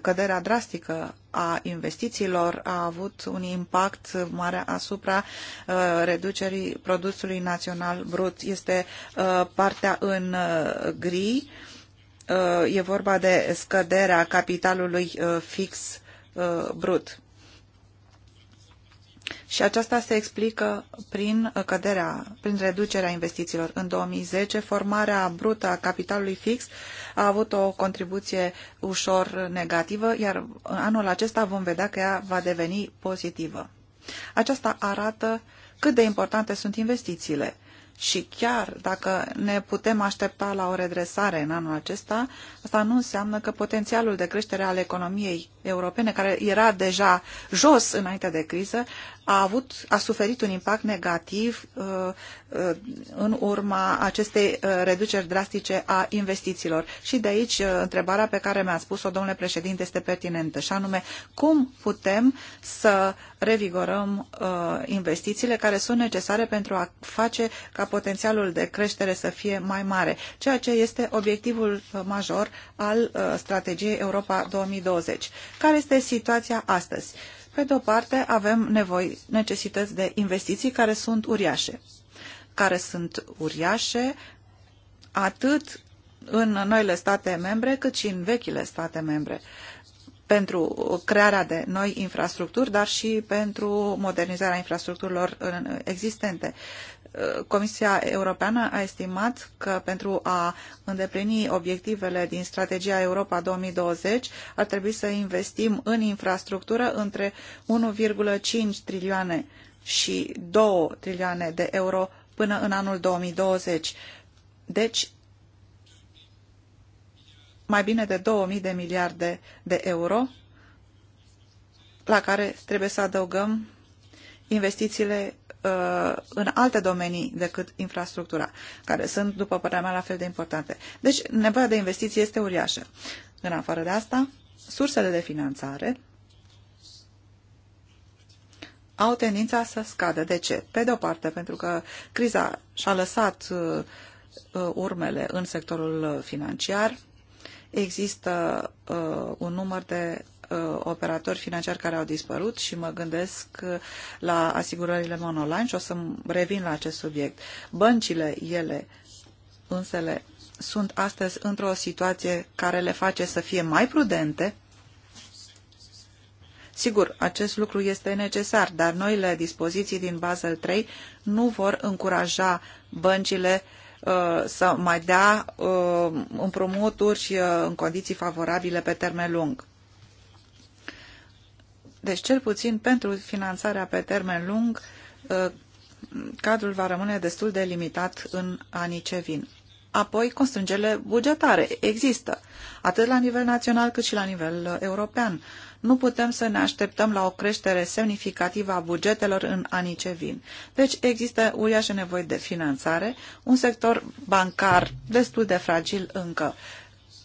căderea drastică a investițiilor a avut un impact mare asupra uh, reducerii produsului național brut. Este uh, partea în uh, gri, uh, e vorba de scăderea capitalului uh, fix uh, brut. Și aceasta se explică prin căderea, prin reducerea investițiilor. În 2010, formarea brută a capitalului fix a avut o contribuție ușor negativă, iar anul acesta vom vedea că ea va deveni pozitivă. Aceasta arată cât de importante sunt investițiile și chiar dacă ne putem aștepta la o redresare în anul acesta, asta nu înseamnă că potențialul de creștere al economiei europene, care era deja jos înainte de criză, a, avut, a suferit un impact negativ uh, Uh, în urma acestei uh, reduceri drastice a investițiilor. Și de aici uh, întrebarea pe care mi-a spus-o, domnule președinte, este pertinentă, și anume cum putem să revigorăm investițiile care sunt necesare pentru a face ca potențialul de creștere să fie mai mare, ceea ce este obiectivul major al strategiei Europa 2020. Care este situația astăzi? Pe de o parte, avem nevoi, necesități de investiții care sunt uriașe care sunt uriașe atât în noile state membre cât și în vechile state membre pentru crearea de noi infrastructuri, dar și pentru modernizarea infrastructurilor uh, existente. Uh, Comisia Europeană a estimat că pentru a îndeplini obiectivele din strategia Europa 2020 ar trebui să investim în infrastructură între 1,5 trilioane și 2 trilioane de euro până în anul 2020. Deci, mai bine de 2000 de miliarde de euro, la care trebuie să adăugăm investițiile uh, în alte domenii decât infrastructura, care sunt, după părerea mea, la fel de importante. Deci, nevoia de investiții este uriașă. În afară de asta, sursele de finanțare au tendința să scadă. De ce? Pe de o parte, pentru că criza și-a lăsat uh, uh, urmele în sectorul financiar, există uh, un număr de operatori financiari care au dispărut și mă gândesc la asigurările online. și o să revin la acest subiect. Băncile, ele însele, sunt astăzi într-o situație care le face să fie mai prudente Sigur, acest lucru este necesar, dar noile dispoziții din Basel III nu vor încuraja băncile uh, să mai dea uh, împrumuturi și uh, în condiții favorabile pe termen lung. Deci, cel puțin pentru finanțarea pe termen lung, cadrul va rămâne destul de limitat în anii ce vin. Apoi, constrângerile bugetare există, atât la nivel național cât și la nivel european. Nu putem să ne așteptăm la o creștere semnificativă a bugetelor în anii ce vin. Deci există uriașe nevoi de finanțare, un sector bancar destul de fragil încă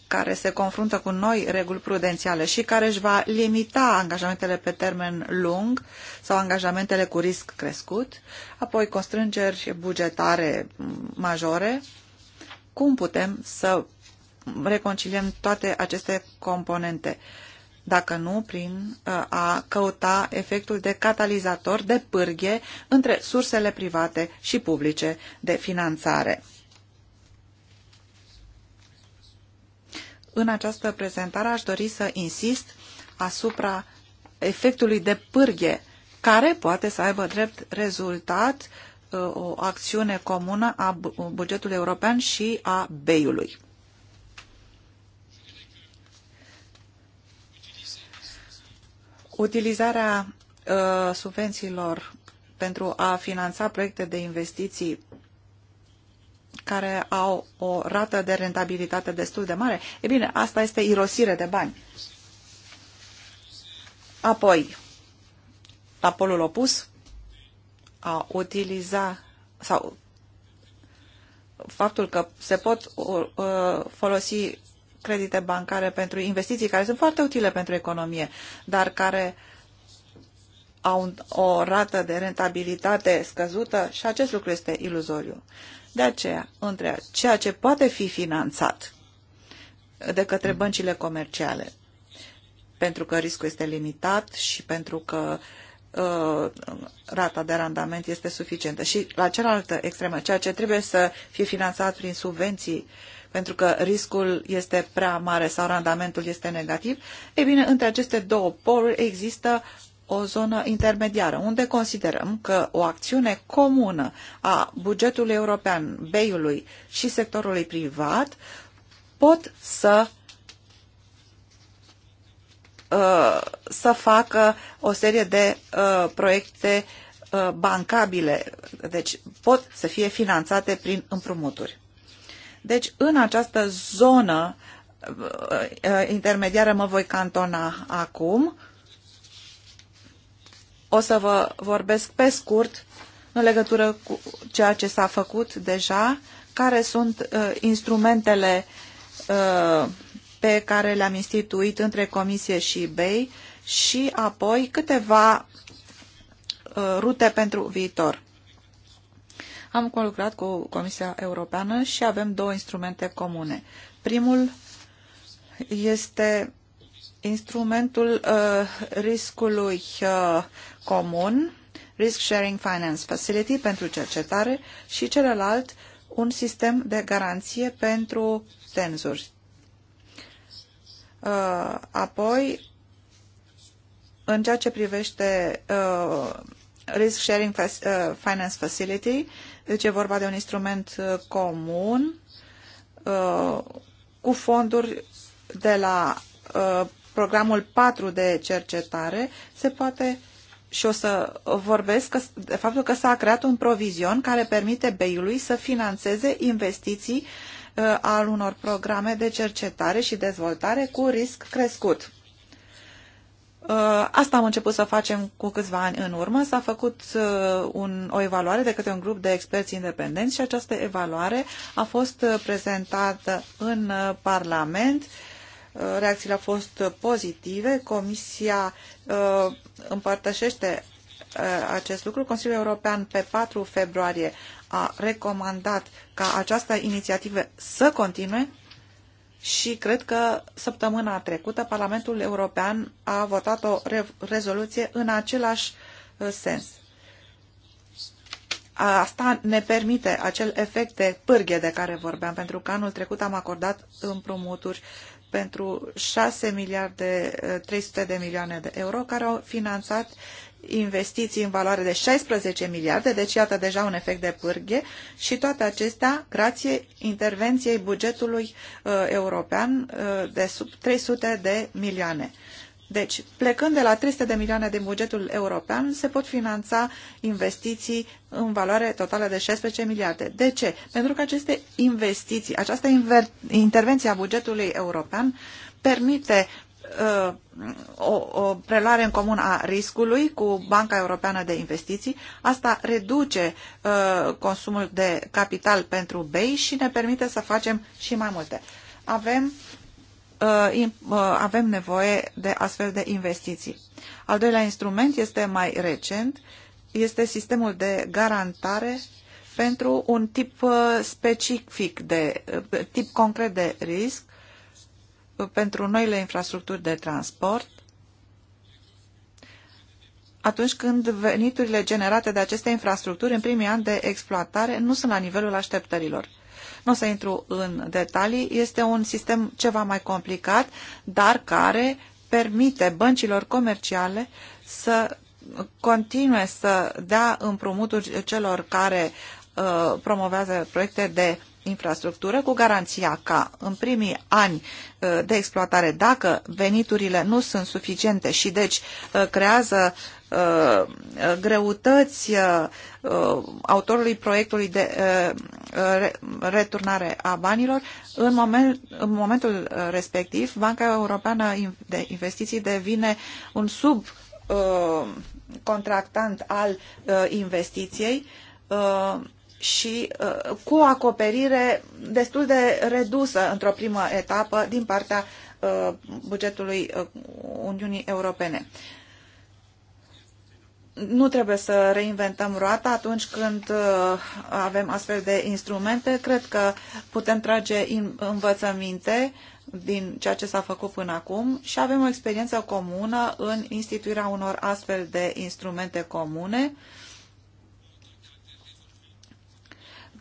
care se confruntă cu noi reguli prudențiale și care își va limita angajamentele pe termen lung sau angajamentele cu risc crescut, apoi constrângeri bugetare majore, cum putem să reconciliem toate aceste componente? dacă nu prin uh, a căuta efectul de catalizator, de pârghie între sursele private și publice de finanțare. În această prezentare aș dori să insist asupra efectului de pârghie care poate să aibă drept rezultat uh, o acțiune comună a bugetului european și a BEI-ului. Utilizarea uh, subvențiilor pentru a finanța proiecte de investiții care au o rată de rentabilitate destul de mare, e bine, asta este irosire de bani. Apoi, la polul opus, a utiliza sau faptul că se pot uh, folosi credite bancare pentru investiții, care sunt foarte utile pentru economie, dar care au o rată de rentabilitate scăzută și acest lucru este iluzoriu. De aceea, între ceea ce poate fi finanțat de către băncile comerciale, pentru că riscul este limitat și pentru că uh, rata de randament este suficientă. Și la cealaltă extremă, ceea ce trebuie să fie finanțat prin subvenții uh, pentru că riscul este prea mare sau randamentul este negativ, e bine, între aceste două poluri există o zonă intermediară, unde considerăm că o acțiune comună a bugetului european, BEI-ului și sectorului privat pot să uh, să facă o serie de uh, proiecte uh, bancabile, deci pot să fie finanțate prin împrumuturi. Deci, în această zonă uh, uh, intermediară mă voi cantona acum. O să vă vorbesc pe scurt în legătură cu ceea ce s-a făcut deja, care sunt uh, instrumentele uh, pe care le-am instituit între Comisie și BEI și apoi câteva uh, rute pentru viitor. Am colucrat cu Comisia Europeană și avem două instrumente comune. Primul este instrumentul uh, riscului uh, comun, Risk Sharing Finance Facility pentru cercetare și celălalt un sistem de garanție pentru tenzuri. Uh, apoi, în ceea ce privește uh, Risk Sharing uh, Finance Facility, deci e vorba de un instrument uh, comun uh, cu fonduri de la programul 4 de cercetare, se poate și o să vorbesc de faptul că s-a creat un provizion care permite BEI-ului să financeze investiții al unor programe de cercetare și dezvoltare cu risc crescut. Uh, asta am început să facem cu câțiva ani în urmă. S-a făcut uh, un, o evaluare de către un grup de experți independenți și această evaluare a fost uh, prezentată în Parlament. Reacțiile au fost pozitive. Comisia împărtășește acest lucru. Consiliul European pe 4 februarie a recomandat ca această inițiativă să continue și cred că săptămâna trecută Parlamentul European a votat o re rezoluție în același uh, sens. Asta ne permite acel efect de pârghie de care vorbeam, pentru că anul trecut am acordat împrumuturi pentru 6 miliarde 300 uh, de milioane de euro care au finanțat investiții în valoare de 16 miliarde, deci iată deja un efect de pârghie și toate acestea grație intervenției bugetului uh, european uh, de sub 300 de milioane. Deci, plecând de la 300 de milioane din bugetul european, se pot finanța investiții în valoare totală de 16 miliarde. De ce? Pentru că aceste investiții, această intervenție a bugetului european permite Uh, o, o prelare în comun a riscului cu Banca Europeană de Investiții. Asta reduce uh, consumul de capital pentru BEI și ne permite să facem și mai multe. Avem, uh, uh, avem nevoie de astfel de investiții. Al doilea instrument este mai recent, este sistemul de garantare pentru un tip uh, specific de uh, tip concret de risc pentru noile infrastructuri de transport atunci când veniturile generate de aceste infrastructuri în primii ani de exploatare nu sunt la nivelul așteptărilor. Nu o să intru în detalii, este un sistem ceva mai complicat, dar care permite băncilor comerciale să continue să dea împrumuturi celor care uh, promovează proiecte de infrastructură cu garanția ca în primii ani uh, de exploatare, dacă veniturile nu sunt suficiente și deci uh, creează uh, greutăți autorului proiectului de returnare a banilor, în, moment, în momentul respectiv Banca Europeană de Investiții devine un sub contractant al investiției și uh, cu o acoperire destul de redusă într-o primă etapă din partea uh, bugetului uh, Uniunii Europene. Nu trebuie să reinventăm roata atunci când uh, avem astfel de instrumente. Cred că putem trage învățăminte din ceea ce s-a făcut până acum și avem o experiență comună în instituirea unor astfel de instrumente comune uh,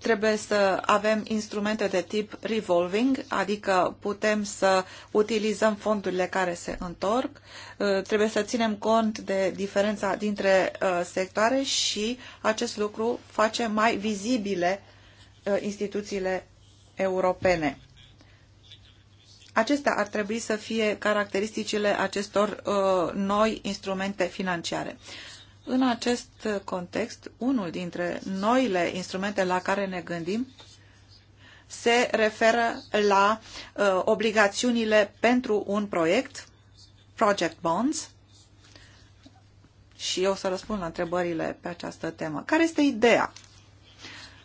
trebuie să avem instrumente de tip revolving, adică putem să utilizăm fondurile care se întorc, uh, trebuie să ținem cont de diferența dintre uh, sectoare și acest lucru face mai vizibile uh, instituțiile europene. Acestea ar trebui să fie caracteristicile acestor noi instrumente financiare. În acest context, unul dintre noile instrumente la care ne gândim se referă la uh, obligațiunile pentru un proiect, Project Bonds, și eu o să răspund la întrebările pe această temă. Care este ideea?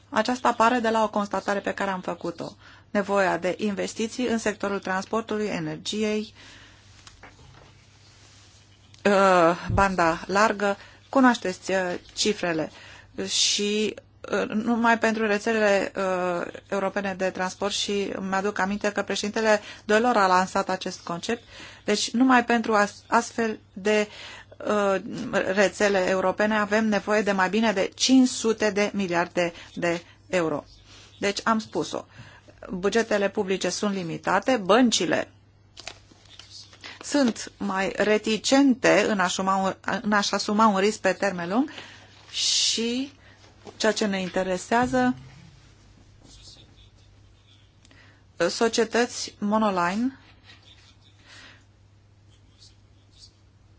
Aceasta apare de la o constatare pe care am făcut-o. Nevoia de investiții în sectorul transportului, energiei, uh, banda largă, Cunoașteți uh, cifrele și uh, numai pentru rețelele uh, europene de transport și mi-aduc aminte că președintele Dolor a lansat acest concept. Deci numai pentru as, astfel de uh, rețele europene avem nevoie de mai bine de 500 de miliarde de euro. Deci am spus-o. Bugetele publice sunt limitate, băncile sunt mai reticente în, asuma în a-și asuma un risc pe termen lung și ceea ce ne interesează societăți monoline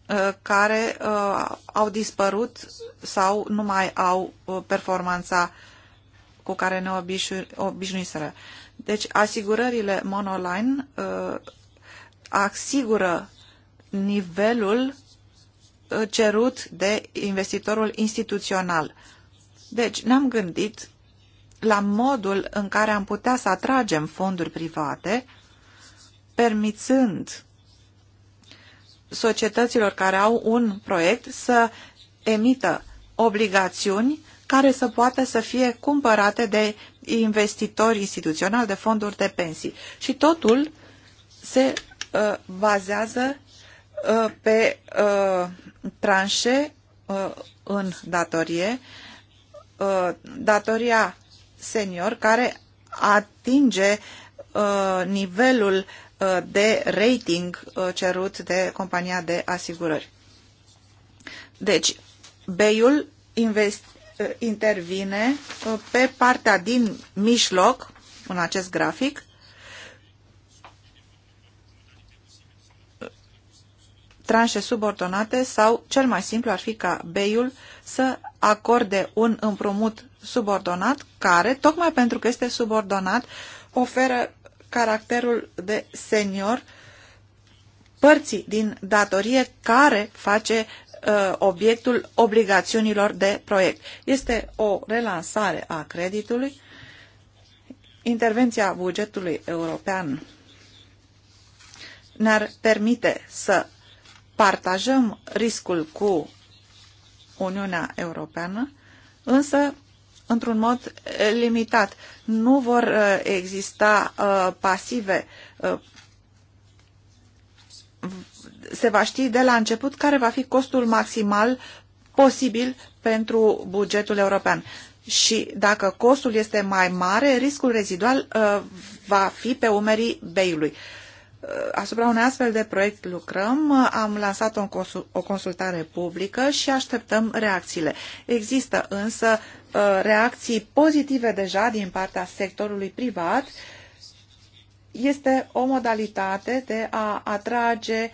uh, care uh, au dispărut sau nu mai au uh, performanța cu care ne obișnuiseră. Deci asigurările monoline asigură nivelul uh, cerut de investitorul instituțional. Deci ne-am gândit la modul în care am putea să atragem fonduri private, permițând societăților care au un proiect să emită obligațiuni care să poată să fie cumpărate de investitori instituționali, de fonduri de pensii. Și totul se Uh, bazează uh, pe uh, tranșe în datorie, datoria senior care atinge nivelul de rating cerut de compania de asigurări. Deci, BEI-ul intervine pe partea din mijloc, în acest grafic, tranșe subordonate sau cel mai simplu ar fi ca BEI-ul să acorde un împrumut subordonat care, tocmai pentru că este subordonat, oferă caracterul de senior părții din datorie care face uh, obiectul obligațiunilor de proiect. Este o relansare a creditului, intervenția bugetului european ne-ar permite să partajăm riscul cu Uniunea Europeană, însă într-un mod eh, limitat. Nu vor eh, exista eh, pasive. Se va ști de la început care va fi costul maximal posibil pentru bugetul european. Și dacă costul este mai mare, riscul rezidual va fi pe umerii beiului. Uh, Uh, asupra unui astfel de proiect lucrăm, uh, am lansat o, o consultare publică și așteptăm reacțiile. Există însă uh, reacții pozitive deja din partea sectorului privat. Este o modalitate de a atrage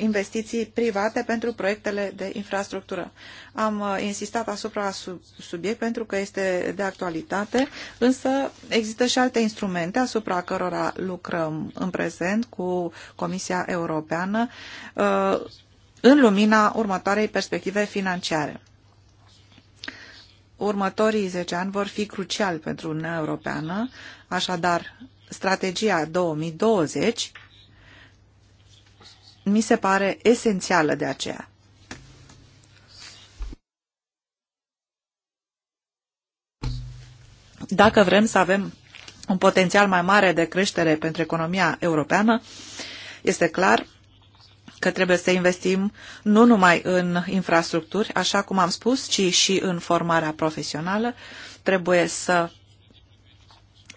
investiții private pentru proiectele de infrastructură. Am uh, insistat asupra subiect pentru că este de actualitate, însă există și alte instrumente asupra cărora lucrăm în prezent cu Comisia Europeană uh, în lumina următoarei perspective financiare. Următorii 10 ani vor fi cruciali pentru Uniunea Europeană, așadar strategia 2020 mi se pare esențială de aceea. Dacă vrem să avem un potențial mai mare de creștere pentru economia europeană, este clar că trebuie să investim nu numai în infrastructuri, așa cum am spus, ci și în formarea profesională. Trebuie să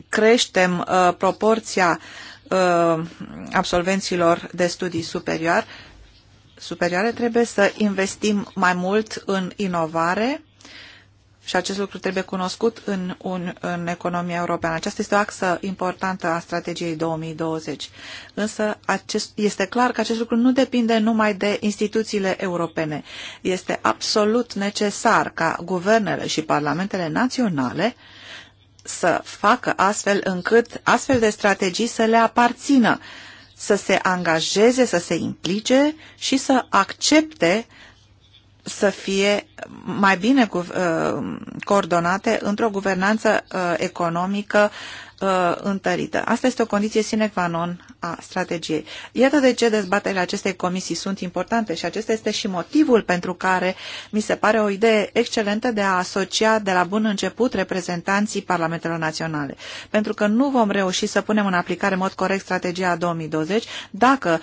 creștem uh, proporția uh, Uh, absolvenților de studii superior, superioare, trebuie să investim mai mult în inovare și acest lucru trebuie cunoscut în, un, în economia europeană. Aceasta este o axă importantă a strategiei 2020. Însă acest, este clar că acest lucru nu depinde numai de instituțiile europene. Este absolut necesar ca guvernele și parlamentele naționale uh, să facă astfel încât astfel de strategii să le aparțină, să se angajeze, să se implice și să accepte să fie mai bine uh, coordonate într-o guvernanță uh, economică uh, întărită. Asta este o condiție sine qua non a strategiei. Iată de ce dezbaterile acestei comisii sunt importante și acesta este și motivul pentru care mi se pare o idee excelentă de a asocia de la bun început reprezentanții Parlamentelor Naționale. Pentru că nu vom reuși să punem în aplicare în mod corect strategia 2020 dacă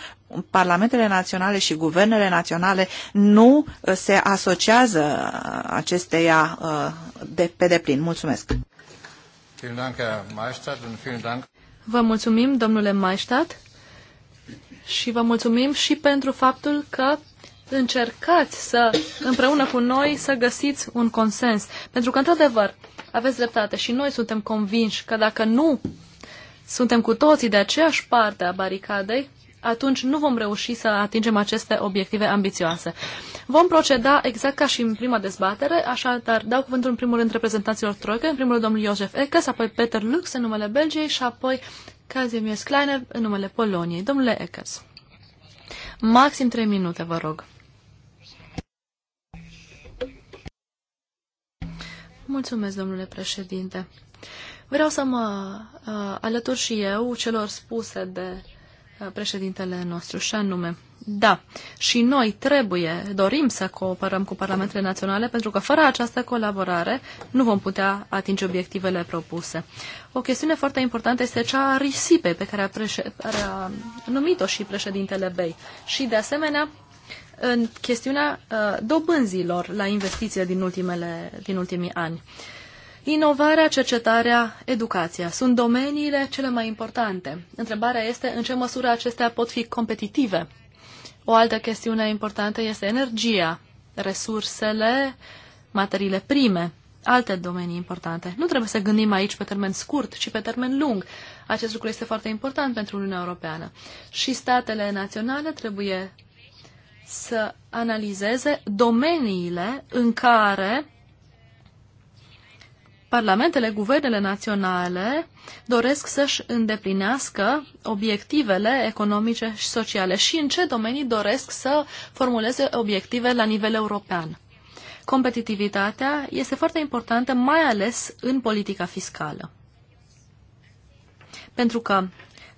parlamentele naționale și guvernele naționale nu se asociază acesteia uh, de, pe deplin. Mulțumesc! Vă mulțumim, domnule Maestat, și vă mulțumim și pentru faptul că încercați să, împreună cu noi, să găsiți un consens. Pentru că, într-adevăr, aveți dreptate și noi suntem convinși că dacă nu suntem cu toții de aceeași parte a baricadei, atunci nu vom reuși să atingem aceste obiective ambițioase. Vom proceda exact ca și în prima dezbatere, așa, dar dau cuvântul în primul rând reprezentanților troică, în primul rând domnul Iosef Eckes, apoi Peter Lux în numele Belgiei și apoi Kazimierz Kleiner în numele Poloniei. Domnule Eckes, maxim trei minute, vă rog. Mulțumesc, domnule președinte. Vreau să mă uh, alătur și eu celor spuse de președintele nostru, și anume, da, și noi trebuie, dorim să cooperăm cu parlamentele naționale, pentru că fără această colaborare nu vom putea atinge obiectivele propuse. O chestiune foarte importantă este cea a risipei pe care a, a numit-o și președintele Bay. Și, de asemenea, în chestiunea uh, dobânzilor la investiție din, ultimele, din ultimii ani. Uh, Inovarea, cercetarea, educația sunt domeniile cele mai importante. Întrebarea este în ce măsură acestea pot fi competitive. O altă chestiune importantă este energia, resursele, materiile prime, alte domenii importante. Nu trebuie să gândim aici pe termen scurt, ci pe termen lung. Acest lucru este foarte important pentru Uniunea Europeană. Și statele naționale trebuie să analizeze domeniile în care parlamentele, guvernele naționale doresc să-și îndeplinească obiectivele economice și sociale și în ce domenii doresc să formuleze obiective la nivel european. Competitivitatea este foarte importantă, mai ales în politica fiscală. Pentru că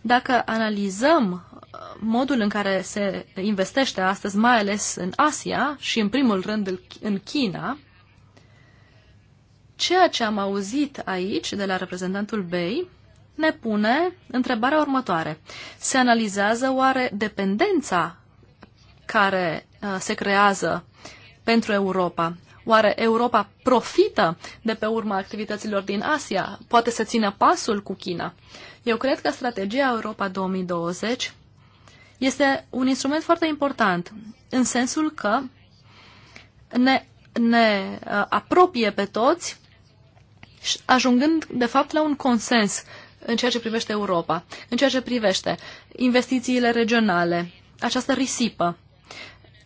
dacă analizăm uh, modul în care se investește astăzi, mai ales în Asia și în primul rând în China, Ceea ce am auzit aici de la reprezentantul BEI ne pune întrebarea următoare. Se analizează oare dependența care uh, se creează pentru Europa? Oare Europa profită de pe urma activităților din Asia? Poate să țină pasul cu China? Eu cred că strategia Europa 2020 este un instrument foarte important, în sensul că ne, ne uh, apropie pe toți ajungând, de fapt, la un consens în ceea ce privește Europa, în ceea ce privește investițiile regionale, această risipă,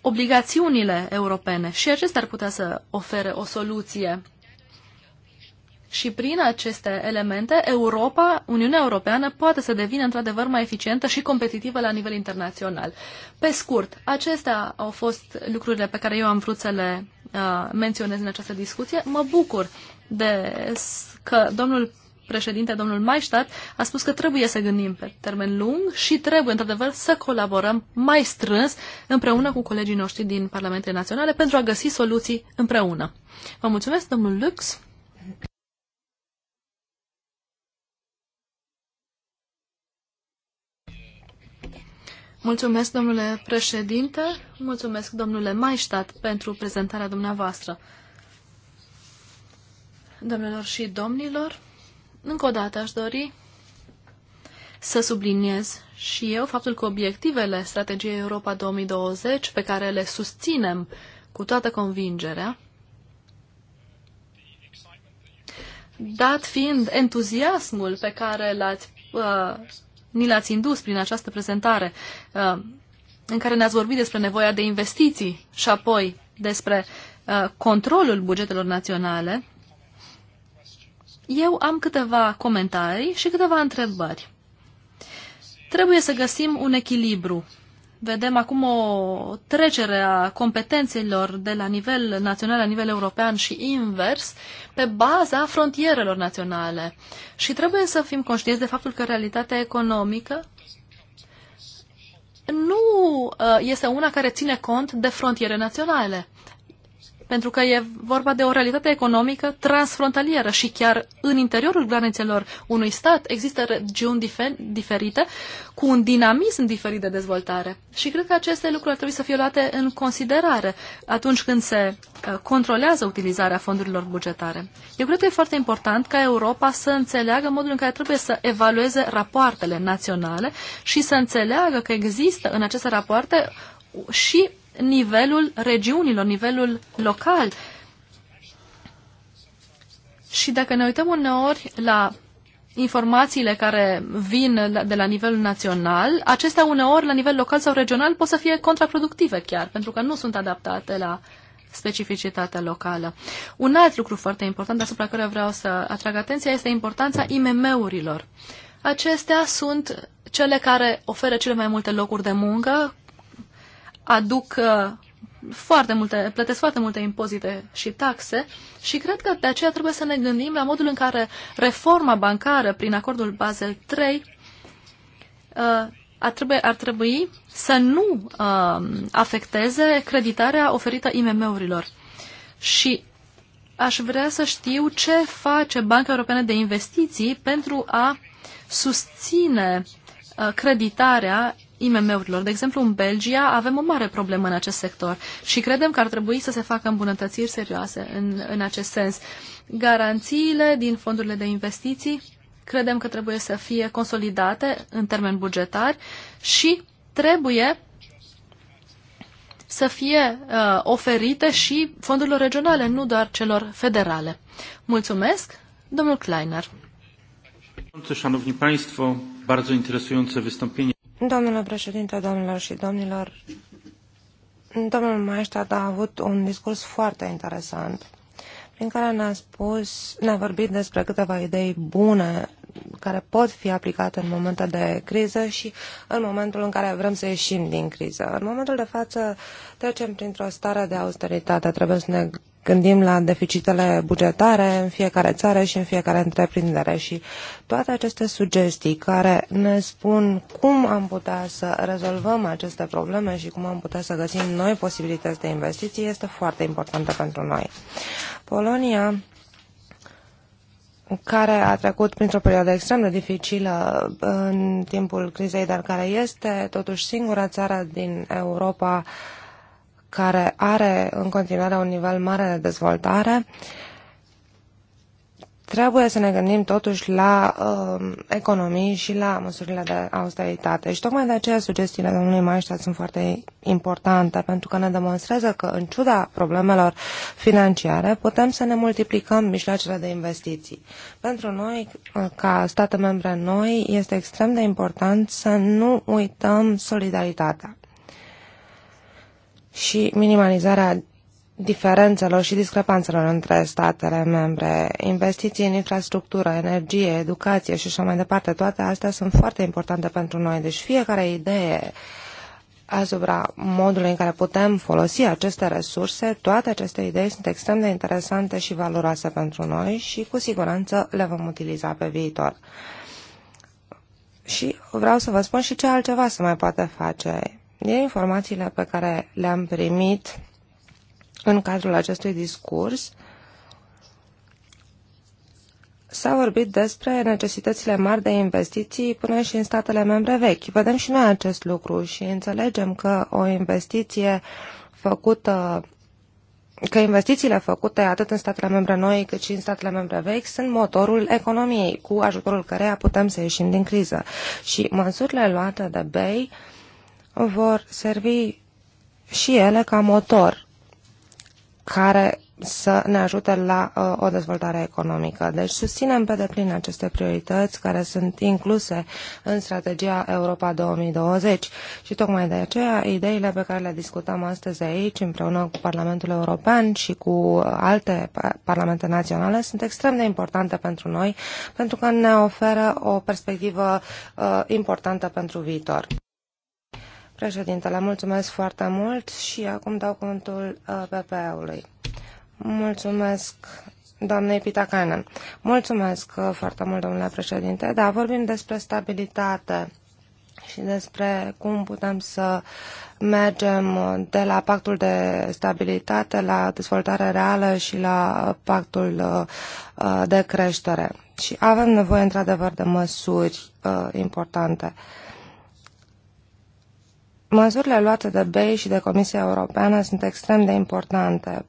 obligațiunile europene și acestea ar putea să ofere o soluție. Și prin aceste elemente, Europa, Uniunea Europeană, poate să devină într-adevăr mai eficientă și competitivă la nivel internațional. Pe scurt, acestea au fost lucrurile pe care eu am vrut să le uh, menționez în această discuție. Mă bucur de că domnul președinte, domnul Maistat, a spus că trebuie să gândim pe termen lung și trebuie, într-adevăr, să colaborăm mai strâns împreună cu colegii noștri din Parlamentele Naționale pentru a găsi soluții împreună. Vă mulțumesc, domnul Lux. Mulțumesc, domnule președinte, mulțumesc, domnule Maistat, pentru prezentarea dumneavoastră. Domnilor și domnilor, încă o dată aș dori să subliniez și eu faptul că obiectivele strategiei Europa 2020, pe care le susținem cu toată convingerea, dat fiind entuziasmul pe care l-ați, uh, ni l-ați indus prin această prezentare, uh, în care ne-ați vorbit despre nevoia de investiții și apoi despre uh, controlul bugetelor naționale, eu am câteva comentarii și câteva întrebări. Trebuie să găsim un echilibru. Vedem acum o trecere a competențelor de la nivel național la nivel european și invers pe baza frontierelor naționale. Și trebuie să fim conștienți de faptul că realitatea economică nu uh, este una care ține cont de frontiere naționale pentru că e vorba de o realitate economică transfrontalieră și chiar în interiorul granițelor unui stat există regiuni difer- diferite cu un dinamism diferit de dezvoltare. Și cred că aceste lucruri ar trebui să fie luate în considerare atunci când se uh, controlează utilizarea fondurilor bugetare. Eu cred că e foarte important ca Europa să înțeleagă modul în care trebuie să evalueze rapoartele naționale și să înțeleagă că există în aceste rapoarte și nivelul regiunilor, nivelul local. Și dacă ne uităm uneori la informațiile care vin de la nivel național, acestea uneori la nivel local sau regional pot să fie contraproductive chiar, pentru că nu sunt adaptate la specificitatea locală. Un alt lucru foarte important asupra care vreau să atrag atenția este importanța IMM-urilor. Acestea sunt cele care oferă cele mai multe locuri de muncă aduc uh, foarte multe, plătesc foarte multe impozite și taxe și cred că de aceea trebuie să ne gândim la modul în care reforma bancară prin acordul Basel III uh, ar trebui, ar trebui să nu uh, afecteze creditarea oferită IMM-urilor. Și aș vrea să știu ce face Banca Europeană de Investiții pentru a susține creditarea IMM-urilor. De exemplu, în Belgia avem o mare problemă în acest sector și credem că ar trebui să se facă îmbunătățiri serioase în, în acest sens. Garanțiile din fondurile de investiții credem că trebuie să fie consolidate în termeni bugetari și trebuie să fie uh, oferite și fondurilor regionale, nu doar celor federale. Mulțumesc, domnul Kleiner. Szanowni Państwo, bardzo interesujące wystąpienie. Domnule președinte, domnilor și domnilor, domnul Maestat a avut un discurs foarte interesant prin care ne-a spus, ne-a vorbit despre câteva idei bune care pot fi aplicate în momente de criză și în momentul în care vrem să ieșim din criză. În momentul de față trecem printr-o stare de austeritate, trebuie să ne gândim la deficitele bugetare în fiecare țară și în fiecare întreprindere și toate aceste sugestii care ne spun cum am putea să rezolvăm aceste probleme și cum am putea să găsim noi posibilități de investiții este foarte importantă pentru noi. Polonia care a trecut printr-o perioadă extrem de dificilă uh, în timpul crizei, dar care este totuși singura țară din Europa uh, care are în continuare un nivel mare de dezvoltare, trebuie să ne gândim totuși la uh, economii și la măsurile de austeritate. Și tocmai de aceea sugestiile domnului Maestat sunt foarte importante, pentru că ne demonstrează că, în ciuda problemelor financiare, putem să ne multiplicăm mijloacele de investiții. Pentru noi, ca state membre noi, este extrem de important să nu uităm solidaritatea și minimalizarea diferențelor și discrepanțelor între statele membre, investiții în infrastructură, energie, educație și așa mai departe, toate astea sunt foarte importante pentru noi. Deci fiecare idee asupra modului în care putem folosi aceste resurse, toate aceste idei sunt extrem de interesante și valoroase pentru noi și cu siguranță le vom utiliza pe viitor. Și vreau să vă spun și ce altceva se mai poate face. Din informațiile pe care le-am primit în cadrul acestui discurs, S-a vorbit despre necesitățile mari de investiții până și în statele membre vechi. Vedem și noi acest lucru și înțelegem că o investiție făcută că investițiile făcute atât în statele membre noi cât și în statele membre vechi sunt motorul economiei, cu ajutorul căreia putem să ieșim din criză. Și măsurile luate de BEI uh, vor servi și ele ca motor care să ne ajute la uh, o dezvoltare economică. Deci susținem pe deplin aceste priorități care sunt incluse în strategia Europa 2020 și tocmai de aceea ideile pe care le discutăm astăzi aici împreună cu Parlamentul European și cu alte parlamente naționale sunt extrem de importante pentru noi pentru că ne oferă o perspectivă uh, importantă pentru viitor. Președintele, mulțumesc foarte mult și acum dau cuvântul uh, PPE-ului. Mulțumesc doamnei Pitacanen. Mulțumesc uh, foarte mult, domnule președinte. Da, vorbim despre stabilitate și despre cum putem să mergem uh, de la pactul de stabilitate la dezvoltare reală și la pactul de creștere. Și avem nevoie, într-adevăr, de măsuri importante. Măsurile luate de BEI și de Comisia Europeană sunt extrem de importante,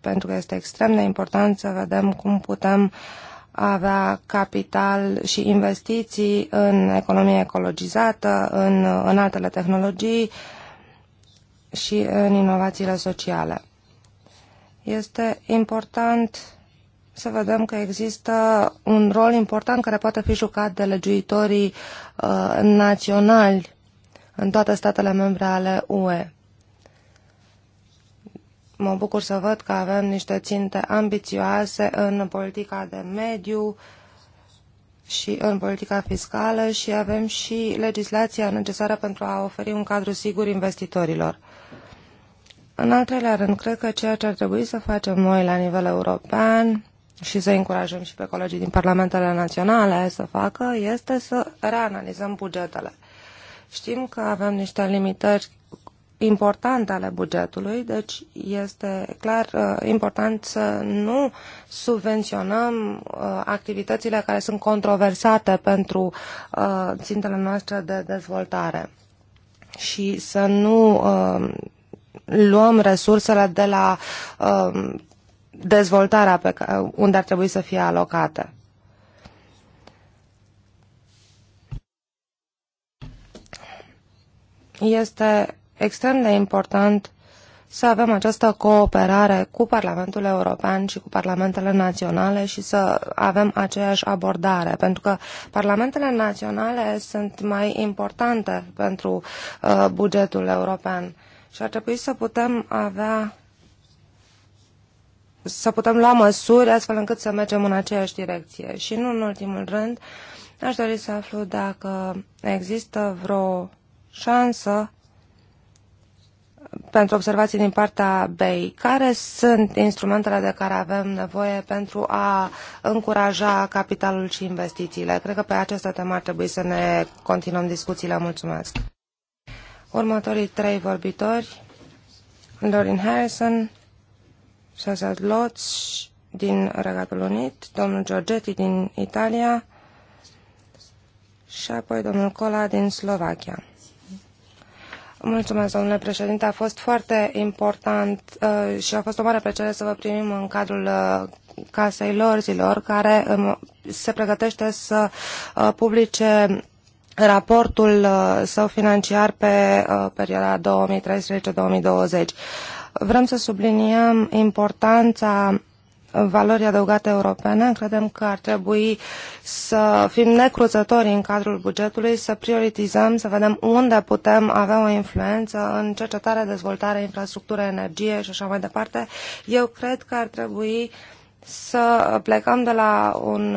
pentru că este extrem de important să vedem cum putem avea capital și investiții în economie ecologizată, în, în altele tehnologii și în inovațiile sociale. Este important să vedem că există un rol important care poate fi jucat de legiuitorii uh, naționali în toate statele membre ale UE. Mă bucur să văd că avem niște ținte ambițioase în politica de mediu și în politica fiscală și avem și legislația necesară pentru a oferi un cadru sigur investitorilor. În al treilea rând, cred că ceea ce ar trebui să facem noi la nivel european și să încurajăm și pe colegii din parlamentele naționale să facă este să reanalizăm bugetele. Știm că avem niște limitări importante ale bugetului, deci este clar uh, important să nu subvenționăm uh, activitățile care sunt controversate pentru uh, țintele noastre de dezvoltare și să nu luăm resursele de la dezvoltarea pe care, unde ar trebui să fie alocate. este extrem de important să avem această cooperare cu Parlamentul European și cu parlamentele naționale și să avem aceeași abordare, pentru că parlamentele naționale sunt mai importante pentru uh, bugetul european și ar trebui să putem avea să putem lua măsuri astfel încât să mergem în aceeași direcție. Și nu în ultimul rând, aș dori să aflu dacă există vreo șansă pentru observații din partea BEI. Care sunt instrumentele de care avem nevoie pentru a încuraja capitalul și investițiile? Cred că pe această temă ar trebui să ne continuăm discuțiile. Mulțumesc! Următorii trei vorbitori, Lorin Harrison, Sazad Lotz din Regatul Unit, domnul Giorgetti din Italia și apoi domnul Cola din Slovacia. Mulțumesc, domnule președinte. A fost foarte important uh, și a fost o mare plăcere să vă primim în cadrul uh, Casei Lorzilor, care um, se pregătește să uh, publice raportul uh, său financiar pe uh, perioada 2013-2020. Vrem să subliniem importanța valori adăugate europene, credem că ar trebui să fim necruțători în cadrul bugetului, să prioritizăm, să vedem unde putem avea o influență în cercetare, dezvoltare, infrastructură, energie și așa mai departe. Eu cred că ar trebui să plecăm de la un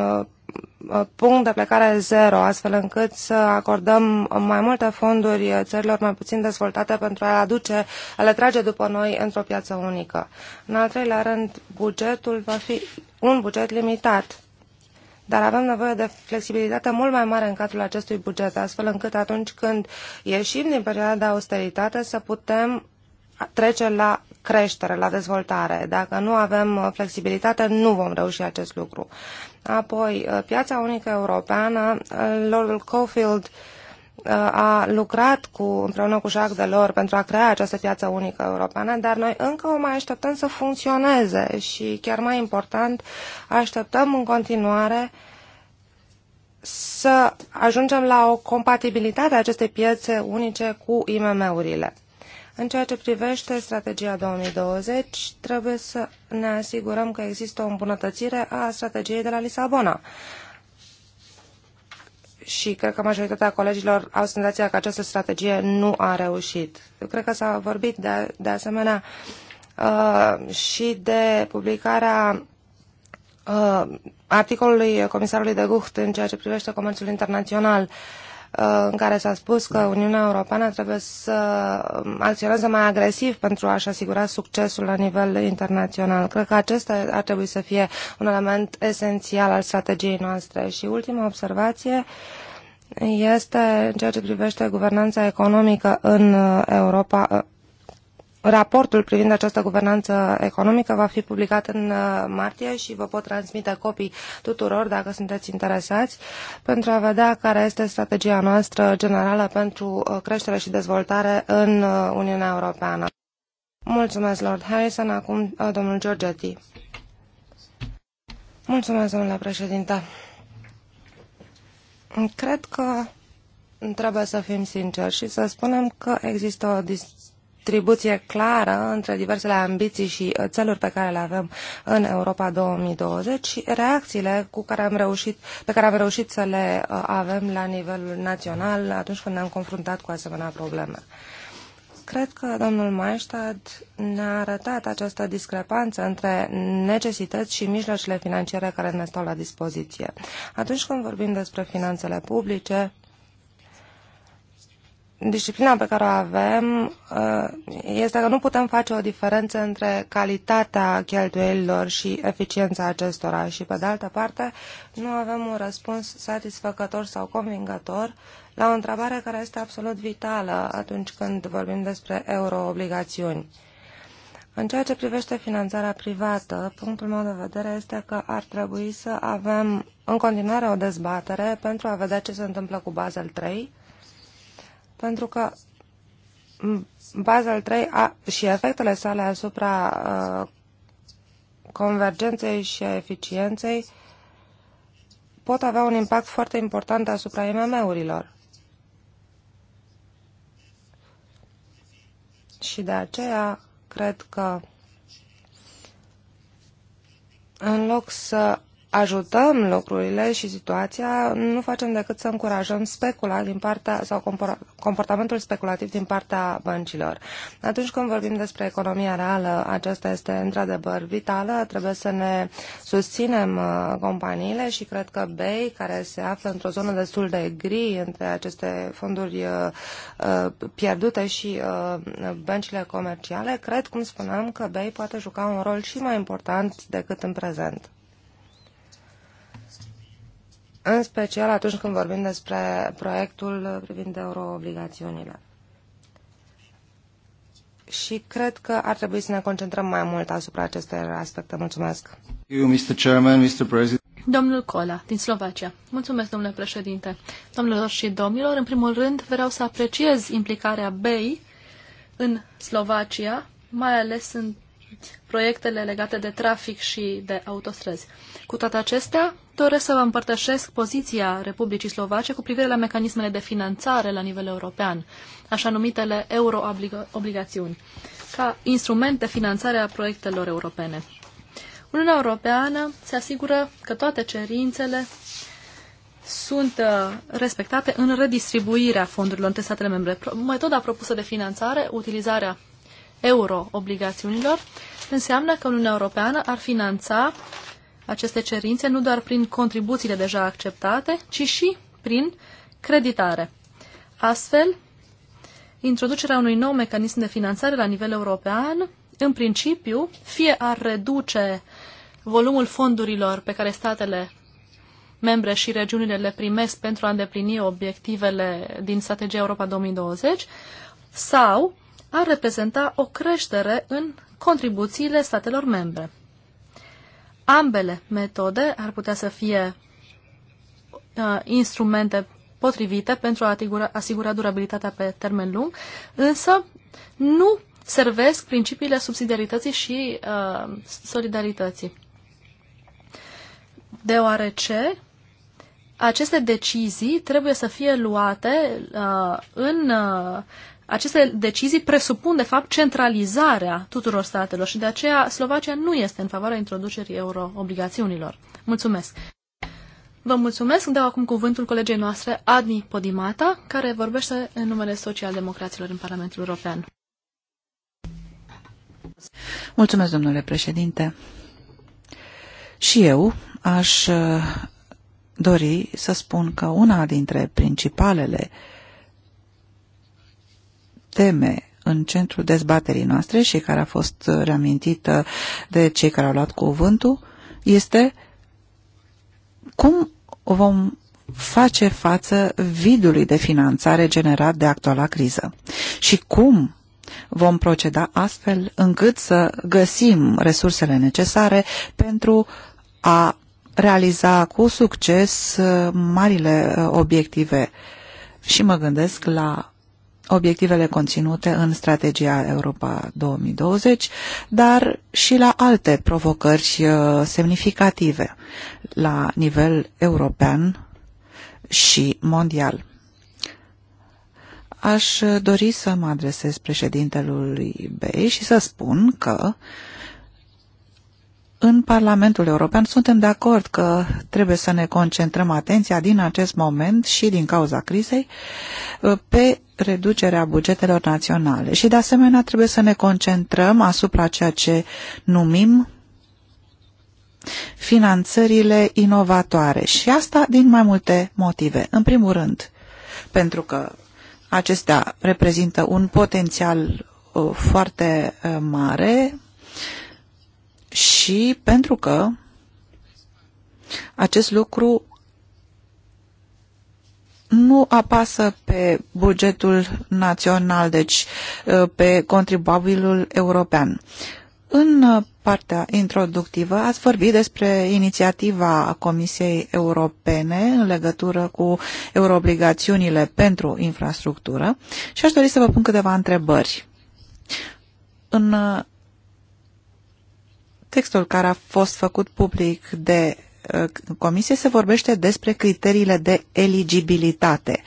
Uh, punct de plecare zero, astfel încât să acordăm mai multe fonduri uh, țărilor mai puțin dezvoltate pentru a, aduce, a le trage după noi într-o piață unică. În al treilea rând, bugetul va fi un buget limitat dar avem nevoie de flexibilitate mult mai mare în cadrul acestui buget, astfel încât atunci când ieșim din perioada de austeritate să putem trece la creștere, la dezvoltare. Dacă nu avem uh, flexibilitate, nu vom reuși acest lucru. Apoi, uh, piața unică europeană, uh, Lord Cofield uh, a lucrat cu, împreună cu Jacques Delors pentru a crea această piață unică europeană, dar noi încă o mai așteptăm să funcționeze și, chiar mai important, așteptăm în continuare să ajungem la o compatibilitate a acestei piețe unice cu IMM-urile. În ceea ce privește strategia 2020, trebuie să ne asigurăm că există o îmbunătățire a strategiei de la Lisabona. Și cred că majoritatea colegilor au senzația că această strategie nu a reușit. Eu cred că s-a vorbit de, de asemenea uh, și de publicarea uh, articolului comisarului de Gucht în ceea ce privește comerțul internațional. Uh, Uh, în care s-a spus că Uniunea Europeană trebuie să um, acționeze mai agresiv pentru a-și asigura succesul la nivel internațional. Cred că acesta ar trebui să fie un element esențial al strategiei noastre. Și ultima observație este în ceea ce privește guvernanța economică în uh, Europa, uh, Raportul privind această guvernanță economică va fi publicat în uh, martie și vă pot transmite copii tuturor dacă sunteți interesați pentru a vedea care este strategia noastră generală pentru uh, creștere și dezvoltare în uh, Uniunea Europeană. Mulțumesc, Lord Harrison. Acum, domnul Giorgetti. Mulțumesc, domnule președinte. Cred că trebuie să fim sinceri și să spunem că există o dis distribuție clară între diversele ambiții și uh, țeluri pe care le avem în Europa 2020 și reacțiile cu care am reușit, pe care am reușit să le uh, avem la nivel național atunci când ne-am confruntat cu asemenea probleme. Cred că domnul Maestad ne-a arătat această discrepanță între necesități și mijloacele financiare care ne stau la dispoziție. Atunci când vorbim despre finanțele publice, disciplina pe care o avem uh, este că nu putem face o diferență între calitatea cheltuielilor și eficiența acestora și, pe de altă parte, nu avem un răspuns satisfăcător sau convingător la o întrebare care este absolut vitală atunci când vorbim despre euroobligațiuni. În ceea ce privește finanțarea privată, punctul meu de vedere este că ar trebui să avem în continuare o dezbatere pentru a vedea ce se întâmplă cu Basel 3 pentru că Basel 3 a, și efectele sale asupra a, uh, convergenței și a eficienței pot avea un impact foarte important asupra IMM-urilor. Și de aceea cred că în loc să ajutăm lucrurile și situația, nu facem decât să încurajăm specula din partea sau comportamentul speculativ din partea băncilor. Atunci când vorbim despre economia reală, aceasta este într-adevăr vitală, trebuie să ne susținem uh, companiile și cred că BEI, care se află într-o zonă destul de gri între aceste fonduri uh, uh, pierdute și băncile comerciale, cred, cum spuneam, că BEI poate juca un rol și mai important decât în prezent în special atunci când vorbim despre proiectul privind euroobligațiunile. Și cred că ar trebui să ne concentrăm mai mult asupra acestor aspecte. Mulțumesc. You, Mr. Chairman, Mr. President. Domnul Cola, din Slovacia. Mulțumesc, domnule președinte. Domnilor și domnilor, în primul rând vreau să apreciez implicarea BEI în Slovacia, mai ales în proiectele legate de trafic și de autostrăzi. Cu toate acestea, doresc să vă împărtășesc poziția Republicii Slovace cu privire la mecanismele de finanțare la nivel european, așa numitele euroobligațiuni, ca instrument de finanțare a proiectelor europene. Uniunea Europeană se asigură că toate cerințele sunt uh, respectate în redistribuirea fondurilor între statele membre. Metoda propusă de finanțare, utilizarea euro obligațiunilor, înseamnă că Uniunea Europeană ar finanța aceste cerințe nu doar prin contribuțiile deja acceptate, ci și prin creditare. Astfel, introducerea unui nou mecanism de finanțare la nivel european, în principiu, fie ar reduce volumul fondurilor pe care statele membre și regiunile le primesc pentru a îndeplini obiectivele din strategia Europa 2020, sau ar reprezenta o creștere în contribuțiile statelor membre. Ambele metode ar putea să fie uh, instrumente potrivite pentru a asigura, asigura durabilitatea pe termen lung, însă nu servesc principiile subsidiarității și uh, solidarității. Deoarece aceste decizii trebuie să fie luate uh, în uh, aceste decizii presupun, de fapt, centralizarea tuturor statelor și de aceea Slovacia nu este în favoarea introducerii euro-obligațiunilor. Mulțumesc! Vă mulțumesc, dau acum cuvântul colegei noastre, Adni Podimata, care vorbește în numele socialdemocraților în Parlamentul European. Mulțumesc, domnule președinte. Și eu aș uh, dori să spun că una dintre principalele uh, teme în centrul dezbaterii noastre și care a fost reamintită de cei care au luat cuvântul, este cum vom face față vidului de finanțare generat de actuala criză și cum vom proceda astfel încât să găsim resursele necesare pentru a realiza cu succes marile uh, obiective. Și mă gândesc la obiectivele conținute în strategia Europa 2020, dar și la alte provocări uh, semnificative la nivel european și mondial. Aș dori să mă adresez președintelui Bei și să spun că uh, în Parlamentul European suntem de acord că trebuie să ne concentrăm atenția din acest moment și din cauza crizei uh, pe reducerea bugetelor naționale și de asemenea trebuie să ne concentrăm asupra ceea ce numim finanțările inovatoare și asta din mai multe motive. În primul rând, pentru că acestea reprezintă un potențial uh, foarte uh, mare și pentru că acest lucru nu apasă pe bugetul național, deci ă, pe contribuabilul european. În partea introductivă ați vorbit despre inițiativa Comisiei Europene în legătură cu euroobligațiunile pentru infrastructură și aș dori să vă pun câteva întrebări. În textul care a fost făcut public de uh, comisie se vorbește despre criteriile de eligibilitate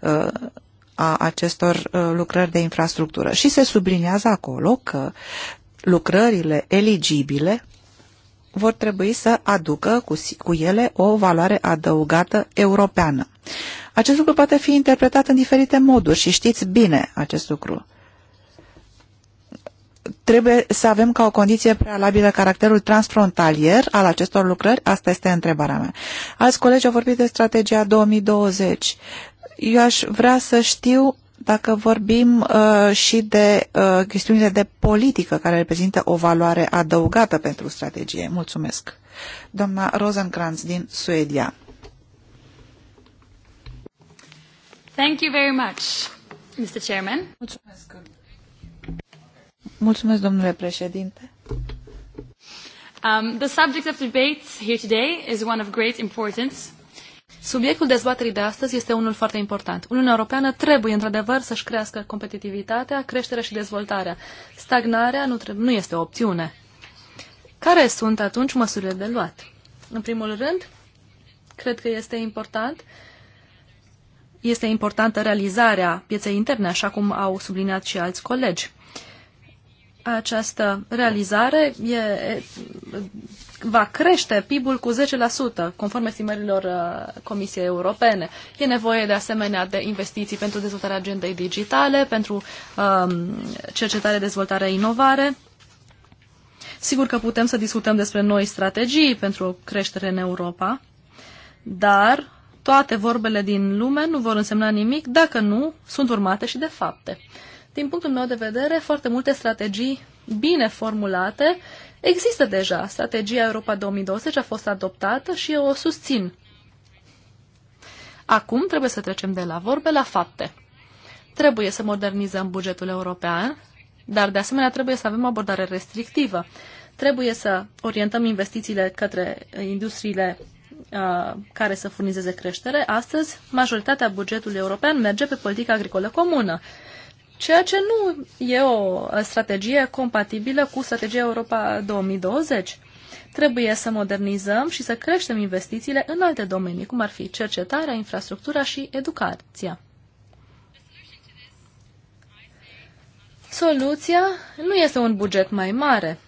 uh, a acestor uh, lucrări de infrastructură și se subliniază acolo că lucrările eligibile vor trebui să aducă cu, cu ele o valoare adăugată europeană. Acest lucru poate fi interpretat în diferite moduri și știți bine acest lucru trebuie să avem ca o condiție prealabilă caracterul transfrontalier al acestor lucrări? Asta este întrebarea mea. Alți colegi au vorbit de strategia 2020. Eu aș vrea să știu dacă vorbim uh, și de uh, chestiunile de politică care reprezintă o valoare adăugată pentru strategie. Mulțumesc. Doamna Rosenkrantz din Suedia. Thank you very much, Mr. Chairman. Mulțumesc. Mulțumesc, domnule președinte. Um, the subject of debate here today is one of great importance. Subiectul dezbaterii de astăzi este unul foarte important. Uniunea Europeană trebuie, într-adevăr, să-și crească competitivitatea, creșterea și dezvoltarea. Stagnarea nu, trebuie, nu este o opțiune. Care sunt atunci măsurile de luat? În primul rând, cred că este important este importantă realizarea pieței interne, așa cum au subliniat și alți colegi această realizare e, va crește PIB-ul cu 10%, conform estimărilor uh, Comisiei Europene. E nevoie de asemenea de investiții pentru dezvoltarea agendei digitale, pentru um, cercetare, dezvoltare, inovare. Sigur că putem să discutăm despre noi strategii pentru o creștere în Europa, dar toate vorbele din lume nu vor însemna nimic dacă nu sunt urmate și de fapte din punctul meu de vedere, foarte multe strategii bine formulate există deja. Strategia Europa 2020 a fost adoptată și eu o susțin. Acum trebuie să trecem de la vorbe la fapte. Trebuie să modernizăm bugetul european, dar de asemenea trebuie să avem o abordare restrictivă. Trebuie să orientăm investițiile către industriile uh, care să furnizeze creștere. Astăzi, majoritatea bugetului european merge pe politica agricolă comună ceea ce nu e o strategie compatibilă cu strategia Europa 2020. Trebuie să modernizăm și să creștem investițiile în alte domenii, cum ar fi cercetarea, infrastructura și educația. Soluția nu este un buget mai mare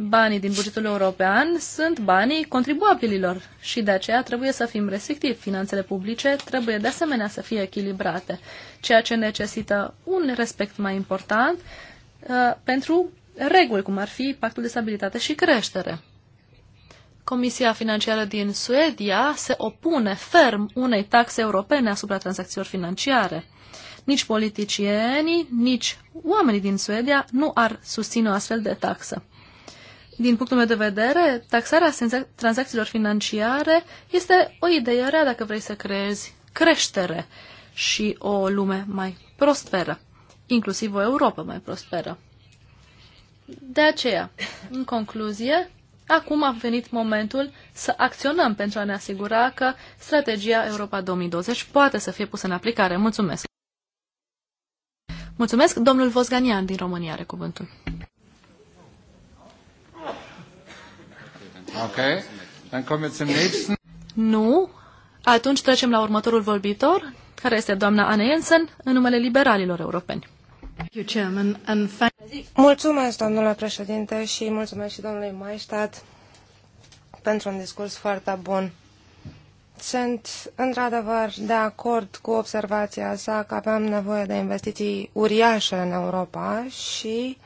banii din bugetul european sunt banii contribuabililor și de aceea trebuie să fim restrictivi. Finanțele publice trebuie de asemenea să fie echilibrate, ceea ce necesită un respect mai important uh, pentru reguli, cum ar fi pactul de stabilitate și creștere. Comisia Financiară din Suedia se opune ferm unei taxe europene asupra tranzacțiilor financiare. Nici politicienii, nici oamenii din Suedia nu ar susține o astfel de taxă. Din punctul meu de vedere, taxarea tranzacțiilor financiare este o idee rea dacă vrei să creezi creștere și o lume mai prosperă, inclusiv o Europa mai prosperă. De aceea, în concluzie, acum a venit momentul să acționăm pentru a ne asigura că strategia Europa 2020 poate să fie pusă în aplicare. Mulțumesc! Mulțumesc, domnul Vosganian din România are cuvântul. Okay. Dann kommen wir zum nächsten. Nu. Atunci trecem la următorul vorbitor, care este doamna Anne Jensen, în numele liberalilor europeni. Mulțumesc, domnule președinte, și mulțumesc și domnului Maestat pentru un discurs foarte bun. Sunt într-adevăr de acord cu observația sa că avem nevoie de investiții uriașe în Europa și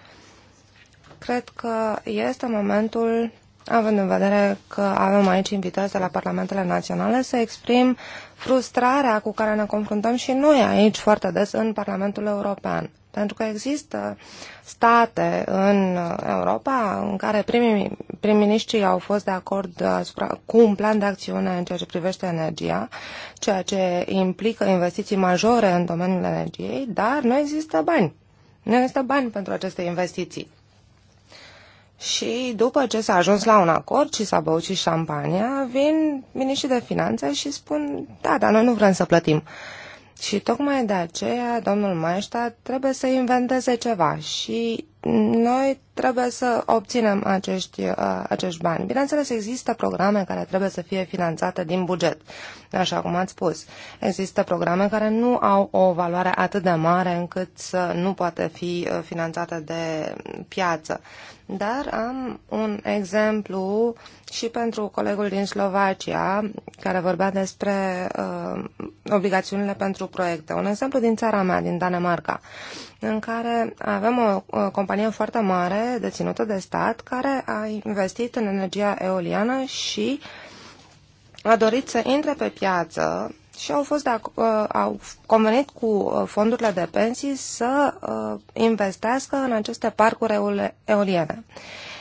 cred că este momentul având în vedere că avem aici invitați de la Parlamentele Naționale, să exprim frustrarea cu care ne confruntăm și noi aici foarte des în Parlamentul European. Pentru că există state în Europa în care prim-ministrii au fost de acord asupra, cu un plan de acțiune în ceea ce privește energia, ceea ce implică investiții majore în domeniul energiei, dar nu există bani. Nu există bani pentru aceste investiții. Și după ce s-a ajuns la un acord și s-a băut și șampania, vin miniștrii de finanțe și spun, da, dar noi nu vrem să plătim. Și tocmai de aceea, domnul Maestat trebuie să inventeze ceva și noi trebuie să obținem acești, uh, acești bani. Bineînțeles, există programe care trebuie să fie finanțate din buget, așa cum ați spus. Există programe care nu au o valoare atât de mare încât să nu poate fi uh, finanțate de piață. Dar am un exemplu și pentru colegul din Slovacia, care vorbea despre uh, obligațiunile pentru proiecte. Un exemplu din țara mea, din Danemarca, în care avem o, o companie foarte mare, deținută de stat, care a investit în energia eoliană și a dorit să intre pe piață și au, fost de, uh, au convenit cu uh, fondurile de pensii să uh, investească în aceste parcuri eoliene.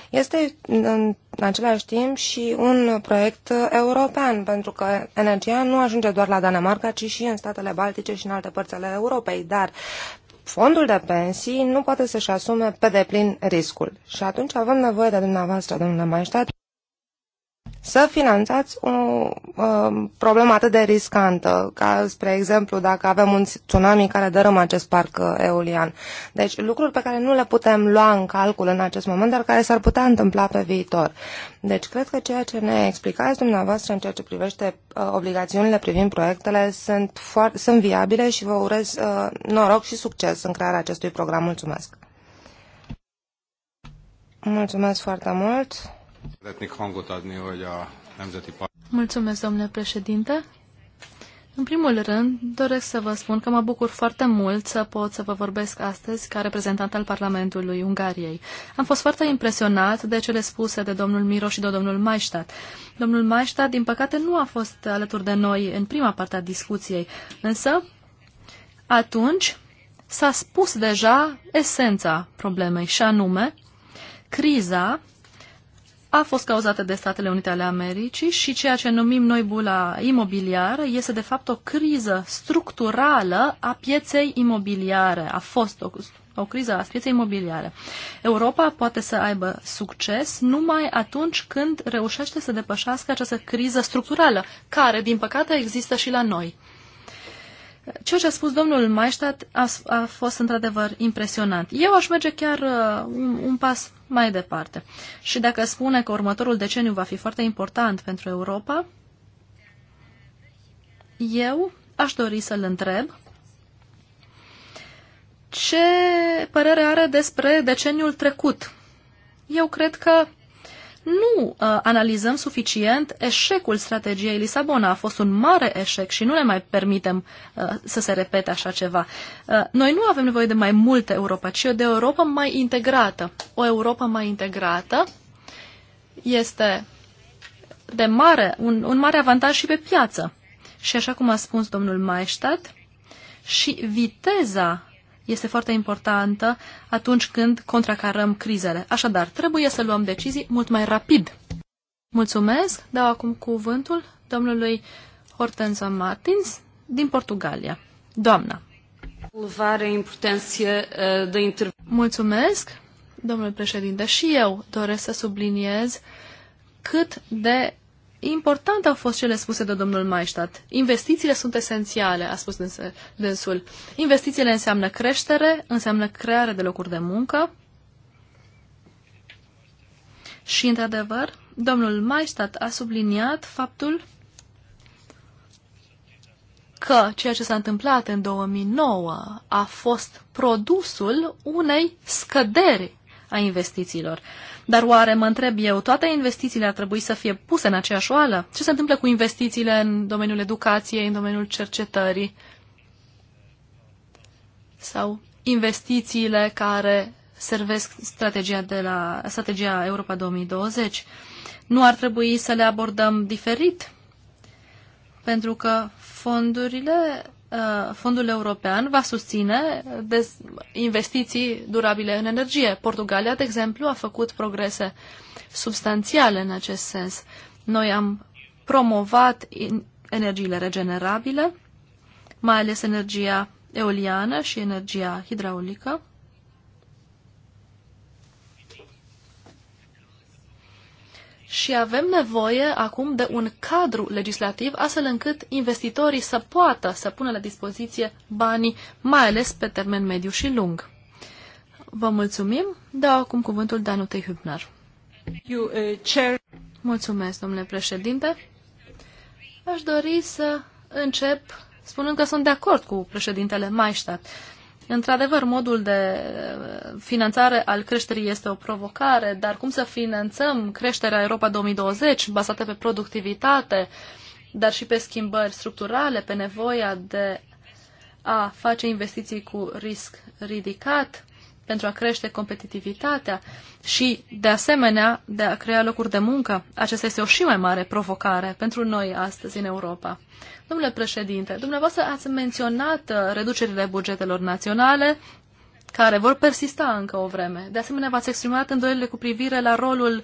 Este în același timp și un proiect european, pentru că energia nu ajunge doar la Danemarca, ci și în statele baltice și în alte părți ale Europei, dar fondul de pensii nu poate să-și asume pe deplin riscul. Și atunci avem nevoie de dumneavoastră, domnule Maestat, să finanțați o uh, problemă atât de riscantă, ca, spre exemplu, dacă avem un tsunami care dărâmă acest parc uh, eolian. Deci lucruri pe care nu le putem lua în calcul în acest moment, dar care s-ar putea întâmpla pe viitor. Deci cred că ceea ce ne explicați dumneavoastră în ceea ce privește uh, obligațiunile privind proiectele sunt, sunt viabile și vă urez uh, noroc și succes în crearea acestui program. Mulțumesc! Mulțumesc foarte mult! Mulțumesc, domnule președinte. În primul rând, doresc să vă spun că mă bucur foarte mult să pot să vă vorbesc astăzi ca reprezentant al Parlamentului Ungariei. Am fost foarte impresionat de cele spuse de domnul Miro și de domnul Maistat. Domnul Maistat, din păcate, nu a fost alături de noi în prima parte a discuției, însă atunci s-a spus deja esența problemei, și anume criza a fost cauzată de Statele Unite ale Americii și ceea ce numim noi bula imobiliară este de fapt o criză structurală a pieței imobiliare. A fost o, o criză a pieței imobiliare. Europa poate să aibă succes numai atunci când reușește să depășească această criză structurală, care, din păcate, există și la noi. Ceea ce a spus domnul Maistat a, a fost într-adevăr impresionant. Eu aș merge chiar uh, un, un pas mai departe. Și dacă spune că următorul deceniu va fi foarte important pentru Europa, eu aș dori să-l întreb ce părere are despre deceniul trecut. Eu cred că nu uh, analizăm suficient eșecul strategiei Lisabona. A fost un mare eșec și nu ne mai permitem uh, să se repete așa ceva. Uh, noi nu avem nevoie de mai multă Europa, ci de o Europa mai integrată. O Europa mai integrată este de mare, un, un mare avantaj și pe piață. Și așa cum a spus domnul Maestat, și viteza este foarte importantă atunci când contracarăm crizele. Așadar, trebuie să luăm decizii mult mai rapid. Mulțumesc. Dau acum cuvântul domnului Hortensa Martins din Portugalia. Doamna. Eh, Mulțumesc, domnule președinte. Și eu doresc să subliniez cât de importante au fost cele spuse de domnul Maistat. Investițiile sunt esențiale, a spus dânsul. Investițiile înseamnă creștere, înseamnă creare de locuri de muncă. Și, într-adevăr, domnul Maistat a subliniat faptul că ceea ce s-a întâmplat în 2009 a fost produsul unei scăderi a investițiilor. Dar oare, mă întreb eu, toate investițiile ar trebui să fie puse în aceeași oală? Ce se întâmplă cu investițiile în domeniul educației, în domeniul cercetării? Sau investițiile care servesc strategia, de la, strategia Europa 2020? Nu ar trebui să le abordăm diferit? Pentru că fondurile Uh, Fondul European va susține investiții durabile în energie. Portugalia, de exemplu, a făcut progrese substanțiale în acest sens. Noi am promovat energiile regenerabile, mai ales energia eoliană și energia hidraulică. și avem nevoie acum de un cadru legislativ astfel încât investitorii să poată să pună la dispoziție banii, mai ales pe termen mediu și lung. Vă mulțumim. Dau acum cuvântul Danute Hübner. Uh, Mulțumesc, domnule președinte. Aș dori să încep spunând că sunt de acord cu președintele Maistat. Într-adevăr, modul de finanțare al creșterii este o provocare, dar cum să finanțăm creșterea Europa 2020 bazată pe productivitate, dar și pe schimbări structurale, pe nevoia de a face investiții cu risc ridicat pentru a crește competitivitatea și, de asemenea, de a crea locuri de muncă. Aceasta este o și mai mare provocare pentru noi astăzi în Europa. Domnule președinte, dumneavoastră ați menționat uh, reducerile bugetelor naționale care vor persista încă o vreme. De asemenea, v-ați exprimat îndoielile cu privire la rolul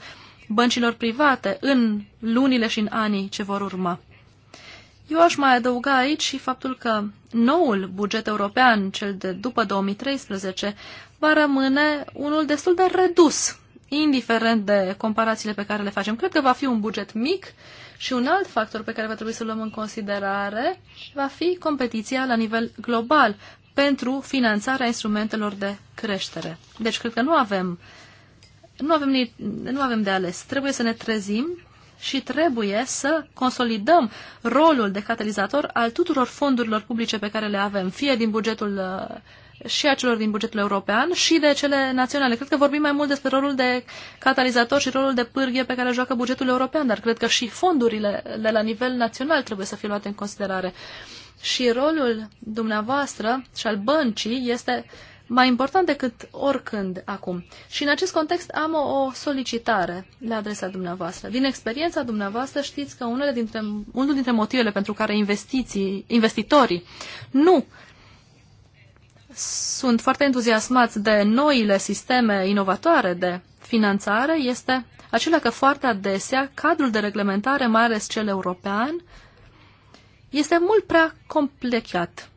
băncilor private în lunile și în anii ce vor urma. Eu aș mai adăuga aici și faptul că noul buget european, cel de după 2013, va rămâne unul destul de redus, indiferent de comparațiile pe care le facem. Cred că va fi un buget mic, uh, și un alt factor pe care va trebui să luăm în considerare va fi competiția la nivel global pentru finanțarea instrumentelor de creștere. Deci cred că nu avem, nu avem, nu avem de ales. Trebuie să ne trezim și trebuie să consolidăm rolul de catalizator al tuturor fondurilor publice pe care le avem, fie din bugetul uh, și a celor din bugetul european și de cele naționale. Cred că vorbim mai mult despre rolul de catalizator și rolul de pârghie pe care joacă bugetul european, dar cred că și fondurile de la nivel național trebuie să fie luate în considerare. Și rolul dumneavoastră și al băncii este mai important decât oricând acum. Și în acest context am o, o solicitare la adresa dumneavoastră. Din experiența dumneavoastră știți că unele dintre, unul dintre motivele pentru care investiții, investitorii nu sunt foarte entuziasmați de noile sisteme inovatoare de finanțare este acela că foarte adesea cadrul de reglementare, mai ales cel european, este mult prea complicat.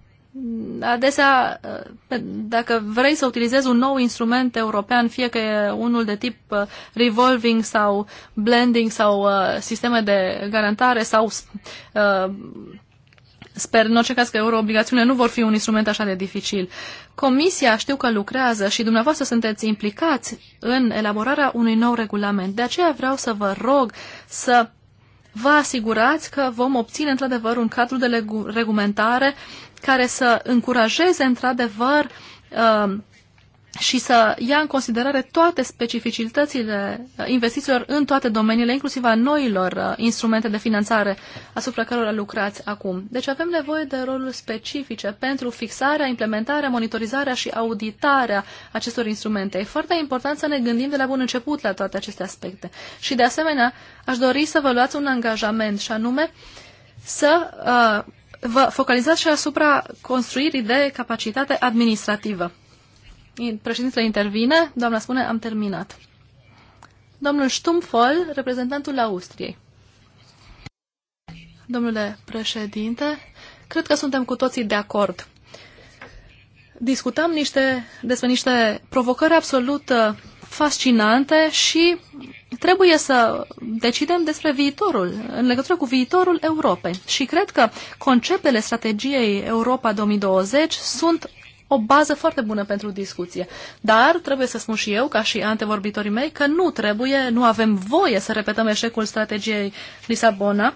Adesea, eh, dacă vrei să utilizezi un nou instrument european, fie că e unul de tip eh, revolving sau blending sau eh, sisteme de garantare sau Sper în orice caz că euroobligațiunile nu vor fi un instrument așa de dificil. Comisia știu că lucrează și dumneavoastră sunteți implicați în elaborarea unui nou regulament. De aceea vreau să vă rog să vă asigurați că vom obține într-adevăr un cadru de reglementare care să încurajeze într-adevăr uh, și să ia în considerare toate specificitățile uh, investițiilor în toate domeniile, inclusiv a noilor uh, instrumente de finanțare asupra cărora lucrați acum. Deci avem nevoie de roluri specifice pentru fixarea, implementarea, monitorizarea și auditarea acestor instrumente. E foarte important să ne gândim de la bun început la toate aceste aspecte. Și de asemenea, aș dori să vă luați un angajament și anume să uh, vă focalizați și asupra construirii de capacitate administrativă. Președintele intervine. Doamna spune, am terminat. Domnul Stumfol, reprezentantul Austriei. Domnule președinte, cred că suntem cu toții de acord. Discutam niște, despre niște provocări absolut uh, fascinante și trebuie să decidem despre viitorul, în legătură cu viitorul Europei. Și cred că conceptele strategiei Europa 2020 sunt o bază foarte bună pentru discuție. Dar trebuie să spun și eu, ca și antevorbitorii mei, că nu trebuie, nu avem voie să repetăm eșecul strategiei Lisabona,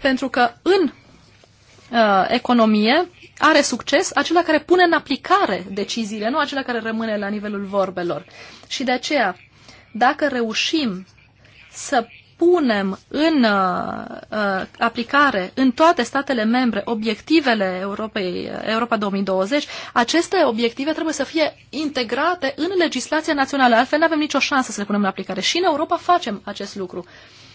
pentru că în uh, economie are succes acela care pune în aplicare deciziile, nu acela care rămâne la nivelul vorbelor. Și de aceea, dacă reușim să punem în uh, uh, aplicare în toate statele membre obiectivele Europei, uh, Europa 2020, aceste obiective trebuie să fie integrate în legislația națională, altfel nu avem nicio șansă să le punem în aplicare. Și în Europa facem acest lucru. Uh,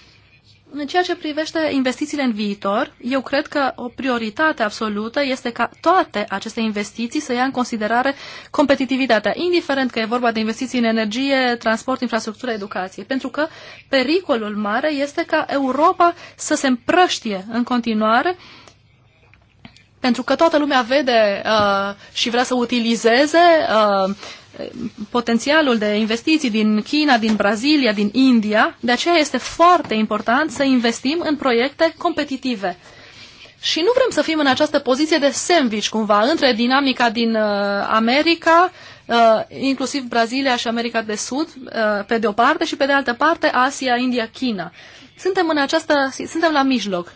în ceea ce privește investițiile în viitor, eu cred că o prioritate absolută este ca toate aceste investiții să ia în considerare competitivitatea, indiferent că e vorba de investiții în energie, transport, infrastructură, educație. Pentru că pericolul mare este ca Europa să se împrăștie în continuare pentru că toată lumea vede uh, și vrea să utilizeze uh, potențialul de investiții din China, din Brazilia, din India. De aceea este foarte important să investim în proiecte competitive. Și nu vrem să fim în această poziție de sandwich cumva între dinamica din uh, America, uh, inclusiv Brazilia și America de Sud, uh, pe de o parte, și pe de altă parte Asia, India, China. Suntem, în această, suntem la mijloc.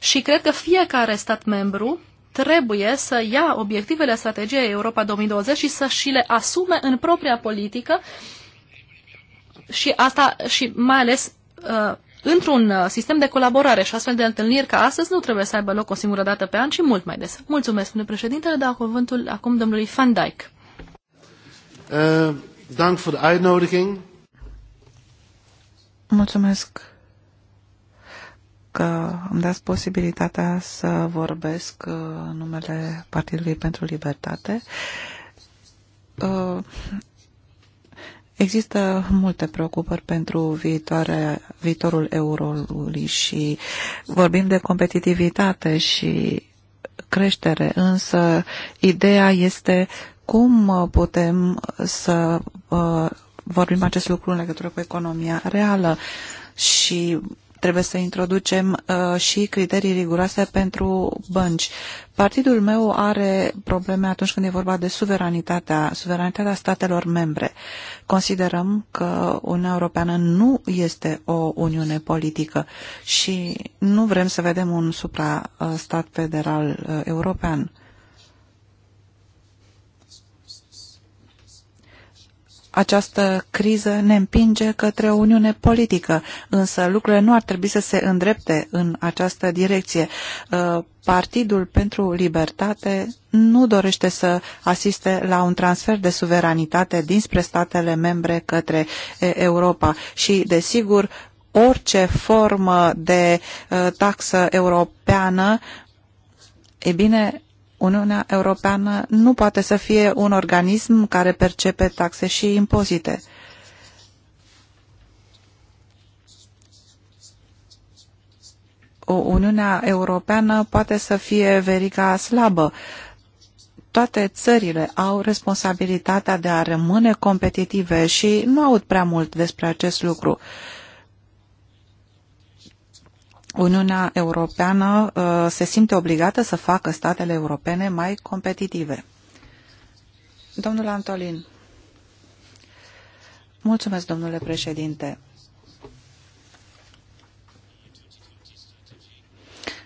Și cred că fiecare stat membru trebuie să ia obiectivele strategiei Europa 2020 și să și le asume în propria politică și asta și mai ales uh, într-un uh, sistem de colaborare și astfel de întâlniri ca astăzi nu trebuie să aibă loc o singură dată pe an, ci mult mai des. Mulțumesc, domnule președintele, dau cuvântul acum domnului Van Dijk. Uh, dank voor de Mulțumesc că îmi dați posibilitatea să vorbesc uh, în numele Partidului pentru Libertate. Uh, există multe preocupări pentru viitoare, viitorul euroului și vorbim de competitivitate și creștere, însă ideea este cum putem să uh, vorbim acest lucru în legătură cu economia reală și trebuie să introducem uh, și criterii riguroase pentru bănci. Partidul meu are probleme atunci când e vorba de suveranitatea, suveranitatea statelor membre. Considerăm că Uniunea Europeană nu este o uniune politică și nu vrem să vedem un supra-stat uh, federal uh, european. această criză ne împinge către o uniune politică, însă lucrurile nu ar trebui să se îndrepte în această direcție. Uh, Partidul pentru Libertate nu dorește să asiste la un transfer de suveranitate dinspre statele membre către Europa și, desigur, orice formă de uh, taxă europeană, e bine, Uniunea Europeană nu poate să fie un organism care percepe taxe și impozite. Uniunea Europeană poate să fie verica slabă. Toate țările au responsabilitatea de a rămâne competitive și nu aud prea mult despre acest lucru. Uniunea Europeană uh, se simte obligată să facă statele europene mai competitive. Domnul Antolin. Mulțumesc, domnule președinte.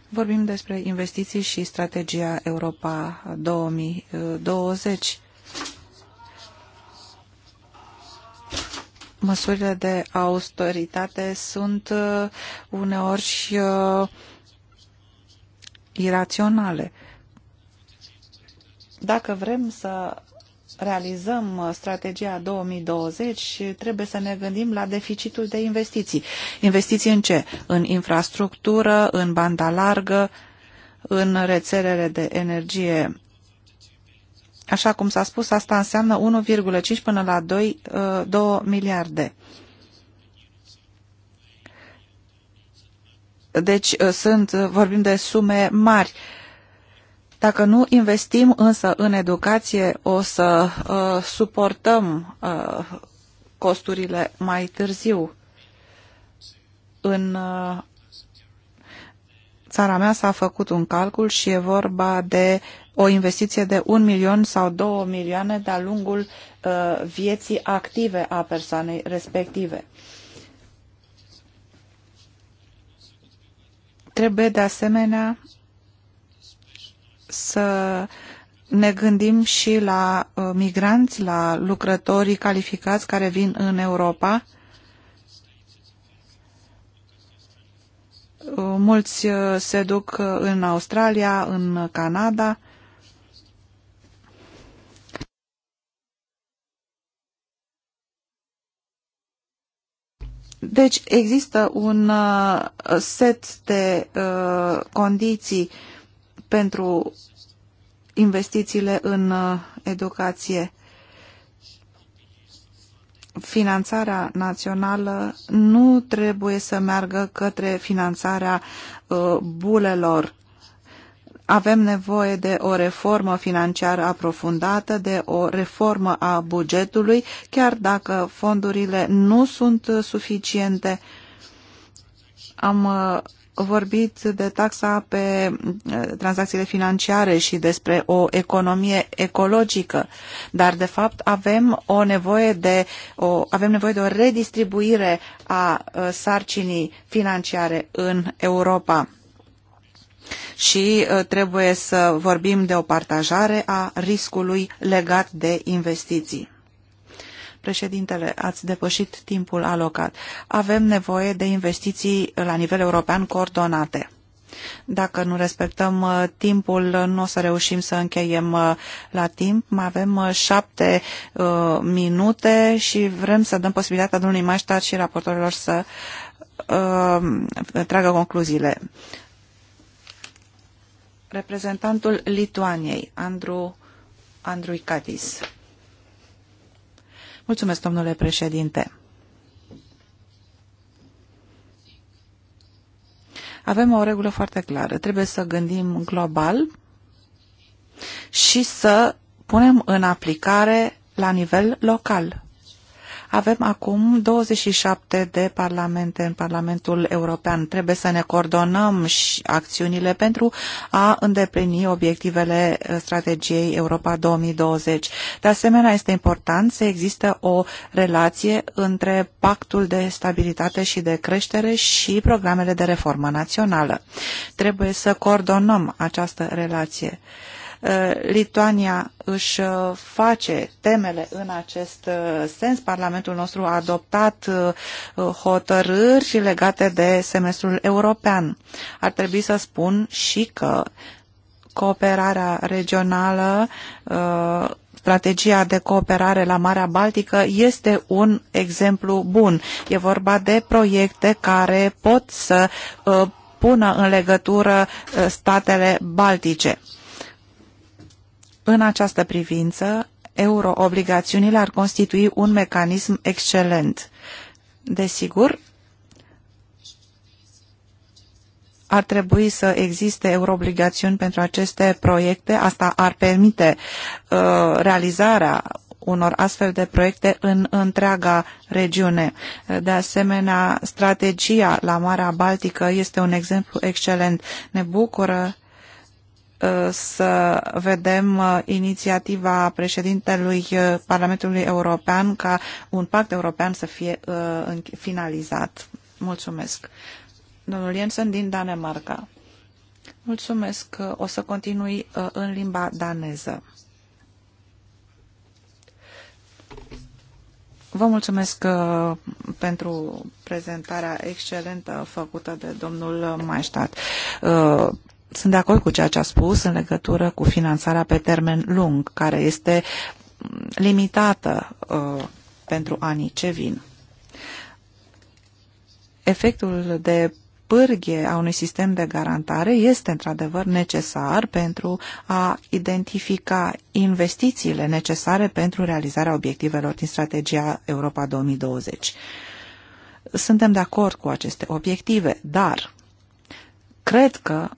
Vorbim despre investiții și strategia Europa 2020. măsurile de austeritate sunt uh, uneori și uh, iraționale. Dacă vrem să realizăm uh, strategia 2020, trebuie să ne gândim la deficitul de investiții. Investiții în ce? În infrastructură, în banda largă, în rețelele de energie Așa cum s-a spus, asta înseamnă 1,5 până la 2, 2 uh, miliarde. Deci uh, sunt, uh, vorbim de sume mari. Dacă nu investim însă în educație, o să uh, suportăm uh, costurile mai târziu. În uh, țara mea s-a făcut un calcul și e vorba de o investiție de un milion sau două milioane de-a lungul uh, vieții active a persoanei respective. Trebuie de asemenea să ne gândim și la uh, migranți, la lucrătorii calificați care vin în Europa. Uh, mulți uh, se duc uh, în Australia, în Canada Deci există un uh, set de uh, condiții pentru investițiile în uh, educație. Finanțarea națională nu trebuie să meargă către finanțarea bulelor avem nevoie de o reformă financiară aprofundată, de o reformă a bugetului, chiar dacă fondurile nu sunt suficiente. Am uh, vorbit de taxa pe uh, tranzacțiile financiare și despre o economie ecologică, dar de fapt avem o nevoie de o, avem nevoie de o redistribuire a uh, sarcinii financiare în Europa și uh, trebuie să vorbim de o partajare a riscului legat de investiții. Președintele, ați depășit timpul alocat. Avem nevoie de investiții la nivel european coordonate. Dacă nu respectăm uh, timpul, uh, nu o să reușim să încheiem la timp. Mai avem șapte uh, minute și vrem să dăm posibilitatea domnului Maștar și raportorilor să uh, tragă concluziile reprezentantul Lituaniei, Andru Andruikatis. Mulțumesc, domnule președinte. Avem o regulă foarte clară. Trebuie să gândim global și să punem în aplicare la nivel local. Avem acum 27 de parlamente în Parlamentul European. Trebuie să ne coordonăm și acțiunile pentru a îndeplini obiectivele uh, strategiei Europa 2020. De asemenea, este important să există o relație între pactul de stabilitate și de creștere și programele de reformă națională. Trebuie să coordonăm această relație. Uh, Uh, Lituania își uh, face temele în acest uh, sens. Parlamentul nostru a adoptat hotărâri și legate de semestrul european. Ar trebui să spun și că cooperarea regională strategia de cooperare la Marea Baltică este un exemplu bun. E vorba de proiecte care pot să pună în legătură statele baltice. În această privință, euroobligațiunile ar constitui un mecanism excelent. Desigur, ar trebui să existe euroobligațiuni pentru aceste proiecte. Asta ar permite uh, realizarea unor astfel de proiecte în întreaga regiune. De asemenea, strategia la Marea Baltică este un exemplu excelent. Ne bucură Uh, să vedem uh, inițiativa președintelui uh, Parlamentului European ca un pact european să fie finalizat. Mulțumesc. Domnul Jensen din Danemarca. Mulțumesc. O să continui în limba daneză. Vă mulțumesc pentru prezentarea excelentă făcută de domnul Maestat. Sunt de acord cu ceea ce a spus în legătură cu finanțarea pe termen lung, care este limitată uh, pentru anii ce vin. Efectul de pârghie a unui sistem de garantare este într-adevăr necesar pentru a identifica investițiile necesare pentru realizarea obiectivelor din strategia Europa 2020. Suntem de acord cu aceste obiective, dar cred că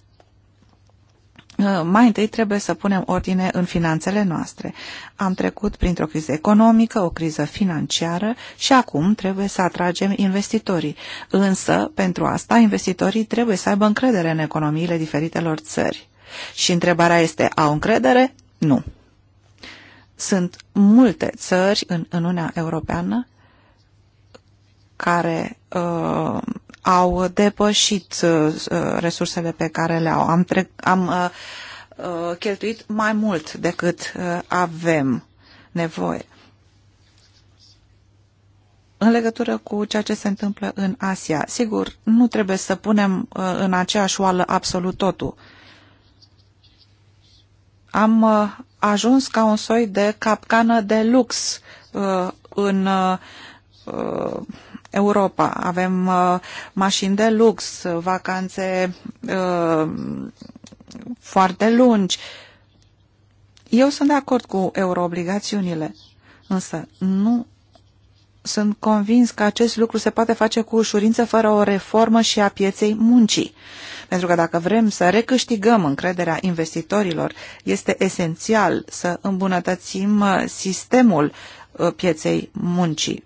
Uh, mai întâi trebuie să punem ordine în finanțele noastre. Am trecut printr-o criză economică, o criză financiară și acum trebuie să atragem investitorii. Însă, pentru asta, investitorii trebuie să aibă încredere în economiile diferitelor țări. Și întrebarea este, au încredere? Nu. Sunt multe țări în, Uniunea Europeană care uh, au depășit uh, uh, resursele pe care le-au. Am, tre- am uh, cheltuit mai mult decât avem nevoie. În legătură cu ceea ce se întâmplă în Asia, sigur, nu trebuie să punem în aceeași oală absolut totul. Am ajuns ca un soi de capcană de lux în Europa. Avem uh, mașini de lux, vacanțe uh, foarte lungi. Eu sunt de acord cu euroobligațiunile, însă nu sunt convins că acest lucru se poate face cu ușurință fără o reformă și a pieței muncii. Pentru că dacă vrem să recâștigăm încrederea investitorilor, este esențial să îmbunătățim uh, sistemul uh, pieței muncii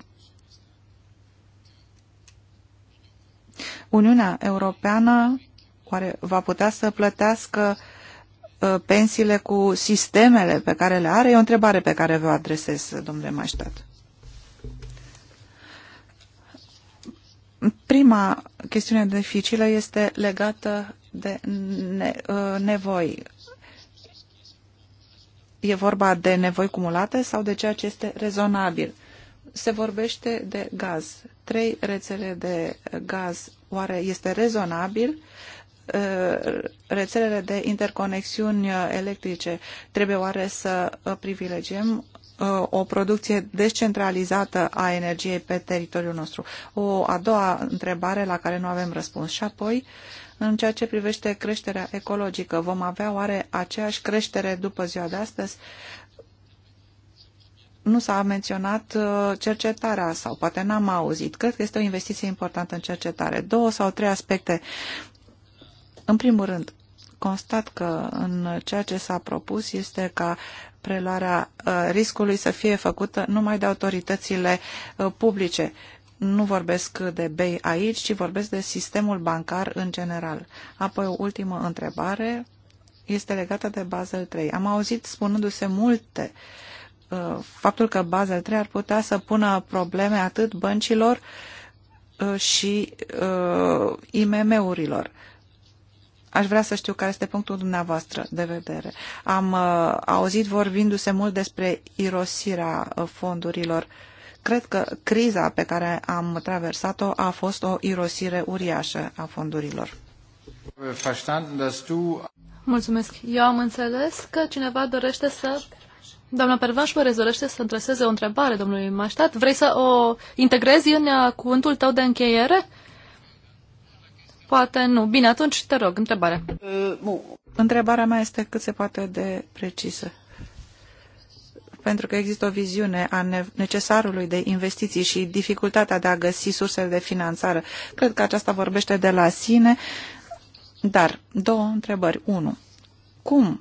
Uniunea Europeană oare va putea să plătească ă, pensiile cu sistemele pe care le are? E o întrebare pe care vă adresez, domnule Maștat. Prima chestiune dificilă este legată de ă, nevoi. E vorba de nevoi cumulate sau de ceea ce este rezonabil? Se vorbește de gaz. Trei rețele de gaz Oare este rezonabil? Uh, rețelele de interconexiuni electrice trebuie oare să uh, privilegiem uh, o producție descentralizată a energiei pe teritoriul nostru? O a doua întrebare la care nu avem răspuns. Și apoi, în ceea ce privește creșterea ecologică, vom avea oare aceeași creștere după ziua de astăzi? nu s-a menționat uh, cercetarea sau poate n-am auzit. Cred că este o investiție importantă în cercetare. Două sau trei aspecte. În primul rând, constat că în ceea ce s-a propus este ca preluarea uh, riscului să fie făcută numai de autoritățile uh, publice. Nu vorbesc de BEI aici, ci vorbesc de sistemul bancar în general. Apoi o ultimă întrebare este legată de Basel 3. Am auzit spunându-se multe uh, Uh, faptul că Basel III ar putea să pună probleme atât băncilor uh, și uh, IMM-urilor. Aș vrea să știu care este punctul dumneavoastră de vedere. Am uh, auzit vorbindu-se mult despre irosirea uh, fondurilor. Cred că criza pe care am traversat-o a fost o irosire uriașă a fondurilor. Mulțumesc. Eu am înțeles că cineva dorește să Doamna Pervaș mă rezolește să întreseze o întrebare domnului Maștat. Vrei să o integrezi în uh, cuvântul tău de încheiere? Poate nu. Bine, atunci te rog, întrebare. Întrebarea mea este cât se poate de precisă. Pentru că există o viziune a necesarului de investiții și dificultatea de a găsi surse de finanțare. Cred că aceasta vorbește de la sine, dar două întrebări. Unu, cum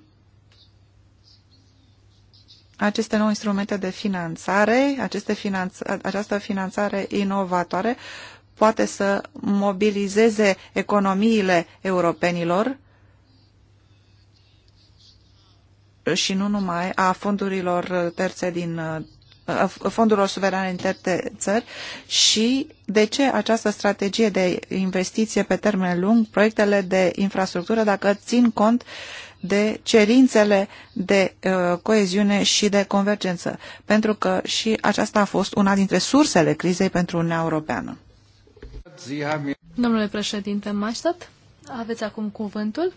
aceste noi instrumente de finanțare, aceste finanț- această finanțare inovatoare poate să mobilizeze economiile europenilor și nu numai a fondurilor terțe din fondurilor suverane în terțe țări și de ce această strategie de investiție pe termen lung, proiectele de infrastructură, dacă țin cont uh, de cerințele de uh, coeziune și de convergență, pentru că și aceasta a fost una dintre sursele crizei pentru Uniunea Europeană. Domnule președinte Maștat, aveți acum cuvântul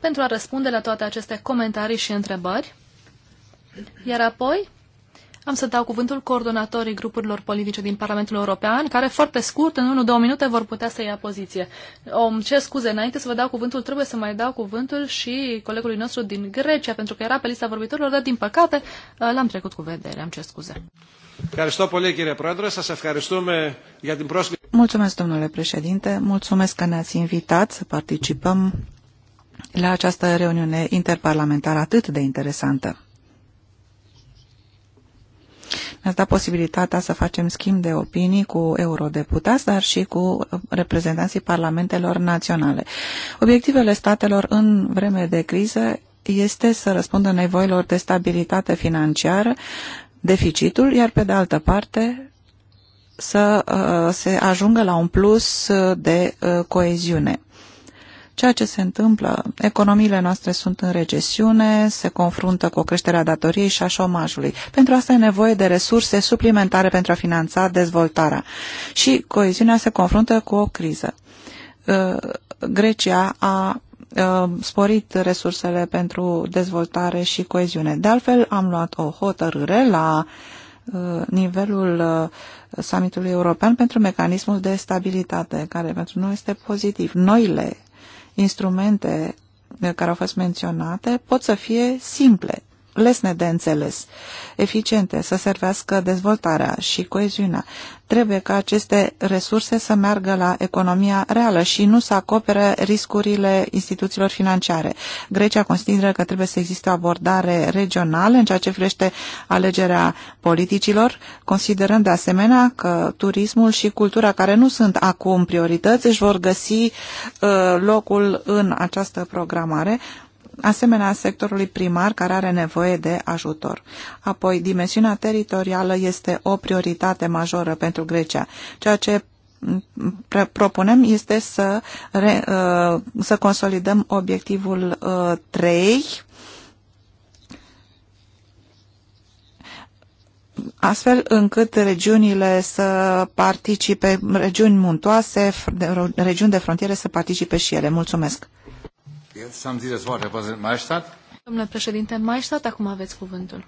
pentru a răspunde la toate aceste comentarii și întrebări, iar apoi am să dau cuvântul coordonatorii grupurilor politice din Parlamentul European, care foarte scurt, în 1-2 minute, vor putea să ia poziție. Om, ce scuze, înainte să vă dau cuvântul, trebuie să mai dau cuvântul și colegului nostru din Grecia, pentru că era pe lista vorbitorilor, dar din păcate ă, l-am trecut cu vedere. Am ce scuze. Mulțumesc, domnule președinte, mulțumesc că ne-ați invitat să participăm la această reuniune interparlamentară atât de interesantă. Ne-ați dat posibilitatea să facem schimb de opinii cu eurodeputați, dar și cu reprezentanții parlamentelor naționale. Obiectivele statelor în vreme de criză este să răspundă nevoilor de stabilitate financiară, deficitul, iar pe de altă parte să uh, se ajungă la un plus de uh, coeziune ceea ce se întâmplă. Economiile noastre sunt în recesiune, se confruntă cu o creștere a datoriei și a șomajului. Pentru asta e nevoie de resurse suplimentare pentru a finanța dezvoltarea. Și coeziunea se confruntă cu o criză. Uh, Grecia a uh, sporit resursele pentru dezvoltare și coeziune. De altfel, am luat o hotărâre la uh, nivelul summitului european pentru mecanismul de stabilitate, care pentru noi este pozitiv. Noile instrumente care au fost menționate pot să fie simple lesne de înțeles, eficiente, să servească dezvoltarea și coeziunea. Trebuie ca aceste resurse să meargă la economia reală și nu să acopere riscurile instituțiilor financiare. Grecia consideră că trebuie să existe o abordare regională în ceea ce privește alegerea politicilor, considerând de asemenea că turismul și cultura, care nu sunt acum priorități, își vor găsi uh, locul în această programare, asemenea sectorului primar care are nevoie de ajutor. Apoi, dimensiunea teritorială este o prioritate majoră pentru Grecia, ceea ce propunem este să, re, uh, să consolidăm obiectivul 3 uh, astfel încât regiunile să participe, regiuni muntoase, regiuni de frontiere să participe și ele. Mulțumesc! Jetzt haben Sie das Wort, Herr Präsident Maestadt. Domnule președinte Maestat, acum aveți cuvântul.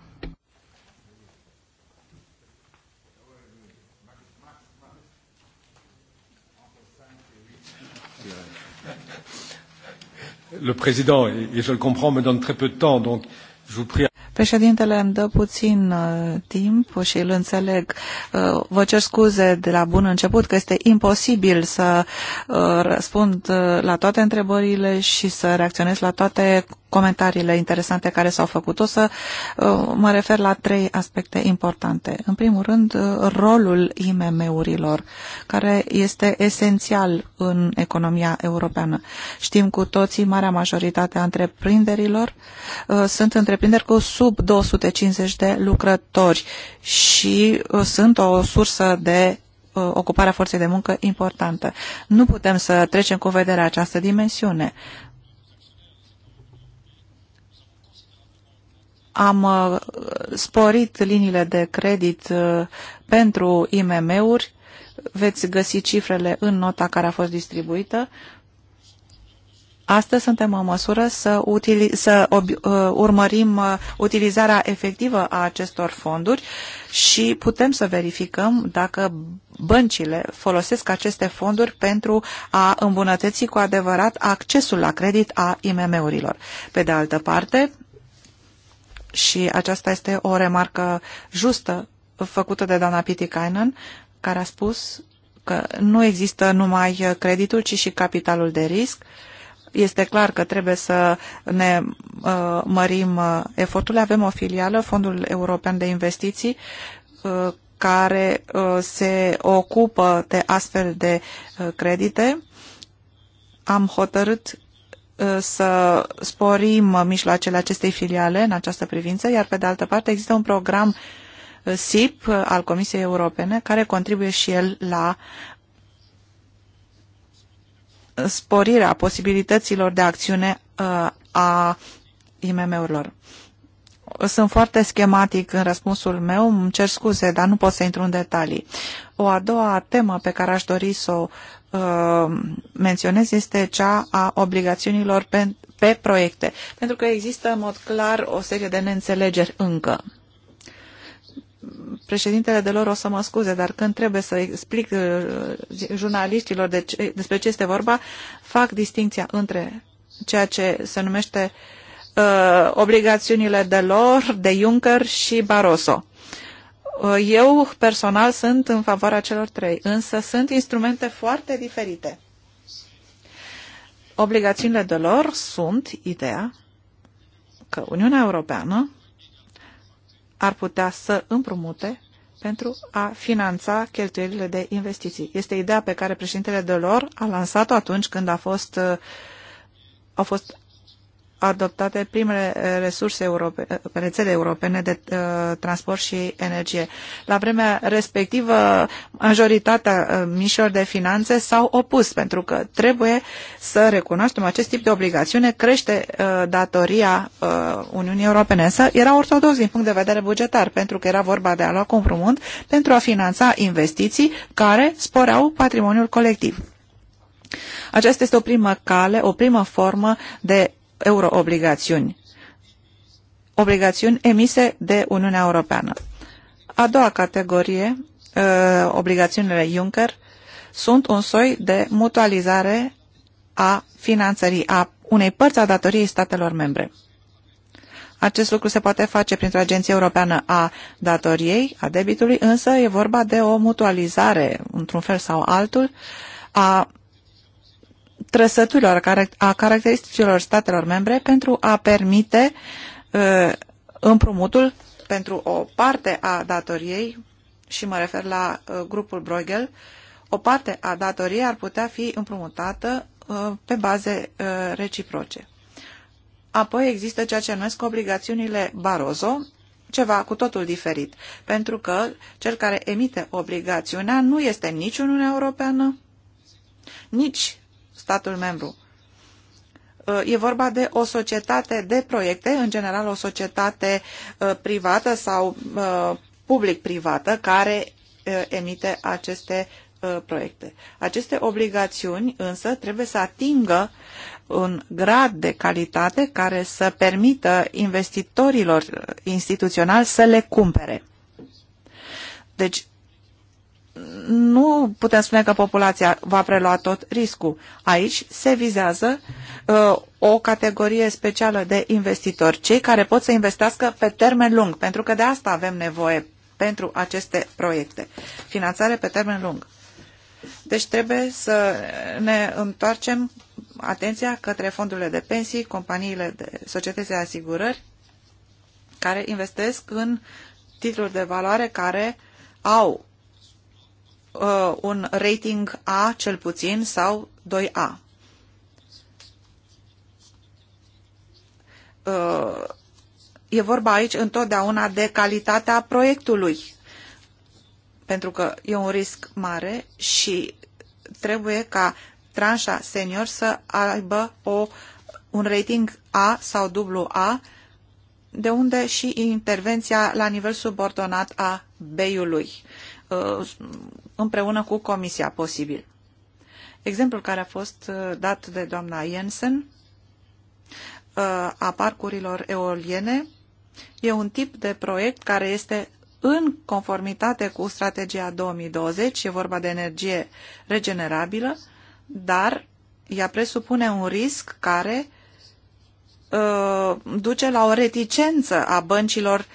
Le président, et je le comprends, me donne très peu de temps, donc je vous prie. Președintele îmi dă puțin uh, timp și îl înțeleg. Uh, vă cer scuze de la bun început că este imposibil să uh, răspund uh, la toate întrebările și să reacționez la toate comentariile interesante care s-au făcut. O să uh, mă refer la trei aspecte importante. În primul rând, uh, rolul IMM-urilor, care este esențial în economia europeană. Știm cu toții, marea majoritate a întreprinderilor uh, sunt întreprinderi cu sub 250 de lucrători și sunt o sursă de ocuparea forței de muncă importantă. Nu putem să trecem cu vederea această dimensiune. am uh, sporit liniile de credit uh, pentru IMM-uri, veți găsi cifrele în nota care a fost distribuită. Astăzi suntem în măsură să, utili, să ob, uh, urmărim utilizarea efectivă a acestor fonduri și putem să verificăm dacă băncile folosesc aceste fonduri pentru a îmbunătăți cu adevărat accesul la credit a IMM-urilor. Pe de altă parte, și aceasta este o remarcă justă făcută de doamna Pitikainen, care a spus că nu există numai creditul, ci și capitalul de risc. Este clar că trebuie să ne uh, mărim uh, eforturile. Avem o filială, Fondul European de Investiții, uh, care uh, se ocupă de astfel de uh, credite. Am hotărât Uh, să sporim mijloacele acestei filiale în această privință, iar pe de altă parte există un program uh, SIP uh, al Comisiei Europene care contribuie și el la sporirea posibilităților de acțiune a IMM-urilor. Sunt foarte schematic în răspunsul meu, îmi cer scuze, dar nu pot să intru în detalii. O a doua temă pe care aș dori să o Uh, menționez este cea a obligațiunilor pe, pe proiecte, pentru că există în mod clar o serie de neînțelegeri încă. Președintele de lor o să mă scuze, dar când trebuie să explic uh, jurnaliștilor de ce, despre ce este vorba, fac distinția între ceea ce se numește uh, obligațiunile de lor, de Juncker și Barroso. Uh, eu personal sunt în favoarea celor trei, însă sunt instrumente foarte diferite. Obligațiunile de lor sunt ideea că Uniunea Europeană ar putea să împrumute pentru a finanța cheltuielile de investiții. Este ideea pe care președintele lor a lansat-o atunci când a fost, uh, au fost adoptate primele eh, resurse europene, eh, rețele europene de uh, transport și energie. La vremea respectivă, majoritatea uh, mișor de finanțe s-au opus, pentru că trebuie să recunoaștem acest tip de obligațiune, crește uh, datoria uh, Uniunii Europene. Însă era ortodox din punct de vedere bugetar, pentru că era vorba de a lua comprumunt pentru a finanța investiții care sporeau patrimoniul colectiv. Aceasta este o primă cale, o primă formă de euroobligațiuni, obligațiuni emise de Uniunea Europeană. A doua categorie, uh, obligațiunile Juncker, sunt un soi de mutualizare a finanțării, a unei părți a datoriei statelor membre. Acest lucru se poate face printr-o agenție europeană a datoriei, a debitului, însă e vorba de o mutualizare, într-un fel sau altul, a trăsăturilor, a caracteristicilor statelor membre pentru a permite uh, împrumutul pentru o parte a datoriei, și mă refer la uh, grupul Bruegel, o parte a datoriei ar putea fi împrumutată uh, pe baze reciproce. Apoi există ceea ce numesc obligațiunile Barozo, ceva cu totul diferit, pentru că cel care emite obligațiunea nu este nici Uniunea Europeană, nici statul membru. Uh, e vorba de o societate de proiecte, în general o societate uh, privată sau uh, public-privată care emite aceste proiecte. Aceste obligațiuni însă trebuie să atingă un grad de calitate care să permită investitorilor instituționali să le cumpere. Deci nu putem spune că populația va prelua tot riscul. Aici se vizează uh, o categorie specială de investitori, cei care pot să investească pe termen lung, pentru că de asta avem nevoie pentru aceste proiecte. Finanțare pe termen lung. Deci trebuie să ne întoarcem atenția către fondurile de pensii, companiile de societăți de asigurări care investesc în titluri de valoare care au uh, un rating A cel puțin sau 2A. Uh, e vorba aici întotdeauna de calitatea proiectului, pentru că e un risc mare și trebuie ca tranșa senior să aibă o, un rating A sau dublu A, de unde și intervenția la nivel subordonat a b ului uh, împreună cu Comisia, posibil. Exemplul care a fost uh, dat de doamna Jensen uh, a parcurilor eoliene e un tip de proiect care este în conformitate cu strategia 2020, e vorba de energie regenerabilă, dar ea presupune un risc care uh, duce la o reticență a băncilor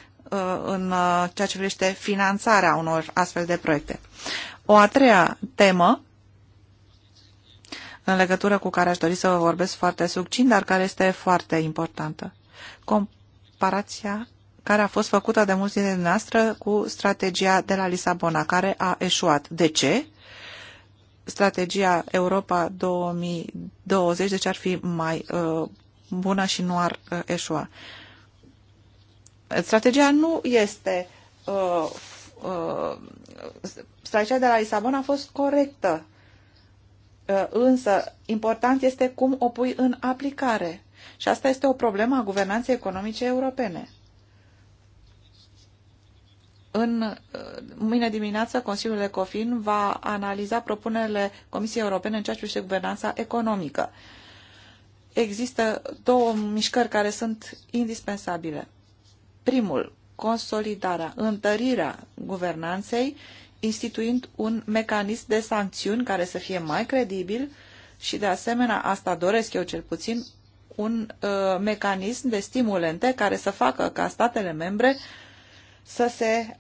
în ceea ce privește finanțarea unor astfel de proiecte. O a treia temă în legătură cu care aș dori să vă vorbesc foarte succint, dar care este foarte importantă. Comparația care a fost făcută de mulți dintre noastre cu strategia de la Lisabona, care a eșuat. De ce? Strategia Europa 2020, deci ar fi mai uh, bună și nu ar uh, eșua. Strategia nu este uh, Uh, strategia de la Lisabona a fost corectă, uh, însă important este cum o pui în aplicare. Și asta este o problemă a guvernanței economice europene. În uh, mâine dimineață, Consiliul Ecofin va analiza propunerile Comisiei Europene în ceea ce privește guvernanța economică. Există două mișcări care sunt indispensabile. Primul, consolidarea, întărirea guvernanței, instituind un mecanism de sancțiuni care să fie mai credibil și, de asemenea, asta doresc eu cel puțin, un uh, mecanism de stimulente care să facă ca statele membre să se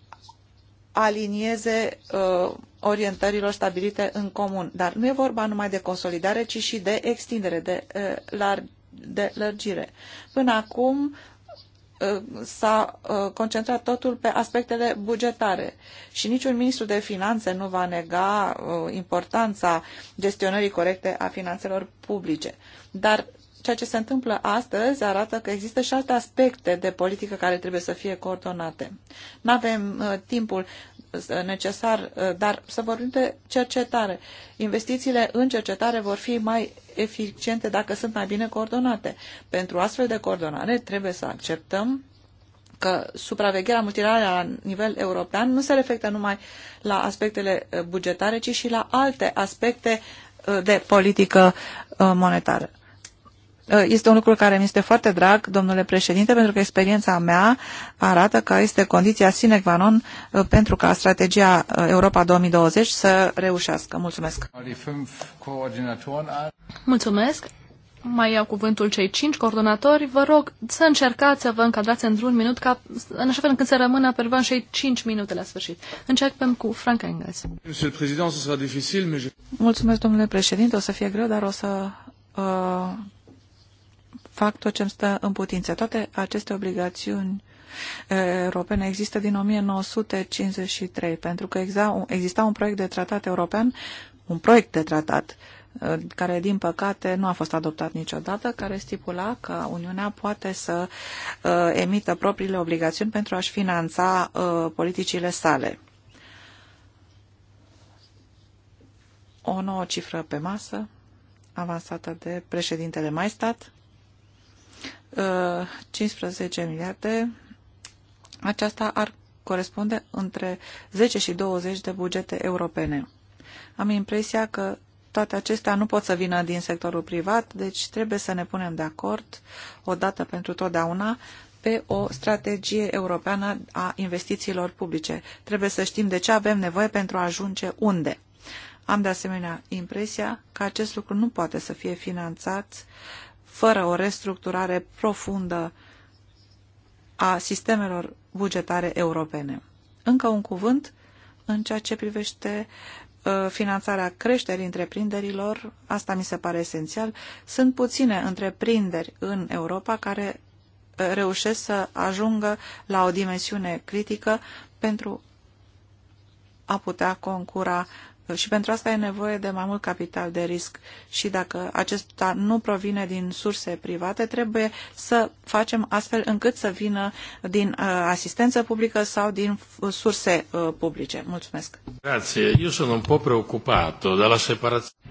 alinieze uh, orientărilor stabilite în comun. Dar nu e vorba numai de consolidare, ci și de extindere, de, uh, lar- de lărgire. Până acum, Uh, s-a uh, concentrat totul pe aspectele bugetare și niciun ministru de finanțe nu va nega uh, importanța gestionării corecte a finanțelor publice. Dar ceea ce se întâmplă astăzi arată că există și alte aspecte de politică care trebuie să fie coordonate. Nu avem timpul necesar, uh, dar să vorbim de cercetare. Investițiile în cercetare vor fi mai eficiente dacă sunt mai bine coordonate. Pentru astfel de coordonare trebuie să acceptăm că supravegherea multilaterală la nivel european nu se reflectă numai la aspectele uh, bugetare, ci și la alte aspecte uh, de politică monetară. Uh, este un lucru care mi este foarte drag, domnule președinte, pentru că experiența mea arată că este condiția sine qua non uh, pentru ca strategia uh, Europa 2020 să reușească. Mulțumesc! Mulțumesc! Mai iau cuvântul cei cinci coordonatori. Vă rog să încercați să vă încadrați într-un minut, ca, în așa fel încât să rămână pe rând și cinci minute la sfârșit. Începem cu Frank Engels. Mulțumesc, domnule președinte. O să fie greu, dar o să uh, fac tot ce îmi stă în putință. Toate aceste obligațiuni eh, europene există din 1953, pentru că exista un proiect de tratat european, un proiect de tratat eh, care, din păcate, nu a fost adoptat niciodată, care stipula că Uniunea poate să eh, emită propriile obligațiuni pentru a-și finanța politicile sale. O nouă cifră pe masă, avansată de președintele Maistat, 15 uh, miliarde, aceasta ar corespunde între 10 și 20 de bugete europene. Am impresia că toate acestea nu pot să vină din sectorul privat, deci trebuie să ne punem de acord odată pentru totdeauna pe o strategie europeană a investițiilor publice. Trebuie să știm de ce avem nevoie pentru a ajunge unde. Am de asemenea impresia că acest lucru nu poate să fie finanțat fără o restructurare profundă a sistemelor bugetare europene. Încă un cuvânt în ceea ce privește uh, finanțarea creșterii întreprinderilor, asta mi se pare esențial, sunt puține întreprinderi în Europa care uh, reușesc să ajungă la o dimensiune critică pentru a putea concura și pentru asta e nevoie de mai mult capital de risc și dacă acesta nu provine din surse private, trebuie să facem astfel încât să vină din uh, asistență publică sau din uh, surse uh, publice. Mulțumesc! Grazie, eu sunt un po'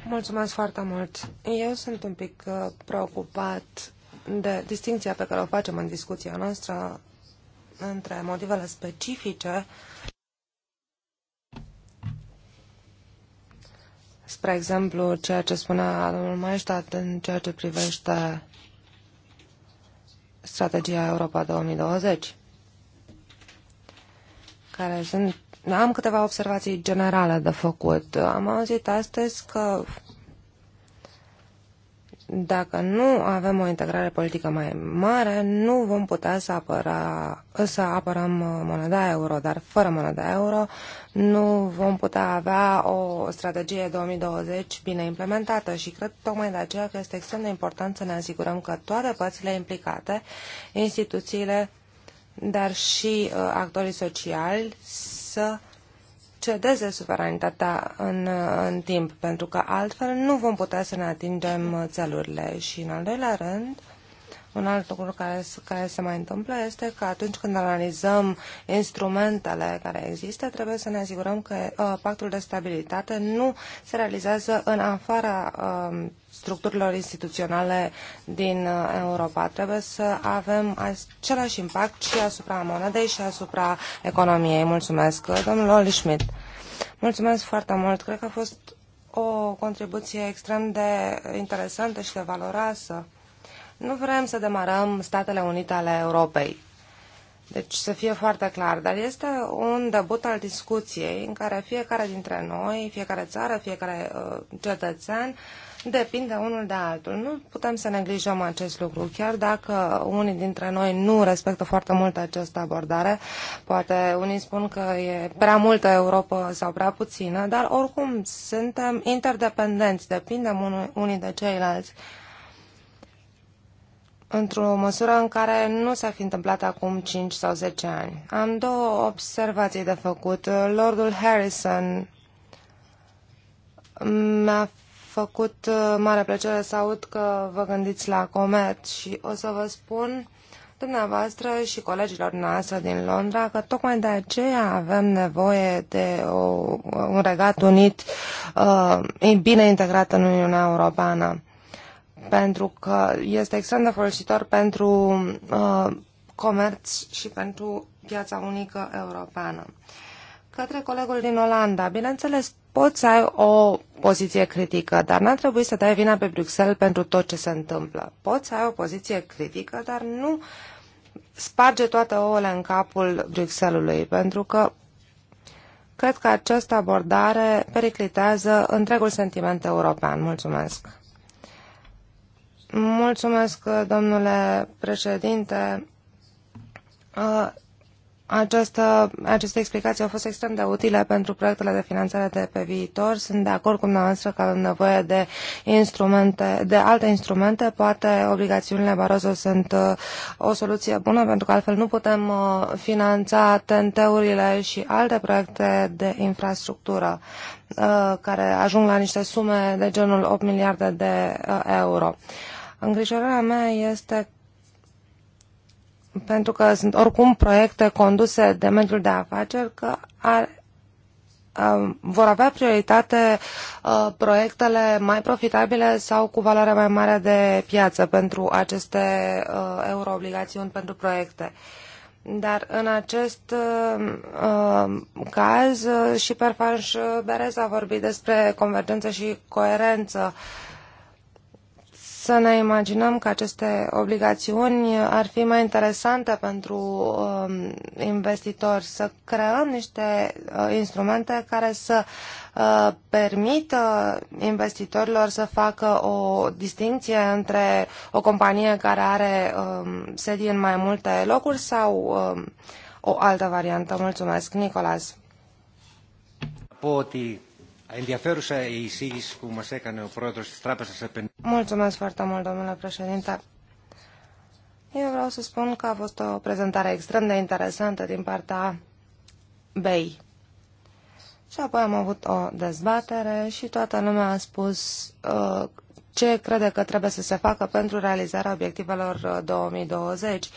Mulțumesc foarte mult! Eu sunt un pic preocupat de distinția pe care o facem în discuția noastră între motivele specifice spre exemplu, ceea ce spunea domnul Maestat în ceea ce privește strategia Europa 2020, care sunt... Am câteva observații generale de făcut. Am auzit astăzi că dacă nu avem o integrare politică mai mare, nu vom putea să, apăra, să apărăm uh, moneda euro, dar fără moneda euro nu vom putea avea o strategie 2020 bine implementată și cred tocmai de aceea că este extrem de important să ne asigurăm că toate părțile implicate, instituțiile, dar și uh, actorii sociali, să cedeze suveranitatea în, în timp, pentru că altfel nu vom putea să ne atingem țelurile. Și în al doilea rând, un alt lucru care, care se mai întâmplă este că atunci când analizăm instrumentele care există, trebuie să ne asigurăm că uh, pactul de stabilitate nu se realizează în afara uh, structurilor instituționale din uh, Europa. Trebuie să avem același impact și asupra monedei și asupra economiei. Mulțumesc, domnul Oli Schmidt. Mulțumesc foarte mult. Cred că a fost o contribuție extrem de interesantă și de valoroasă. Nu vrem să demarăm Statele Unite ale Europei. Deci să fie foarte clar, dar este un debut al discuției în care fiecare dintre noi, fiecare țară, fiecare uh, cetățean depinde unul de altul. Nu putem să neglijăm acest lucru, chiar dacă unii dintre noi nu respectă foarte mult această abordare. Poate unii spun că e prea multă Europa sau prea puțină, dar oricum suntem interdependenți, depindem unii de ceilalți într-o măsură în care nu s-a fi întâmplat acum 5 sau 10 ani. Am două observații de făcut. Lordul Harrison mi-a făcut uh, mare plăcere să aud că vă gândiți la Comet și o să vă spun dumneavoastră și colegilor noastre din Londra că tocmai de aceea avem nevoie de o, un regat unit uh, bine integrat în Uniunea Europeană pentru că este extrem de folositor pentru uh, comerț și pentru piața unică europeană. Către colegul din Olanda, bineînțeles, poți să ai o poziție critică, dar n-ar trebui să dai vina pe Bruxelles pentru tot ce se întâmplă. Poți să ai o poziție critică, dar nu sparge toate ouăle în capul Bruxellesului, pentru că cred că această abordare periclitează întregul sentiment european. Mulțumesc! Mulțumesc, domnule președinte. Uh, această, aceste explicații au fost extrem de utile pentru proiectele de finanțare de pe viitor. Sunt de acord cu dumneavoastră că avem nevoie de, instrumente, de alte instrumente. Poate obligațiunile Barozo sunt uh, o soluție bună, pentru că altfel nu putem uh, finanța TNT-urile și alte proiecte de infrastructură uh, care ajung la niște sume de genul 8 miliarde de euro. Îngrijorarea mea este pentru că sunt oricum proiecte conduse de mediul de afaceri, că ar, uh, vor avea prioritate uh, proiectele mai profitabile sau cu valoare mai mare de piață pentru aceste uh, euroobligațiuni pentru proiecte. Dar în acest uh, caz uh, și Perfanș Berez a vorbit despre convergență și coerență uh, să ne imaginăm că aceste obligațiuni ar fi mai interesante pentru um, investitori, să creăm niște uh, instrumente care să uh, permită investitorilor să facă o distinție între o companie care are um, sedii în mai multe locuri sau um, o altă variantă. Mulțumesc, Nicolas. Poti ενδιαφέρουσα η εισήγηση που μας έκανε ο πρόεδρος της Τράπεζας Επενδύσεων. Mulțumesc foarte mult, domnule președinte. Eu vreau să spun că a fost o prezentare extrem de interesantă din partea BEI. Și apoi am avut o dezbatere și toată lumea a spus uh, ce crede că trebuie să se facă pentru realizarea obiectivelor 2020, uh,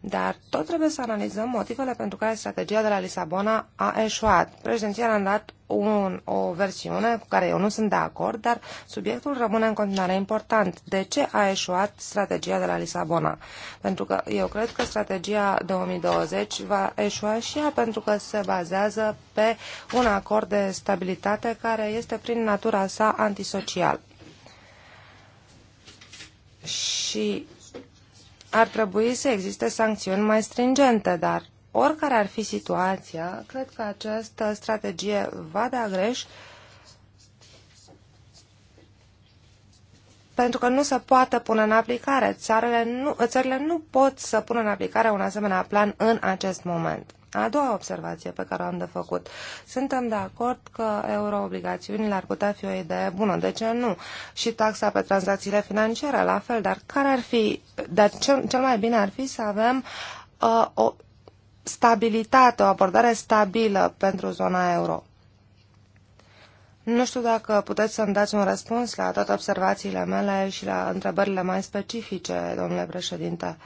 dar tot trebuie să analizăm motivele pentru care strategia de la Lisabona a eșuat. Președinția a dat un, o versiune cu care eu nu sunt de acord, dar subiectul rămâne în continuare important. De ce a eșuat strategia de la Lisabona? Pentru că eu cred că strategia 2020 va eșua și ea pentru că se bazează pe un acord de stabilitate care este prin natura sa antisocial și ar trebui să existe sancțiuni mai stringente, dar oricare ar fi situația, cred că această strategie va da greș pentru că nu se poate pune în aplicare. Țările nu, țările nu pot să pună în aplicare un asemenea plan în acest moment. A doua observație pe care o am de făcut. Suntem de acord că euroobligațiunile ar putea fi o idee bună, de ce nu? Și taxa pe tranzacțiile financiare, la fel, dar care ar fi, dar cel, cel mai bine ar fi să avem uh, o stabilitate, o abordare stabilă pentru zona euro. Nu știu dacă puteți să-mi dați un răspuns la toate observațiile mele și la întrebările mai specifice, domnule președinte.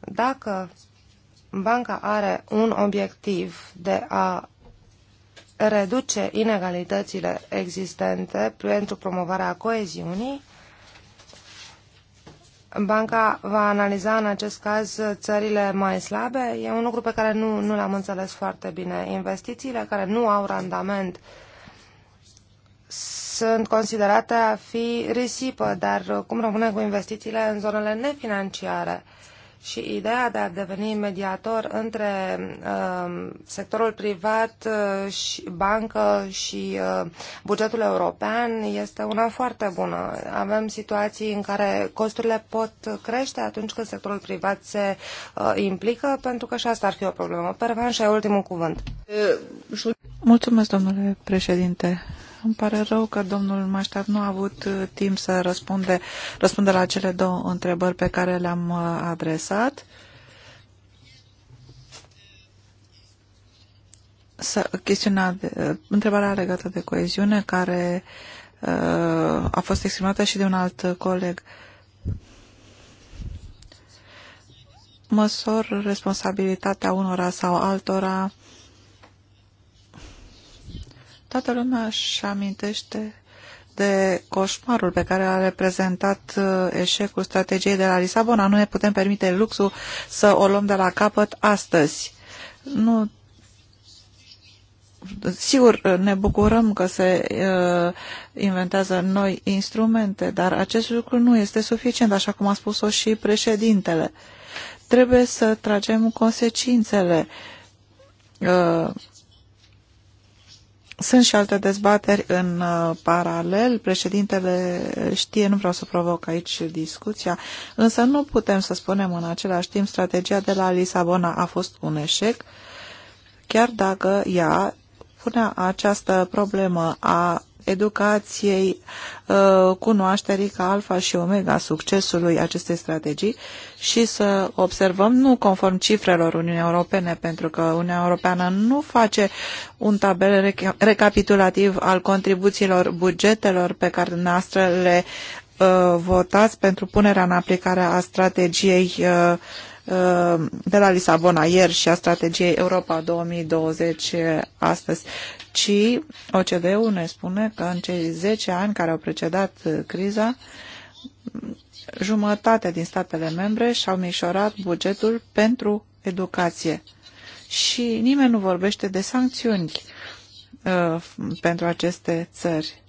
Dacă banca are un obiectiv de a reduce inegalitățile existente pentru promovarea coeziunii, banca va analiza în acest caz țările mai slabe. E un lucru pe care nu, nu l-am înțeles foarte bine. Investițiile care nu au randament sunt considerate a fi risipă, dar cum rămâne cu investițiile în zonele nefinanciare? Uh, și ideea de a deveni mediator între uh, sectorul privat, uh, și bancă și uh, bugetul european este una foarte bună. Avem situații în care costurile pot crește atunci când sectorul privat se uh, implică, pentru că și asta ar fi o problemă. Pervan și ai ultimul cuvânt. Mulțumesc, domnule președinte. Îmi pare rău că domnul Maștar nu a avut uh, timp să răspunde, răspunde la cele două întrebări pe care le-am uh, adresat. S chestiunea de, uh, întrebarea legată de coeziune care uh, a fost exprimată și de un alt coleg. Măsor responsabilitatea unora sau altora Toată lumea își amintește de coșmarul pe care a reprezentat uh, eșecul strategiei de la Lisabona. Nu ne putem permite luxul să o luăm de la capăt astăzi. Nu Sigur, ne bucurăm că se uh, inventează noi instrumente, dar acest lucru nu este suficient, așa cum a spus-o și președintele. Trebuie să tragem consecințele uh, sunt și alte dezbateri în uh, paralel. Președintele știe, nu vreau să provoc aici discuția, însă nu putem să spunem în același timp strategia de la Lisabona a fost un eșec, chiar dacă ea punea această problemă a educației, uh, cunoașterii ca alfa și omega succesului acestei strategii și să observăm, nu conform cifrelor Uniunii Europene, pentru că Uniunea Europeană nu face un tabel recapitulativ al contribuțiilor bugetelor pe care noastră le uh, votați pentru punerea în aplicare a strategiei uh, Uh, de la Lisabona ieri și a strategiei Europa 2020 astăzi, ci OCDE-ul ne spune că în cei 10 ani care au precedat criza, jumătate din statele membre și-au mișorat bugetul pentru educație. Și nimeni nu vorbește de sancțiuni uh, pentru aceste țări.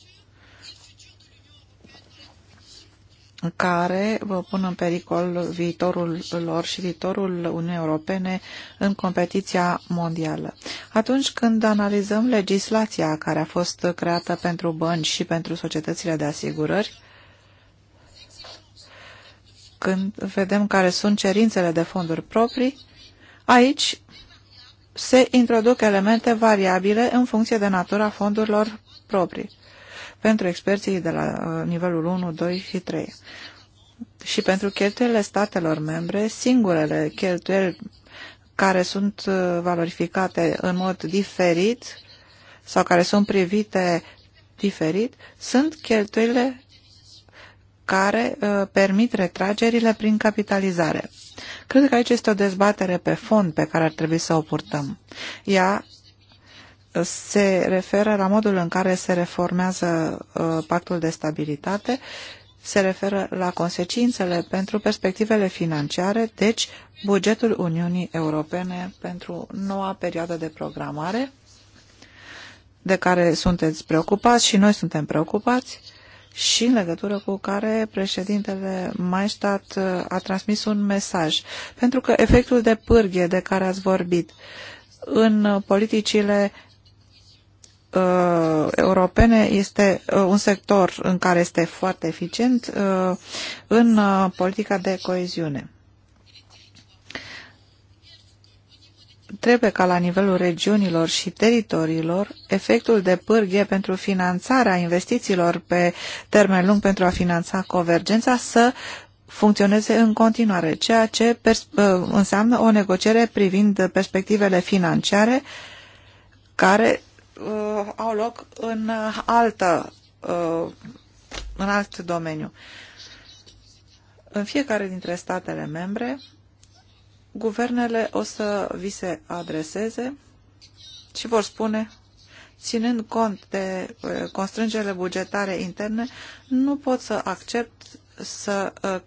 care pun în pericol viitorul lor și viitorul Uniunii Europene în competiția mondială. Atunci când analizăm legislația care a fost creată pentru bănci și pentru societățile de asigurări, când vedem care sunt cerințele de fonduri proprii, aici se introduc elemente variabile în funcție de natura fondurilor proprii pentru experții de la uh, nivelul 1, 2 și 3. Și pentru cheltuielile statelor membre, singurele cheltuieli care sunt uh, valorificate în mod diferit sau care sunt privite diferit sunt cheltuielile care uh, permit retragerile prin capitalizare. Cred că aici este o dezbatere pe fond pe care ar trebui să o purtăm. Ea se referă la modul în care se reformează uh, pactul de stabilitate, se referă la consecințele pentru perspectivele financiare, deci bugetul Uniunii Europene pentru noua perioadă de programare, de care sunteți preocupați și noi suntem preocupați, și în legătură cu care președintele Maestat uh, a transmis un mesaj. Pentru că efectul de pârghie de care ați vorbit în politicile uh, europene este uh, un sector în care este foarte eficient uh, în uh, politica de coeziune. Trebuie ca la nivelul regiunilor și teritoriilor efectul de pârghie pentru finanțarea investițiilor pe termen lung pentru a finanța convergența să funcționeze în continuare, ceea ce uh, înseamnă o negociere privind perspectivele financiare care uh, au loc în uh, altă uh, în alt domeniu. În fiecare dintre statele membre, guvernele o să vi se adreseze și vor spune, ținând cont de uh, constrângerile bugetare interne, nu pot să accept să uh,